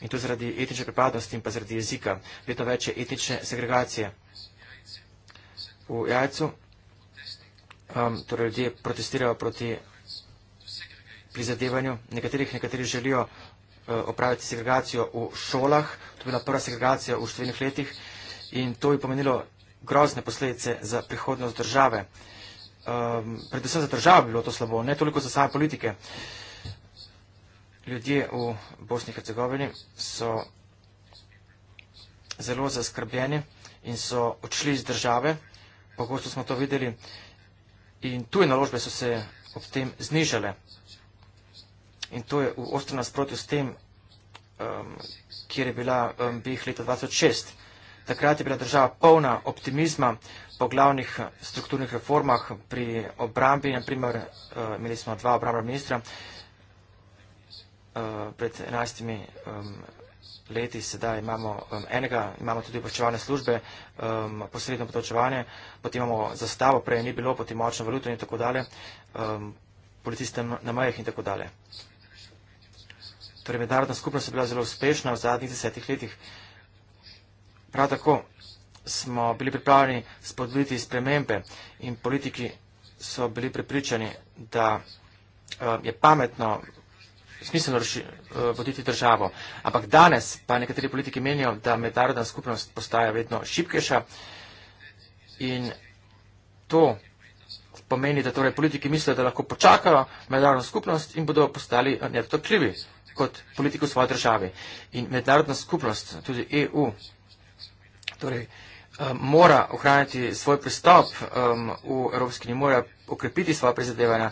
in to zaradi etnične pripadnosti in pa zaradi jezika. Vedno več je etnične segregacije. V jajcu um, torej ljudje protestirajo proti prizadevanju. Nekaterih, nekateri želijo uh, opraviti segregacijo v šolah. To je bila prva segregacija v številnih letih in to je pomenilo grozne posledice za prihodnost države. Um, predvsem za državo bilo to slabo, ne toliko za same politike. Ljudje v Bosni in Hercegovini so zelo zaskrbljeni in so odšli iz države. Pogosto smo to videli in tuje naložbe so se ob tem znižale. In to je v ostro nasprotju s tem, um, kjer je bila um, ehm, bih leta 2006. Takrat je bila država polna optimizma po glavnih eh, strukturnih reformah pri obrambi. Naprimer, eh, imeli smo dva obrambna ministra eh, pred enajstimi leti, sedaj imamo enega, imamo tudi počevalne službe, posredno potočevanje, potem imamo zastavo, prej ni bilo, potem močno valuto in tako dalje, policiste na mejah in tako dalje. Torej, mednarodna skupnost je bila zelo uspešna v zadnjih desetih letih. Prav tako smo bili pripravljeni spodbuditi spremembe in politiki so bili pripričani, da eh, je pametno smiselno eh, voditi državo. Ampak danes pa nekateri politiki menijo, da mednarodna skupnost postaja vedno šipkejša in to pomeni, da torej politiki mislijo, da lahko počakajo mednarodno skupnost in bodo postali eh, nedotokljivi kot politiki v svoji državi. In mednarodna skupnost, tudi EU, torej, eh, mora ohraniti svoj pristop um, v Evropski uniji, mora okrepiti svoje prizadevanja.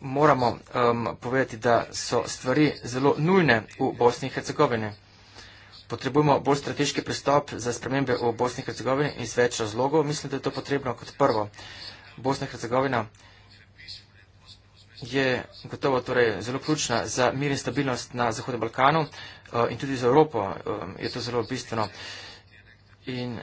Moramo um, povedati, da so stvari zelo nujne v Bosni in Hercegovini. Potrebujemo bolj strateški pristop za spremembe v Bosni in Hercegovini iz več razlogov. Mislim, da je to potrebno kot prvo. Bosna in Hercegovina je gotovo torej, zelo ključna za mir in stabilnost na Zahodnem Balkanu uh, in tudi za Evropo uh, je to zelo bistveno. Uh, in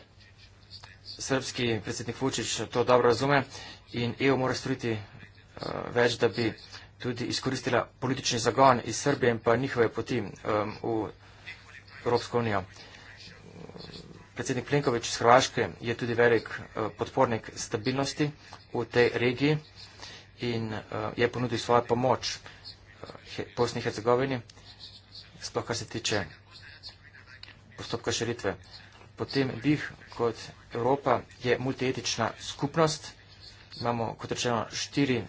srbski predsednik Vučić to dobro razume in EU mora storiti uh, več, da bi tudi izkoristila politični zagon iz Srbije in pa njihove poti um, v Evropsko unijo. Predsednik Plenković iz Hrvaške je tudi velik uh, podpornik stabilnosti v tej regiji in uh, je ponudil svojo pomoč uh, Bosni in Hercegovini, sploh kar se tiče postopka širitve. Uh, Potem BIH kot Evropa je multietična skupnost. Imamo, kot rečeno, štiri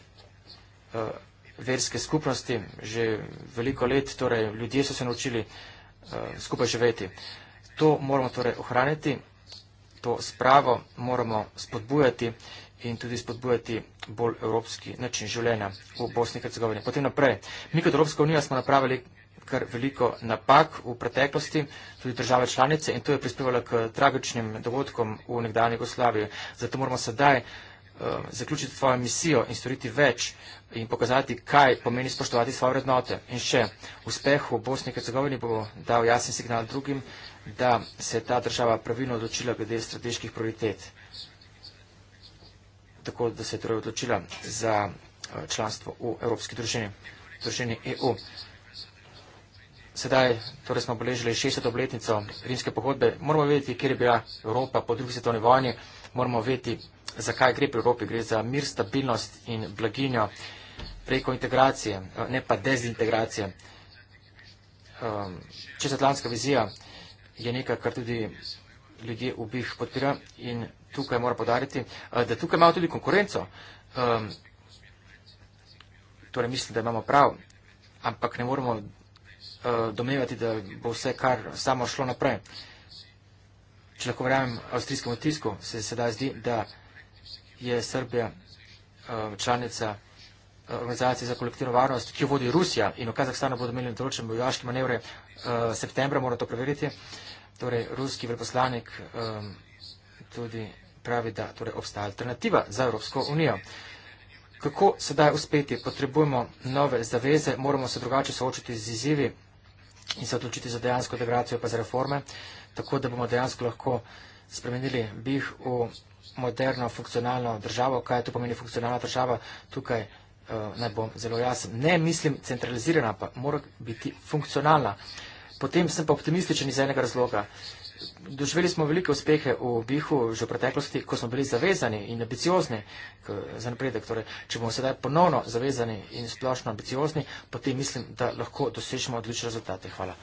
uh, verske skupnosti. Že veliko let, torej ljudje so se naučili uh, skupaj živeti. To moramo torej ohraniti, to spravo moramo spodbujati in tudi spodbujati bolj evropski način življenja v Bosni in Hercegovini. Potem naprej. Mi kot Evropska unija smo napravili kar veliko napak v preteklosti, tudi države članice in to je prispevalo k tragičnim dogodkom v nekdanji Jugoslaviji. Zato moramo sedaj uh, zaključiti svojo misijo in storiti več in pokazati, kaj pomeni spoštovati svoje vrednote. In še, uspeh v Bosni in Hercegovini bo dal jasen signal drugim, da se je ta država pravilno odločila glede strateških prioritet. Tako da se je torej odločila za uh, članstvo v Evropski družini, družini EU sedaj, torej smo obeležili 60. obletnico rimske pogodbe, moramo vedeti, kje je bila Evropa po drugi svetovni vojni, moramo vedeti, zakaj gre pri Evropi. Gre za mir, stabilnost in blaginjo preko integracije, ne pa dezintegracije. Ehm, čezatlantska vizija je nekaj, kar tudi ljudje v bih podpira in tukaj mora podariti, eh, da tukaj imamo tudi konkurenco. Ehm, torej mislim, da imamo prav, ampak ne moramo Eh, domnevati, da bo vse kar samo šlo naprej. Če lahko verjamem avstrijskemu tisku, se sedaj zdi, da je Srbija eh, članica eh, organizacije za kolektivno varnost, ki jo vodi Rusija in v Kazahstanu bodo imeli določene bojaške manevre. Septembra mora to preveriti. Torej, ruski veljposlanik tudi pravi, da torej obstaja alternativa za Evropsko unijo. Kako sedaj uspeti? Potrebujemo nove zaveze, moramo se drugače soočiti z izzivi in se odločiti za dejansko integracijo pa za reforme, tako da bomo dejansko lahko spremenili BIH v moderno funkcionalno državo. Kaj to pomeni funkcionalna država? Tukaj uh, naj bom zelo jasen. Ne mislim centralizirana, pa mora biti funkcionalna. Potem sem pa optimističen iz enega razloga doživeli smo velike uspehe v Bihu že v preteklosti, ko smo bili zavezani in ambiciozni za napredek. Torej, če bomo sedaj ponovno zavezani in splošno ambiciozni, potem mislim, da lahko dosežemo odlične rezultate. Hvala.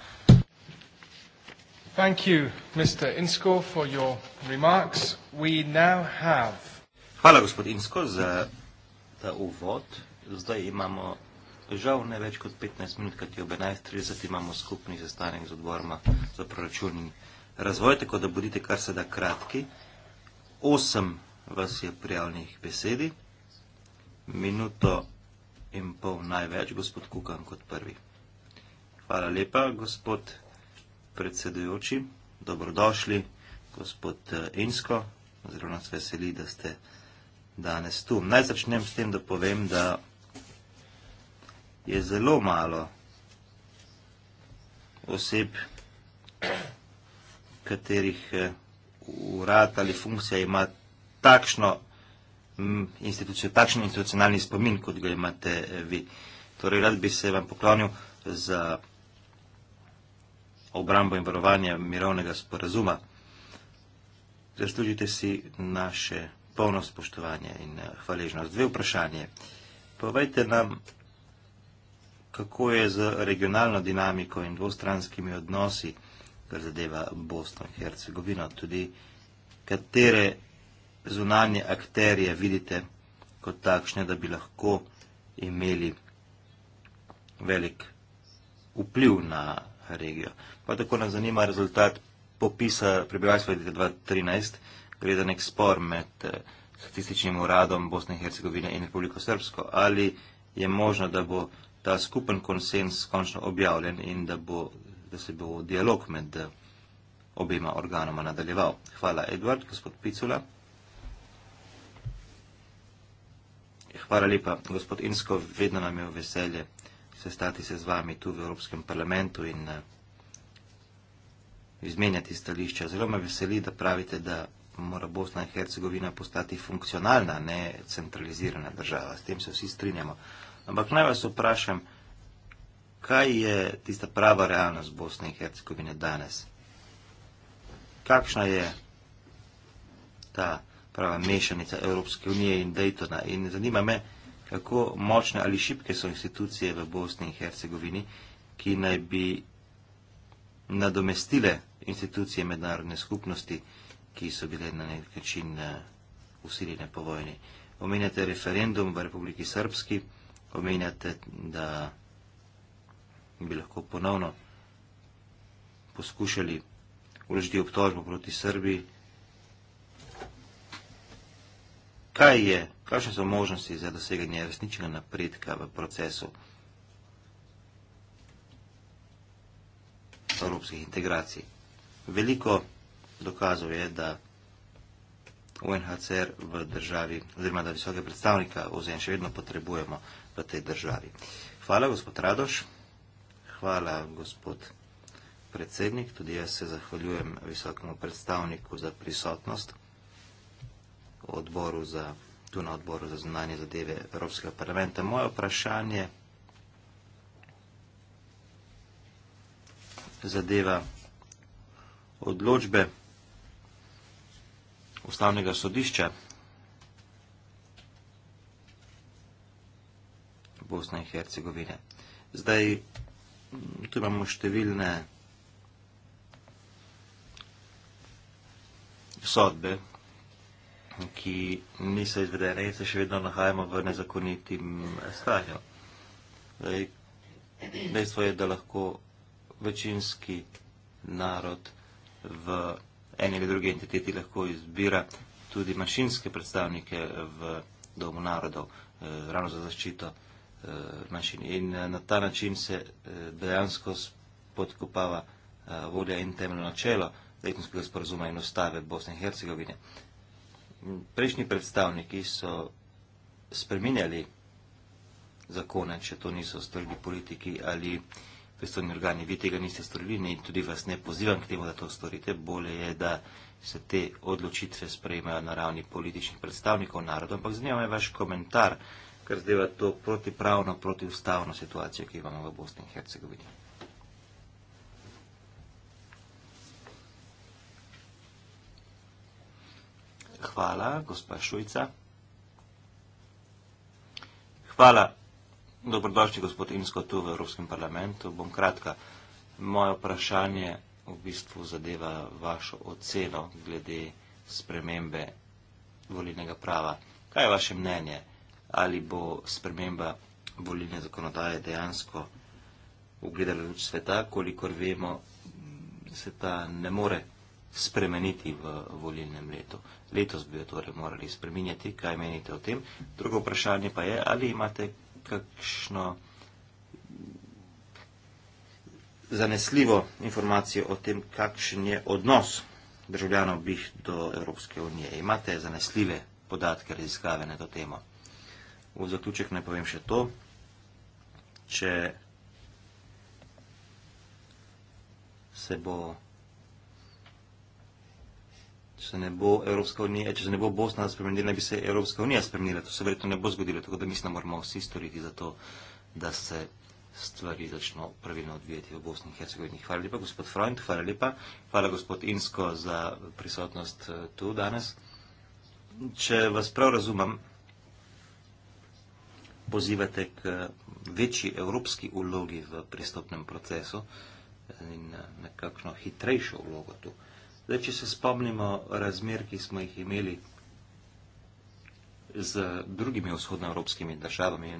Thank you, Mr. Insko, for your remarks. We now have. Hvala, gospod Insko, za ta uvod. Zdaj imamo, žal ne več kot 15 minut, kajti ob 11.30 imamo skupni sestanek z odborom za proračun in proračun razvoj, tako da bodite kar se da kratki. Osem vas je prijavljenih besedi, minuto in pol največ, gospod Kukan kot prvi. Hvala lepa, gospod predsedujoči, dobrodošli, gospod eh, Insko, zelo nas veseli, da ste danes tu. Naj začnem s tem, da povem, da je zelo malo oseb, katerih eh, urad ali funkcija ima takšno institucijo, takšen institucionalni spomin, kot ga imate eh, vi. Torej, rad bi se vam poklonil za obrambo in varovanje mirovnega sporazuma. Zaslužite si naše polno spoštovanje in eh, hvaležnost. Dve vprašanje. Povejte nam, kako je z regionalno dinamiko in dvostranskimi odnosi kar zadeva Bosno in Hercegovino, tudi katere zunanje akterje vidite kot takšne, da bi lahko imeli velik vpliv na regijo. Pa tako nas zanima rezultat popisa prebivalstva leta 2013, gre za nek spor med eh, statističnim uradom Bosne in Hercegovine in Republiko Srbsko, ali je možno, da bo ta skupen konsens končno objavljen in da bo da se bo dialog med eh, obema organoma nadaljeval. Hvala, Edward, gospod Picula. Hvala lepa, gospod Insko, vedno nam je veselje sestati se z vami tu v Evropskem parlamentu in eh, izmenjati stališča. Zelo me veseli, da pravite, da mora Bosna in Hercegovina postati funkcionalna, ne centralizirana država. S tem se vsi strinjamo. Ampak naj vas vprašam, kaj je tista prava realnost Bosne in Hercegovine danes? Kakšna je ta prava mešanica Evropske unije in Daytona? In zanima me, kako močne ali šibke so institucije v Bosni in Hercegovini, ki naj bi nadomestile institucije mednarodne skupnosti, ki so bile na nek način eh, usiljene po vojni. Omenjate referendum v Republiki Srpski, omenjate, da bi lahko ponovno poskušali vložiti obtožbo proti Srbiji. Kaj je, kakšne so možnosti za doseganje resničnega napredka v procesu evropskih integracij? Veliko dokazov je, da UNHCR v državi, oziroma da visoke predstavnika OZN še vedno potrebujemo v tej državi. Hvala, gospod Radoš hvala, gospod predsednik. Tudi jaz se zahvaljujem visokemu predstavniku za prisotnost odboru za, tu na odboru za zunanje zadeve Evropskega parlamenta. Moje vprašanje zadeva odločbe ustavnega sodišča Bosne in Hercegovine. Zdaj, tu imamo številne sodbe, ki niso izvedene in se še vedno nahajamo v nezakonitim stanju. Dejstvo je, da lahko večinski narod v eni ali drugi entiteti lahko izbira tudi mašinske predstavnike v domu narodov, eh, ravno za zaščito Eh, način. In eh, na ta način se eh, dejansko podkopava volja in temeljno načelo Dejtonskega sporozuma in ustave Bosne in Hercegovine. Prejšnji predstavniki so spreminjali zakone, če to niso storili politiki ali pristojni organi. Vi tega niste storili in tudi vas ne pozivam k temu, da to storite. Bolje je, da se te odločitve sprejmejo na ravni političnih predstavnikov narodov. Ampak zanima me vaš komentar kar zdaj to protipravno, protiustavno situacijo, ki imamo v Bosni in Hercegovini. Hvala, gospa Šujca. Hvala, dobrodošli, gospod Insko, tu v Evropskem parlamentu. Bom kratka. Moje vprašanje v bistvu zadeva vašo oceno glede spremembe volilnega prava. Kaj je vaše mnenje? ali bo sprememba volilne zakonodaje dejansko ugledala luč sveta, kolikor vemo, se ta ne more spremeniti v volilnem letu. Letos bi jo torej morali spreminjati, kaj menite o tem. Drugo vprašanje pa je, ali imate kakšno zanesljivo informacijo o tem, kakšen je odnos državljanov bih do Evropske unije. Imate zanesljive podatke, raziskave na to temo? V zaključek naj povem še to, če se bo Če se ne bo Evropska unija, če se ne bo Bosna spremenila, bi se Evropska unija spremenila. To se verjetno ne bo zgodilo, tako da mislim, da moramo vsi storiti za to, da se stvari začno pravilno odvijati v Bosni in Hercegovini. Hvala lepa, gospod Freund, hvala lepa. Hvala, gospod Insko, za prisotnost eh, tu danes. Če vas prav razumem, pozivate k eh, večji evropski ulogi v pristopnem procesu in eh, nekakšno hitrejšo ulogo tu. Zdaj, če se spomnimo razmer, ki smo jih imeli z drugimi vzhodnoevropskimi državami,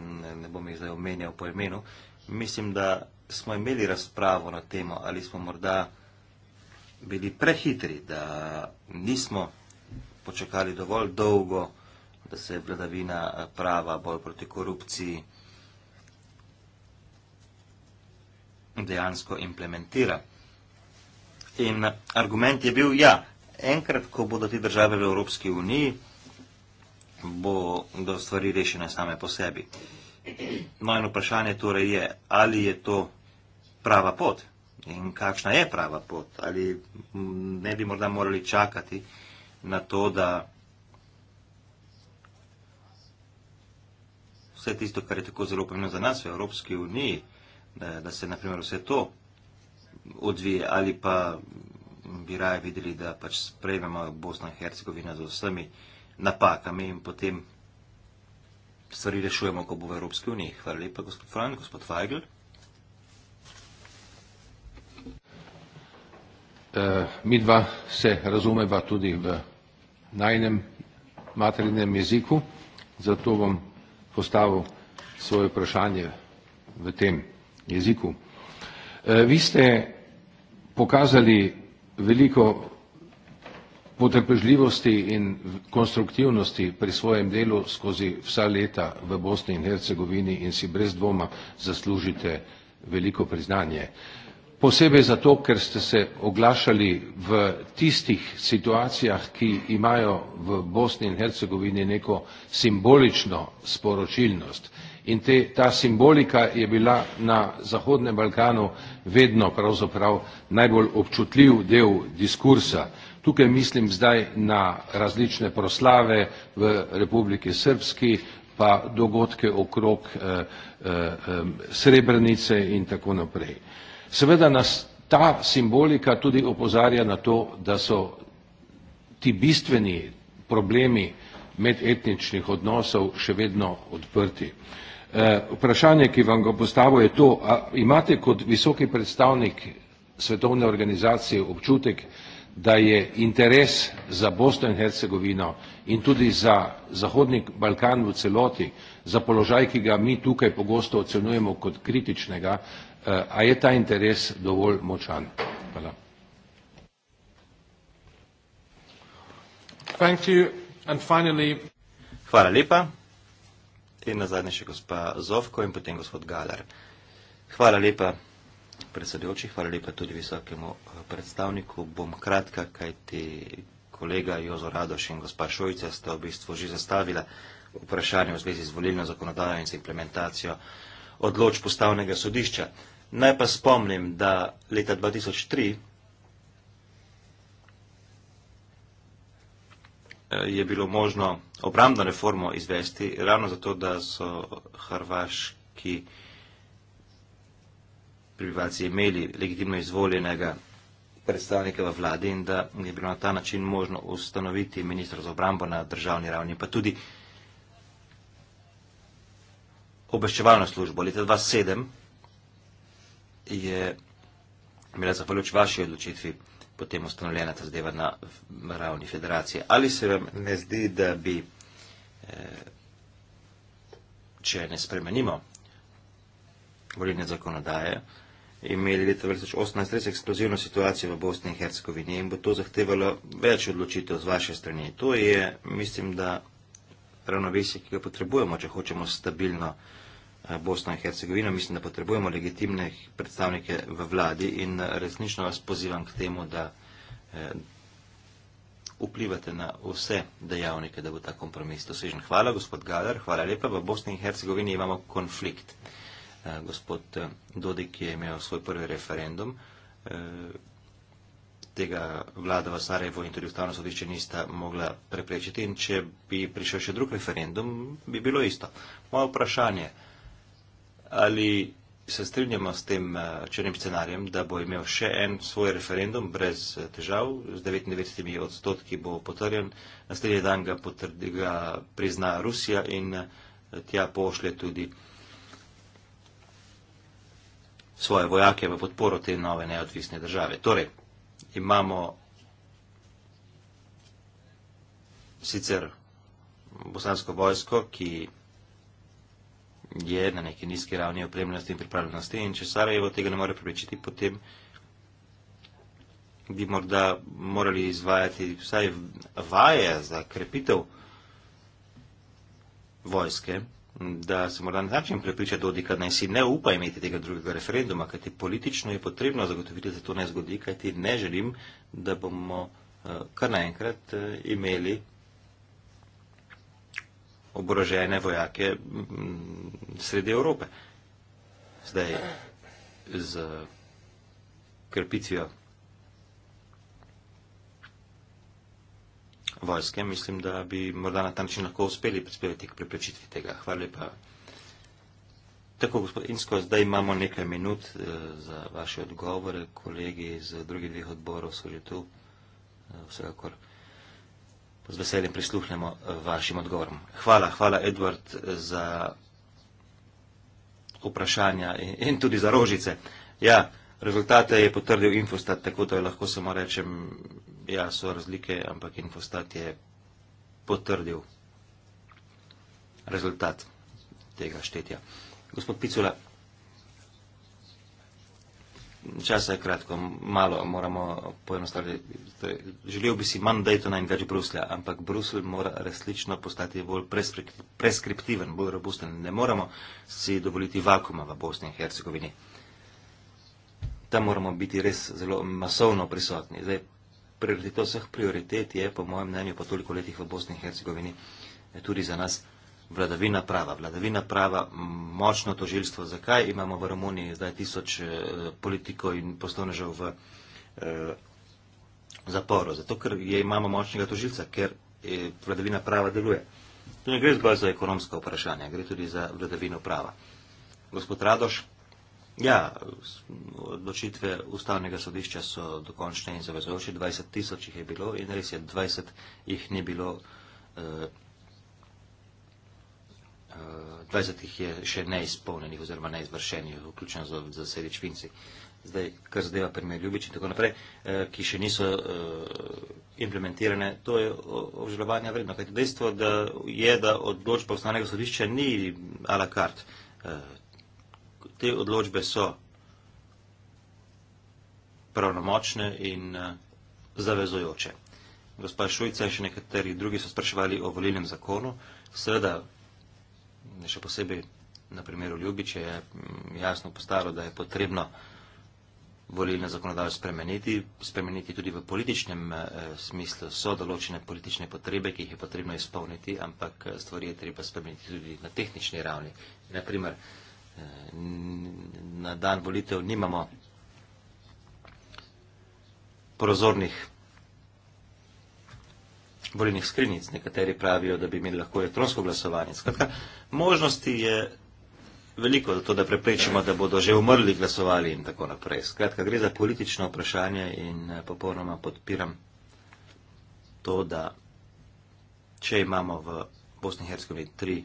ne bom jih zdaj omenjal po imenu, mislim, da smo imeli razpravo na temo, ali smo morda bili prehitri, da nismo počakali dovolj dolgo, da se vladavina eh, prava bolj proti korupciji dejansko implementira. In eh, argument je bil, ja, enkrat, ko bodo ti države v Evropski uniji, bodo stvari rešene same po sebi. No in vprašanje torej je, ali je to prava pot in kakšna je prava pot, ali mm, ne bi morda morali čakati na to, da. vse tisto, kar je tako zelo pomembno za nas v Evropski uniji, da, da se naprimer vse to odvije ali pa bi raje videli, da pač sprejmemo Bosno in Hercegovino z vsemi napakami in potem stvari rešujemo, ko bo v Evropski uniji. Hvala lepa, gospod Franj, gospod Feigl. Eh, Mi dva se razumeva tudi v najnem materinem jeziku, zato bom postavil svoje vprašanje v tem jeziku. Eh, vi ste pokazali veliko potrpežljivosti in konstruktivnosti pri svojem delu skozi vsa leta v Bosni in Hercegovini in si brez dvoma zaslužite veliko priznanje posebej zato, ker ste se oglašali v tistih situacijah, ki imajo v Bosni in Hercegovini neko simbolično sporočilnost. In te, ta simbolika je bila na Zahodnem Balkanu vedno pravzaprav najbolj občutljiv del diskursa. Tukaj mislim zdaj na različne proslave v Republiki Srpski, pa dogodke okrog eh, eh, eh Srebrenice in tako naprej. Eh, Seveda nas ta simbolika tudi opozarja na to, da so ti bistveni problemi medetničnih odnosov še vedno odprti. E, vprašanje, ki vam ga postavo, je to, a imate kot visoki predstavnik svetovne organizacije občutek, da je interes za Bosno in Hercegovino in tudi za Zahodni Balkan v celoti, za položaj, ki ga mi tukaj pogosto ocenujemo kot kritičnega, Eh, a je ta interes dovolj močan? Hvala. Thank you. And finally... Hvala lepa. In na zadnje še gospa Zovko in potem gospod Galar. Hvala lepa predsedujoči, hvala lepa tudi visokemu eh, predstavniku. Bom kratka, kaj ti kolega Jozo Radoš in gospa Šojica ste v bistvu že zastavila vprašanje v zvezi z volilno zakonodajo in s implementacijo odloč postavnega sodišča. Naj pa spomnim, da leta 2003 eh, je bilo možno obrambno reformo izvesti, ravno zato, da so hrvaški prebivalci imeli legitimno izvoljenega predstavnika v vladi in da je bilo na ta način možno ustanoviti ministra za obrambo na državni ravni, pa tudi obveščevalno službo. Leta 2007 je bila zahvaljujoč vaši odločitvi potem ustanovljena ta zadeva na ravni federacije. Ali se vam ne zdi, da bi, eh, če ne spremenimo volilne zakonodaje, imeli leta 2018 res eksplozivno situacijo v Bosni in Hercegovini in bo to zahtevalo več odločitev z vaše strani. To je, mislim, da ravnovesje, ki ga potrebujemo, če hočemo stabilno vsega, Eh, Bosna in Hercegovina. Mislim, da potrebujemo legitimne predstavnike v vladi in eh, resnično vas pozivam k temu, da eh, vplivate na vse dejavnike, da bo ta kompromis dosežen. Hvala, gospod Galer, hvala lepa. V Bosni in Hercegovini imamo konflikt. Gospod Dodik je imel svoj prvi referendum. Tega vlada v Sarajevo in tudi ustavno sodišče nista mogla preprečiti in če bi prišel še drug referendum, bi bilo isto. Moje vprašanje je, Ali se strinjamo s tem eh, črnim scenarijem, da bo imel še en svoj referendum brez eh, težav, z 99 odstotki bo potrjen, naslednji dan ga, potrdi, ga prizna Rusija in eh, tja pošlje tudi svoje vojake v podporo te nove neodvisne države. Torej, imamo sicer bosansko vojsko, ki je na neki nizki ravni opremljenosti in pripravljenosti in če Sarajevo tega ne more preprečiti, potem bi morda morali izvajati vsaj vaje za krepitev vojske, da se morda na način prepriča Dodika, naj si ne upa imeti tega drugega referenduma, kajti politično je potrebno zagotoviti, da se to ne zgodi, kajti ne želim, da bomo eh, kar naenkrat eh, imeli oborožene vojake mm, sredi Evrope. Zdaj z krpicijo vojske mislim, da bi morda na ta način lahko uspeli prispevati k preprečitvi tega. Hvala lepa. Tako, gospod Insko, zdaj imamo nekaj minut eh, za vaše odgovore. Kolegi iz drugih dveh odborov so že tu. Eh, vsekakor z veseljem prisluhnemo eh, vašim odgovorom. Hvala, hvala Edward za vprašanja in tudi za rožice. Ja, rezultate je potrdil Infostat, tako da lahko samo rečem, ja, so razlike, ampak Infostat je potrdil rezultat tega štetja. Gospod Picula, časa je kratko, malo moramo poenostaviti. Želel bi si manj Daytona in več Bruslja, ampak Bruselj mora resnično postati bolj preskriptiven, bolj robusten. Ne moremo si dovoliti vakuma v Bosni in Hercegovini. Tam moramo biti res zelo masovno prisotni. Zdaj, prioritet vseh prioritet je, po mojem mnenju, po toliko letih v Bosni in Hercegovini, tudi za nas vladavina prava. Vladavina prava, močno tožilstvo. Zakaj imamo v Romuniji zdaj tisoč eh, politikov in poslovnežev v eh, zaporu? Zato, ker je, imamo močnega tožilca, ker eh, vladavina prava deluje. To ne gre zgolj za ekonomsko vprašanje, gre tudi za vladavino prava. Gospod Radoš, ja, odločitve ustavnega sodišča so dokončne in zavezujoče, 20 tisoč jih je bilo in res je 20 jih ni bilo. Eh, 20 jih je še neizpolnjenih oziroma neizvršenih, vključno za sedič vince. Zdaj, kar zadeva primer Ljubič in tako naprej, eh, ki še niso eh, implementirane, to je obželovanja vredno. Kajte dejstvo je, da odločba ustanovnega sodišča ni a la carte. Eh, te odločbe so pravnomočne in zavezojoče. Gospod Šujca in še nekateri drugi so spraševali o volilnem zakonu. Seveda, še posebej na primeru Ljubiče je mm, jasno postalo, da je potrebno volilne zakonodaje spremeniti, spremeniti tudi v političnem eh, smislu. So določene politične potrebe, ki jih je potrebno izpolniti, ampak eh, stvari je treba spremeniti tudi na tehnični ravni. Naprimer, eh, na dan volitev nimamo prozornih volilnih skrinic, nekateri pravijo, da bi imeli lahko elektronsko glasovanje. Skratka, možnosti je veliko za to, da preprečimo, da bodo že umrli glasovali in tako naprej. Skratka, gre za politično vprašanje in eh, popolnoma podpiram to, da če imamo v Bosni in Hercegovini tri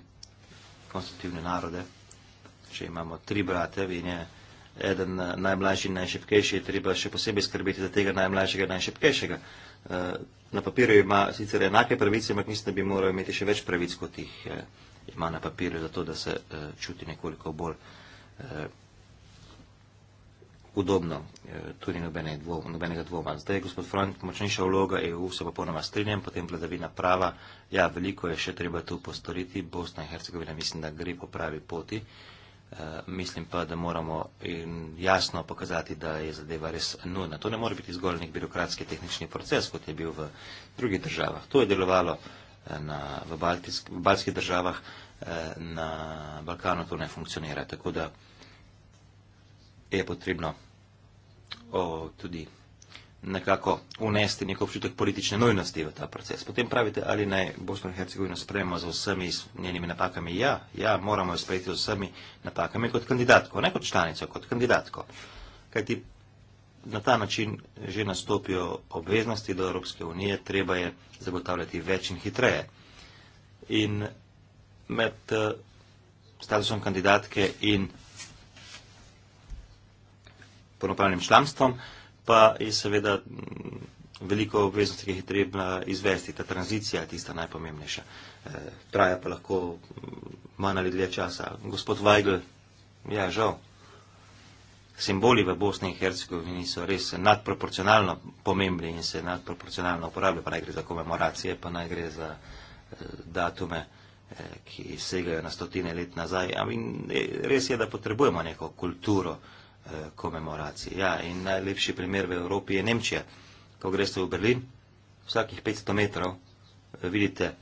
konstitutivne narode, če imamo tri brate in je eden eh, najmlajši in najšepkejši, je treba še posebej skrbeti za tega najmlajšega in najšepkejšega. Eh, na papirju ima sicer enake pravice, ampak mislim, da bi moral imeti še več pravic, kot jih eh, ima na papirju, zato da se eh, čuti nekoliko bolj eh, udobno. Eh, tu ni nobene dvom, nobenega dvoma. Zdaj je gospod Frank močnejša vloga EU, se pa ponoma strinjam, potem vladavina prava. Ja, veliko je še treba tu postoriti. Bosna in Hercegovina mislim, da gre po pravi poti. Eh, Eh, mislim pa, da moramo jasno pokazati, da je zadeva res nujna. To ne more biti zgolj nek birokratski tehnični proces, kot je bil v drugih državah. To je delovalo eh, na, v, Baltisk, v baltskih državah, eh, na Balkanu to ne funkcionira. Tako da je potrebno o, tudi nekako unesti nek občutek politične nujnosti v ta proces. Potem pravite, ali naj Bosno in Hercegovino sprejmemo z vsemi njenimi napakami. Ja, ja, moramo jo sprejeti z vsemi napakami kot kandidatko, ne kot članico, kot kandidatko. Kaj ti na ta način že nastopijo obveznosti do Evropske unije, treba je zagotavljati več in hitreje. In med eh, statusom kandidatke in ponopravnim članstvom, pa je seveda mm, veliko obveznosti, ki jih je treba izvesti. Ta tranzicija je tista najpomembnejša. E, traja pa lahko mm, manj ali dlje časa. Gospod Weigl, ja, žal. Simboli v Bosni in Hercegovini so res nadproporcionalno pomembni in se nadproporcionalno uporabljajo, pa naj gre za komemoracije, pa naj gre za eh, datume, eh, ki segajo na stotine let nazaj. Ampak res je, da potrebujemo neko kulturo. Eh, komemoracij. Ja, in najlepši primer v Evropi je Nemčija. Ko greste v Berlin, vsakih 500 metrov eh, vidite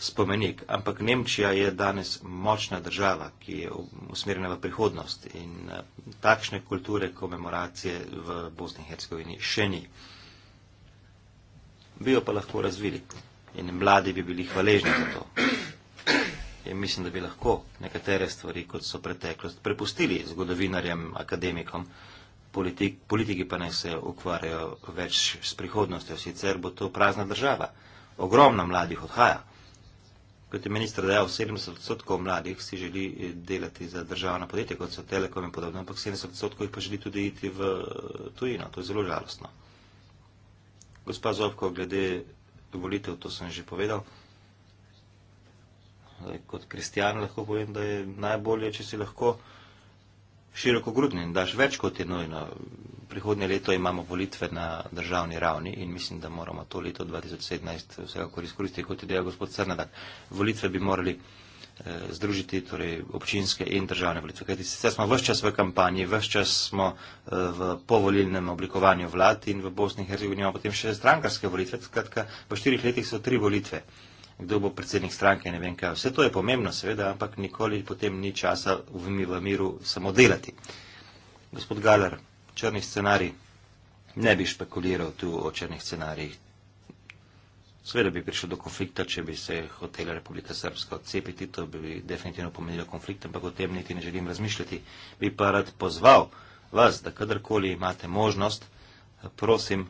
spomenik. Ampak Nemčija je danes močna država, ki je usmerjena v prihodnost in eh, takšne kulture komemoracije v Bosni in Hercegovini še ni. Bi jo pa lahko razvili in mladi bi bili hvaležni za to in mislim, da bi lahko nekatere stvari, kot so preteklost, prepustili zgodovinarjem, akademikom, politik, politiki pa naj se ukvarjajo več s prihodnostjo, sicer bo to prazna država. Ogromno mladih odhaja. Kot je ministr dejal, 70 odstotkov mladih si želi eh, delati za državna podjetja, kot so Telekom in podobno, ampak 70 odstotkov jih pa želi tudi iti v eh, tujino. To je zelo žalostno. Gospa Zovko, glede volitev, to sem že povedal kot kristijan lahko povem, da je najbolje, če si lahko široko grudni in daš več, kot je nujno. Prihodnje leto imamo volitve na državni ravni in mislim, da moramo to leto 2017 vsekakor izkoristiti, kot je dejal gospod Crnadak. Volitve bi morali eh, združiti, torej občinske in državne volitve. Kajti sicer smo vse čas v kampanji, vse čas smo eh, v povolilnem oblikovanju vlad in v Bosni in Hercegovini imamo potem še strankarske volitve. Skratka, po štirih letih so tri volitve. Eh, kdo bo predsednik stranke, ne vem kaj. Vse to je pomembno, seveda, ampak nikoli potem ni časa v, mi, v miru samo delati. Gospod Galer, črni scenarij, ne bi špekuliral tu o črnih scenarijih. Seveda bi prišlo do konflikta, če bi se hotela Republika Srpska odcepiti, to bi definitivno pomenilo konflikt, ampak o tem niti ne želim razmišljati. Bi pa rad pozval vas, da kadarkoli imate možnost, prosim,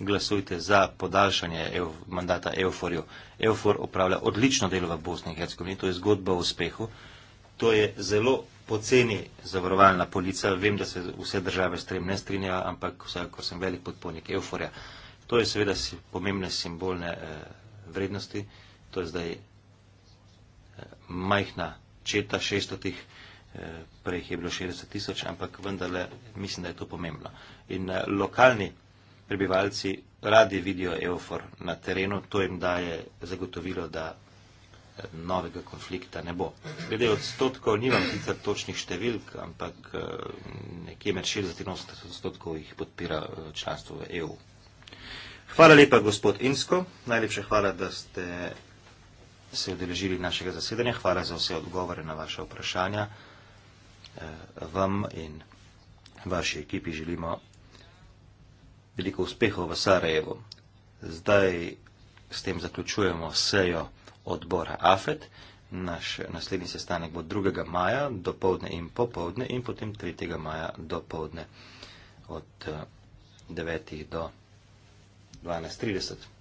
glasujte za podaljšanje EU, mandata EUFOR-ju. EUFOR upravlja odlično delo v Bosni in Hercegovini, to je zgodba o uspehu. To je zelo poceni zavarovalna polica, vem, da se vse države s tem ne strinjajo, ampak vsakako sem velik podpornik EUFOR-ja. To je seveda pomembne simbolne eh, vrednosti, to je zdaj eh, majhna četa šestotih, eh, prej jih je bilo 60 tisoč, ampak vendarle mislim, da je to pomembno. In eh, lokalni prebivalci radi vidijo Eufor na terenu, to jim daje zagotovilo, da eh, novega konflikta ne bo. Glede odstotkov, nimam sicer točnih številk, ampak eh, nekje med 60 in 80 odstotkov jih podpira eh, članstvo v EU. Hvala lepa, gospod Insko. Najlepša hvala, da ste se odeležili našega zasedanja. Hvala za vse odgovore na vaše vprašanja. Vam in vaši ekipi želimo veliko uspehov v Sarajevu. Zdaj s tem zaključujemo sejo odbora AFET. Naš naslednji sestanek bo 2. maja do povdne in popovdne in potem 3. maja do povdne od 9. Eh, do 12.30.